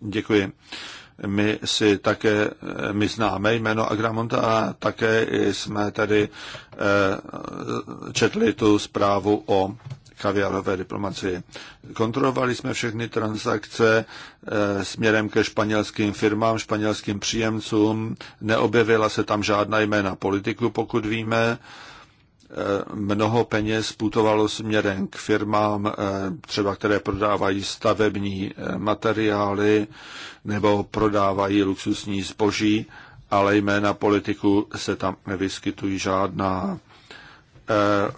Děkuji. My si také, eh, my známe jméno Agramonta a také jsme tady četli tu zprávu o kaviarové diplomacii. Kontrolovali jsme všechny transakce eh, směrem ke španělským firmám, španělským příjemcům. Neobjevila se tam žádná jména politiku, pokud víme. Eh, mnoho peněz putovalo směrem k firmám, eh, třeba které prodávají stavební materiály nebo prodávají luxusní zboží, ale jména politiku se tam nevyskytují žádná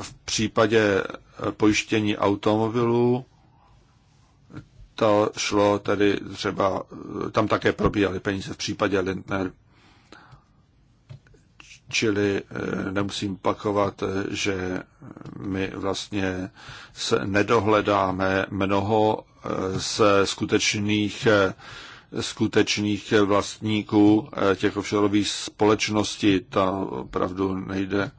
v případě pojištění automobilů, to šlo tedy třeba, tam také probíhaly peníze v případě Lindner, čili eh, nemusím pakovat, eh, že my vlastně se nedohledáme mnoho eh, z skutečných skutečných vlastníků těch offshoreových společností, ta opravdu nejde.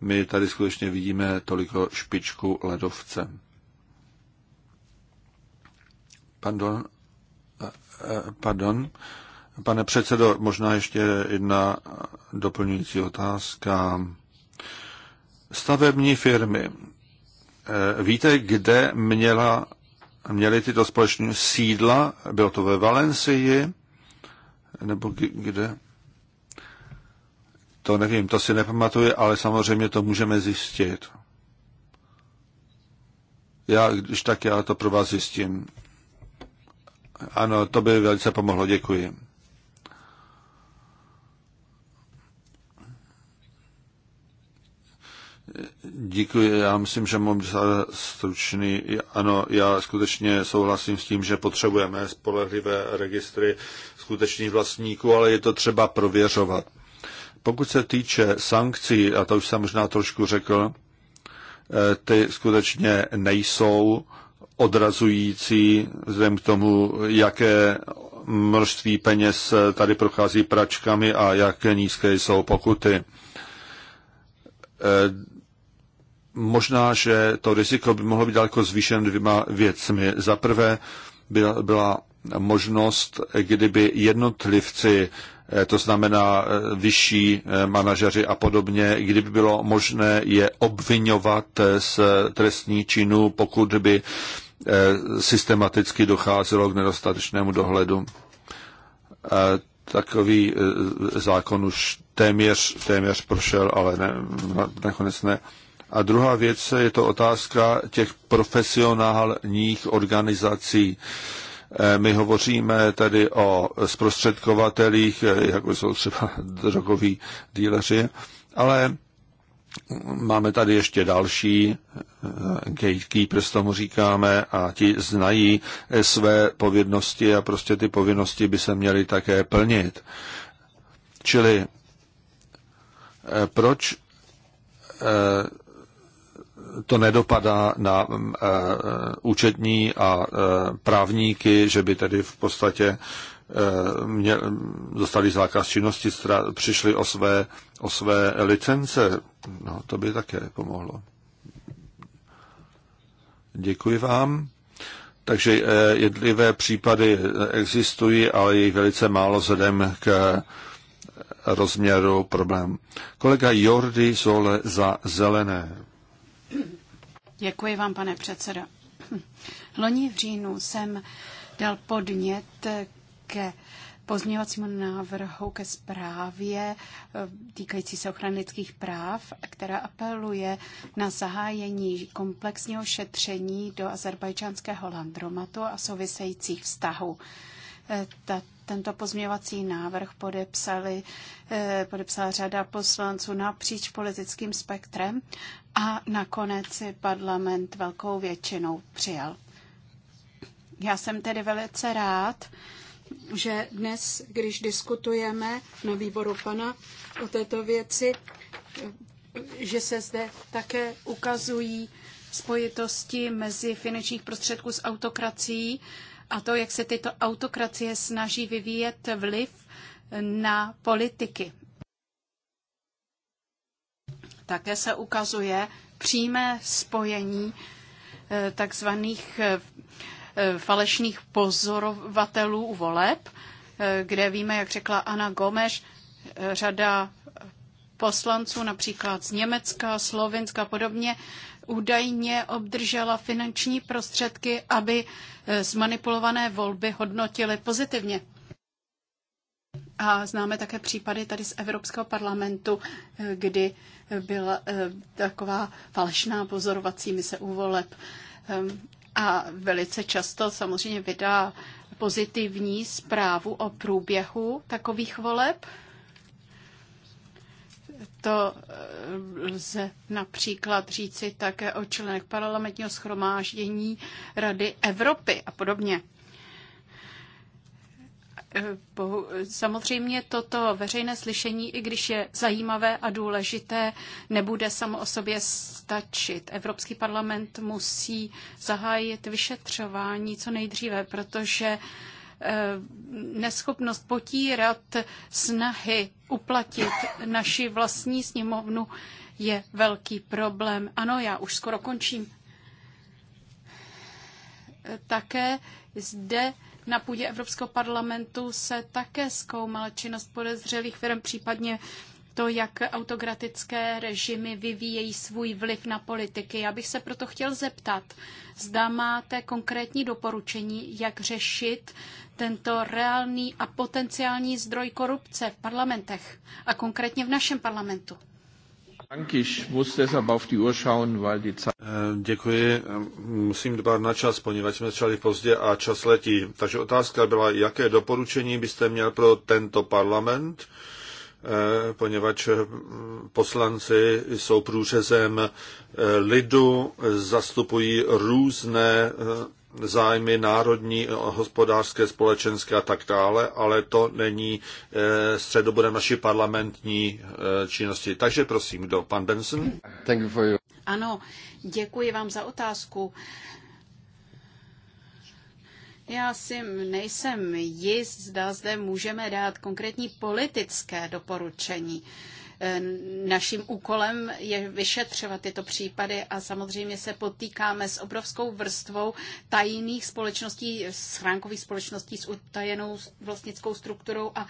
My tady skutečně vidíme toliko špičku ledovce. Pardon, pardon. Pane předsedo, možná ještě jedna doplňující otázka. Stavební firmy. Víte, kde měla, měly tyto společné sídla? Bylo to ve Valencii? Nebo kde? To nevím, to si nepamatuji, ale samozřejmě to můžeme zjistit. Já, když tak, já to pro vás zjistím. Ano, to by velice pomohlo, děkuji. Děkuji, já myslím, že mám stručný. Ano, já skutečně souhlasím s tím, že potřebujeme spolehlivé registry skutečných vlastníků, ale je to třeba prověřovat. Pokud se týče sankcí, a to už jsem možná trošku řekl, eh, ty skutečně nejsou odrazující vzhledem k tomu, jaké množství peněz tady prochází pračkami a jak nízké jsou pokuty. Eh, možná, že to riziko by mohlo být daleko zvýšen dvěma věcmi. Za prvé byla možnost, kdyby jednotlivci Eh, to znamená eh, vyšší eh, manažeři a podobně, kdyby bylo možné je obvinovat z trestní činu, pokud by systematicky docházelo k nedostatečnému dohledu. Takový zákon už téměř, téměř prošel, ale ne, nakonec ne. A druhá věc je to otázka těch profesionálních organizací. Eh, Eh, my hovoříme tady o zprostředkovatelích, eh, jako jsou třeba drogoví díleři, ale máme tady ještě další, eh, gatekeepers tomu říkáme, a ti znají své povinnosti a prostě ty povinnosti by se měly také plnit. Čili proč to nedopadá na mm, eh, účetní a eh, právníky, že by tedy v podstatě eh, mě, dostali zákaz činnosti, přišli o své, o své licence. No, to by také pomohlo. Děkuji vám. Takže jedlivé případy existují, ale je velice málo vzhledem k rozměru problém. Kolega Jordi Zole za zelené. Děkuji vám, pane předsedo. Loni v říjnu jsem dal podnět ke pozměňovacímu návrhu ke zprávě eh, týkající se ochrany lidských práv, která apeluje na zahájení komplexního šetření do azerbajdžánského landromatu a souvisejících vztahů ta, tento pozměvací návrh podepsali, eh, podepsala řada poslanců napříč politickým spektrem a nakonec si parlament velkou většinou přijal. Já jsem tedy velice rád, že dnes, když diskutujeme na výboru pana o této věci, že se zde také ukazují spojitosti mezi finančních prostředků s autokracií a to, jak se tyto autokracie snaží vyvíjet vliv na politiky. Také se ukazuje přímé spojení eh, takzvaných eh, eh, falešných pozorovatelů u voleb, kde víme, jak řekla Ana Gomeš, řada poslanců, například z Německa, Slovenska a podobně, údajně obdržela finanční prostředky, aby eh, zmanipulované volby hodnotily pozitivně. A známe také případy tady z Evropského parlamentu, eh, kdy eh, byla taková falešná pozorovací mise u voleb. A velice často samozřejmě vydá pozitivní zprávu o průběhu takových voleb, to eh, lze například říci také o členek parlamentního schromáždění Rady Evropy a podobně. Eh, samozřejmě toto veřejné slyšení, i když je zajímavé a důležité, nebude samo o sobě stačit. Evropský parlament musí zahájit vyšetřování co nejdříve, protože Eh, neschopnost potírat snahy uplatit naši vlastní sněmovnu je velký problém. Ano, já už skoro končím. Eh, také zde na půdě Evropského parlamentu se také zkoumala činnost podezřelých firm, případně to, jak autokratické režimy vyvíjejí svůj vliv na politiky. Já bych se proto chtěl zeptat, zda máte konkrétní doporučení, jak řešit tento reálný a potenciální zdroj korupce v parlamentech a konkrétně v našem parlamentu. Eh, děkuji, musím dbát na čas, poněvadž jsme začali pozdě a čas letí. Takže otázka byla, jaké doporučení byste měl pro tento parlament, Eh, poněvadž eh, poslanci jsou průřezem eh, lidu, zastupují různé zájmy národní, hospodářské, společenské a tak dále, ale to není středobodem naší parlamentní činnosti. Takže prosím, kdo? Pan Benson? Ano, děkuji vám za otázku. Já si nejsem jist, zda zde můžeme dát konkrétní politické doporučení. Eh, naším úkolem je vyšetřovat tyto případy a samozřejmě se potýkáme s obrovskou vrstvou tajných společností, schránkových společností s utajenou vlastnickou strukturou a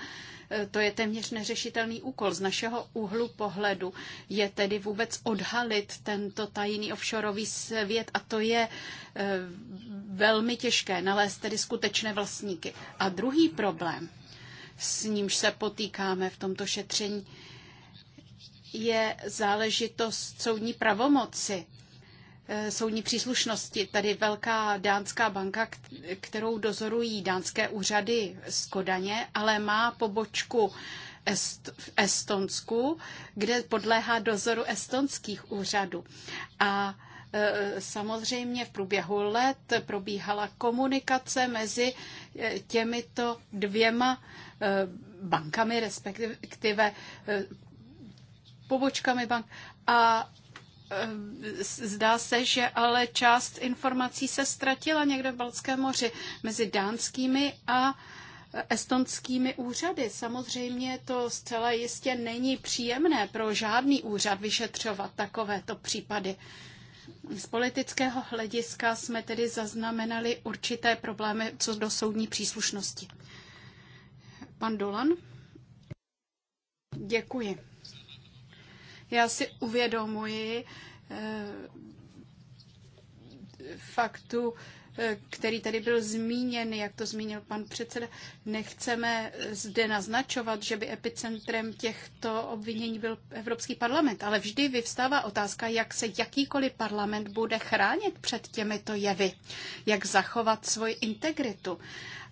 eh, to je téměř neřešitelný úkol. Z našeho úhlu pohledu je tedy vůbec odhalit tento tajný offshoreový svět a to je eh, velmi těžké nalézt tedy skutečné vlastníky. A druhý problém, s nímž se potýkáme v tomto šetření, je záležitost soudní pravomoci, eh, soudní příslušnosti. Tady velká dánská banka, kterou dozorují dánské úřady z Kodaně, ale má pobočku Est- v Estonsku, kde podléhá dozoru estonských úřadů. A eh, samozřejmě v průběhu let probíhala komunikace mezi eh, těmito dvěma bankami, respektive pobočkami bank. A eh, Zdá se, že ale část informací se ztratila někde v Balckém moři mezi dánskými a eh, estonskými úřady. Samozřejmě to zcela jistě není příjemné pro žádný úřad vyšetřovat takovéto případy. Z politického hlediska jsme tedy zaznamenali určité problémy co do soudní příslušnosti. Pan Dolan? Děkuji. Já si uvědomuji eh, faktu, eh, který tady byl zmíněn, jak to zmínil pan předseda, nechceme zde naznačovat, že by epicentrem těchto obvinění byl Evropský parlament, ale vždy vyvstává otázka, jak se jakýkoliv parlament bude chránit před těmito jevy, jak zachovat svoji integritu.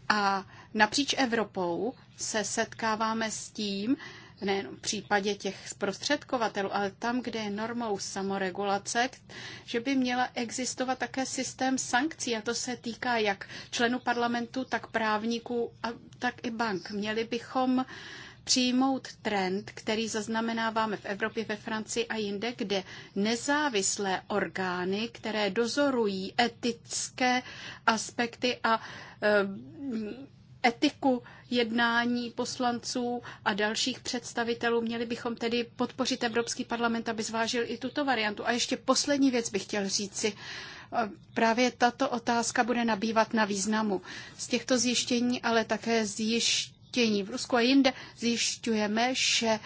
A napříč Evropou se setkáváme s tím, nejen v případě těch zprostředkovatelů, ale tam, kde je normou samoregulace, že by měla existovat také systém sankcí a to se týká jak členů parlamentu, tak právníků, a tak i bank. Měli bychom přijmout trend, který zaznamenáváme v Evropě, ve Francii a jinde, kde nezávislé orgány, které dozorují etické aspekty a e, etiku jednání poslanců a dalších představitelů. Měli bychom tedy podpořit Evropský parlament, aby zvážil i tuto variantu. A ještě poslední věc bych chtěl říci. Právě tato otázka bude nabývat na významu. Z těchto zjištění, ale také zjištění v Rusku a jinde, zjišťujeme, že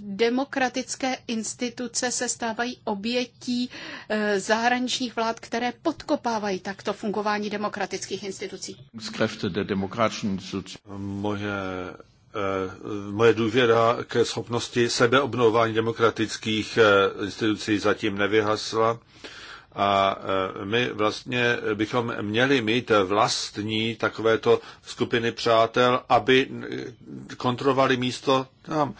Demokratické instituce se stávají obětí eh, zahraničních vlád, které podkopávají takto fungování demokratických institucí. Moje eh, moje důvěra ke schopnosti sebeobnovování demokratických eh, institucí zatím nevyhasla. A my vlastně bychom měli mít vlastní takovéto skupiny přátel, aby kontrolovali místo tam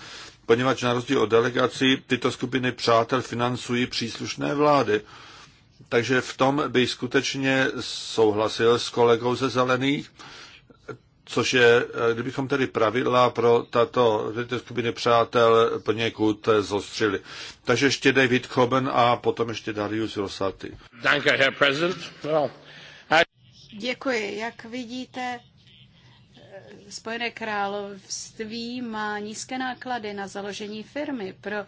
poněvadž na rozdíl od delegací tyto skupiny přátel financují příslušné vlády. Takže v tom bych skutečně souhlasil s kolegou ze Zelených, což je, eh, kdybychom tedy pravidla pro tato, tyto skupiny přátel poněkud eh, zostřili. Takže ještě David Coben a potom ještě Darius Rosati. Děkuji. Jak vidíte, Spojené království má nízké náklady na založení firmy. Pro e,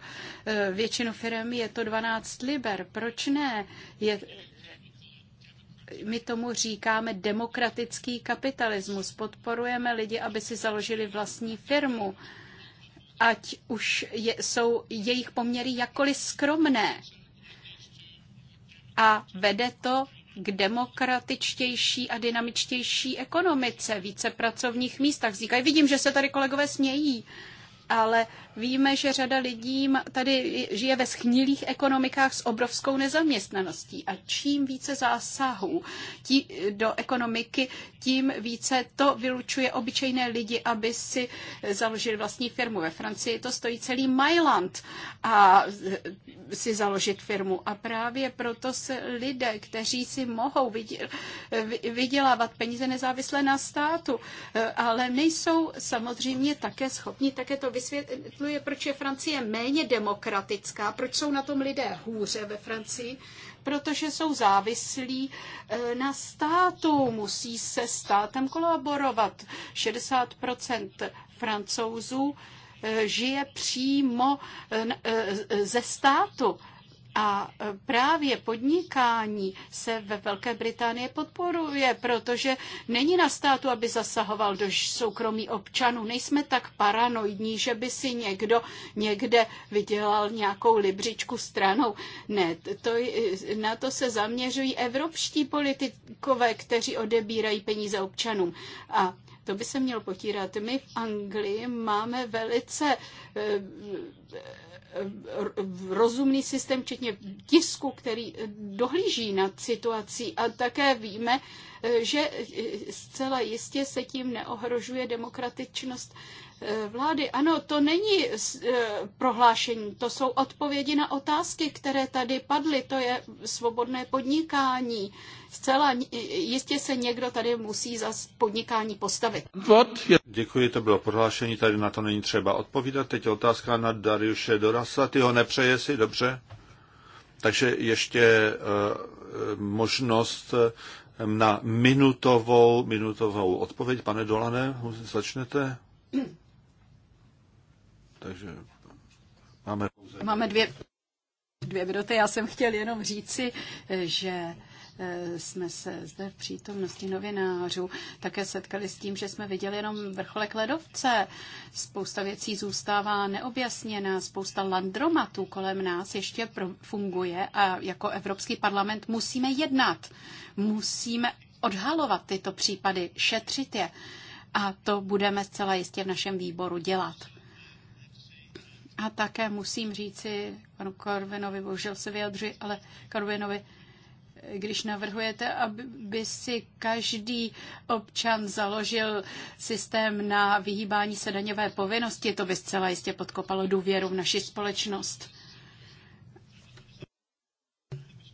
většinu firm je to 12 liber. Proč ne? Je, my tomu říkáme demokratický kapitalismus. Podporujeme lidi, aby si založili vlastní firmu, ať už je, jsou jejich poměry jakoli skromné. A vede to k demokratičtější a dynamičtější ekonomice, více pracovních Tak vznikají. Vidím, že se tady kolegové smějí ale víme, že řada lidí tady žije ve schnilých ekonomikách s obrovskou nezaměstnaností a čím více zásahů tí, do ekonomiky, tím více to vylučuje obyčejné lidi, aby si založili vlastní firmu. Ve Francii to stojí celý Mailand a si založit firmu. A právě proto se lidé, kteří si mohou vydělávat peníze nezávisle na státu, eh, ale nejsou samozřejmě také schopni také to vysvětlit vysvětluje, proč je Francie méně demokratická, proč jsou na tom lidé hůře ve Francii, protože jsou závislí eh, na státu, musí se státem kolaborovat. 60 francouzů eh, žije přímo eh, ze státu a e, právě podnikání se ve Velké Británii podporuje, protože není na státu, aby zasahoval do soukromí občanů. Nejsme tak paranoidní, že by si někdo někde vydělal nějakou libřičku stranou. Ne, to, e, na to se zaměřují evropští politikové, kteří odebírají peníze občanům. A to by se mělo potírat. My v Anglii máme velice e, Eh, rozumný systém, včetně tisku, který eh, dohlíží nad situací. A také víme, eh, že zcela jistě se tím neohrožuje demokratičnost Eh, vlády. Ano, to není eh, prohlášení, to jsou odpovědi na otázky, které tady padly. To je svobodné podnikání. Zcela jistě se někdo tady musí za podnikání postavit. Děkuji, to bylo prohlášení, tady na to není třeba odpovídat. Teď otázka na Dariuše Dorasa. Ty ho nepřeje si, dobře? Takže ještě eh, možnost na minutovou, minutovou odpověď. Pane Dolane, začnete? Takže máme pouze... Máme dvě, dvě minuty. Já jsem chtěl jenom říci, že e, jsme se zde v přítomnosti novinářů také setkali s tím, že jsme viděli jenom vrcholek ledovce. Spousta věcí zůstává neobjasněná, spousta landromatů kolem nás ještě funguje a jako Evropský parlament musíme jednat. Musíme odhalovat tyto případy, šetřit je. A to budeme zcela jistě v našem výboru dělat. A také musím říci panu Korvinovi, bohužel se vyjadřuji, ale Korvinovi, když navrhujete, aby si každý občan založil systém na vyhýbání se daňové povinnosti, to by zcela jistě podkopalo důvěru v naši společnost.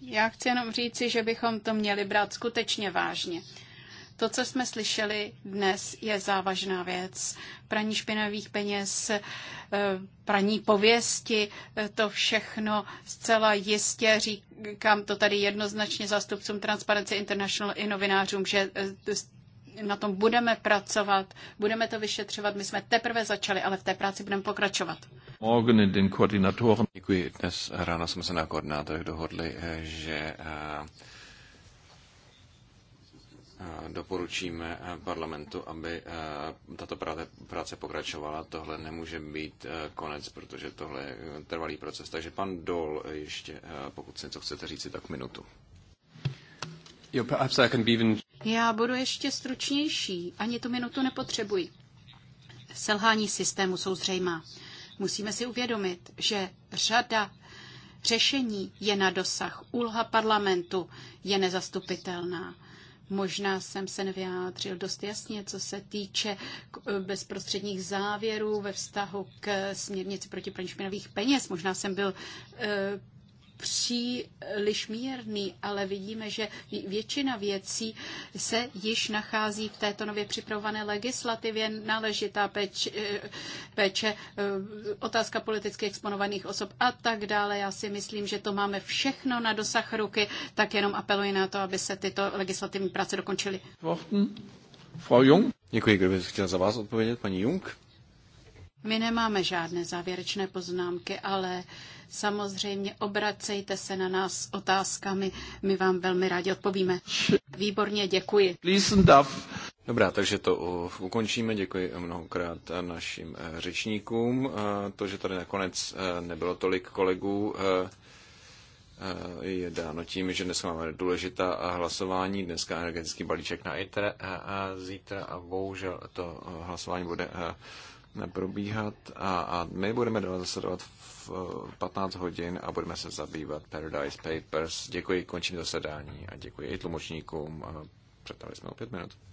Já chci jenom říci, že bychom to měli brát skutečně vážně. To, co jsme slyšeli dnes, je závažná věc. Praní špinavých peněz, eh, praní pověsti, eh, to všechno zcela jistě říkám to tady jednoznačně zástupcům Transparency International i novinářům, že eh, na tom budeme pracovat, budeme to vyšetřovat. My jsme teprve začali, ale v té práci budeme pokračovat. Děkuji. Dnes ráno jsme se na koordinátorech dohodli, že Eh, doporučíme eh, parlamentu, aby eh, tato práce pokračovala. Tohle nemůže být konec, protože tohle je trvalý proces. Takže pan Dol, ještě pokud si něco chcete říci, tak minutu. Já budu ještě stručnější. Ani tu minutu nepotřebuji. Selhání systému jsou zřejmá. Musíme si uvědomit, že řada řešení je na dosah. Úloha parlamentu je nezastupitelná Možná jsem se nevyjádřil dost jasně, co se týče e, bezprostředních závěrů ve vztahu k směrnici proti praní špinavých peněz. Možná jsem byl e, příliš mírný, ale vidíme, že většina věcí se již nachází v této nově připravované legislativě. Náležitá péče, eh, péče eh, otázka politicky exponovaných osob a tak dále. Já si myslím, že to máme všechno na dosah ruky, tak jenom apeluji na to, aby se tyto legislativní práce dokončily. Frau Jung. Děkuji, kdybyste chtěla za vás odpovědět, paní Jung. My nemáme žádné závěrečné poznámky, ale samozřejmě obracejte se na nás s otázkami, my vám velmi rádi odpovíme. Výborně, děkuji. Dobrá, takže to ukončíme. Děkuji mnohokrát našim eh, řečníkům. Eh, to, že tady nakonec eh, nebylo tolik kolegů, je dáno tím, že dnes máme důležitá hlasování, dneska energetický balíček na ITER a zítra a bohužel to hlasování bude probíhat a, a my budeme dál zasedovat v 15 eh, hodin a budeme se zabývat Paradise Papers. Děkuji, končím zasedání a děkuji i tlumočníkům. Přetali jsme o pět minut.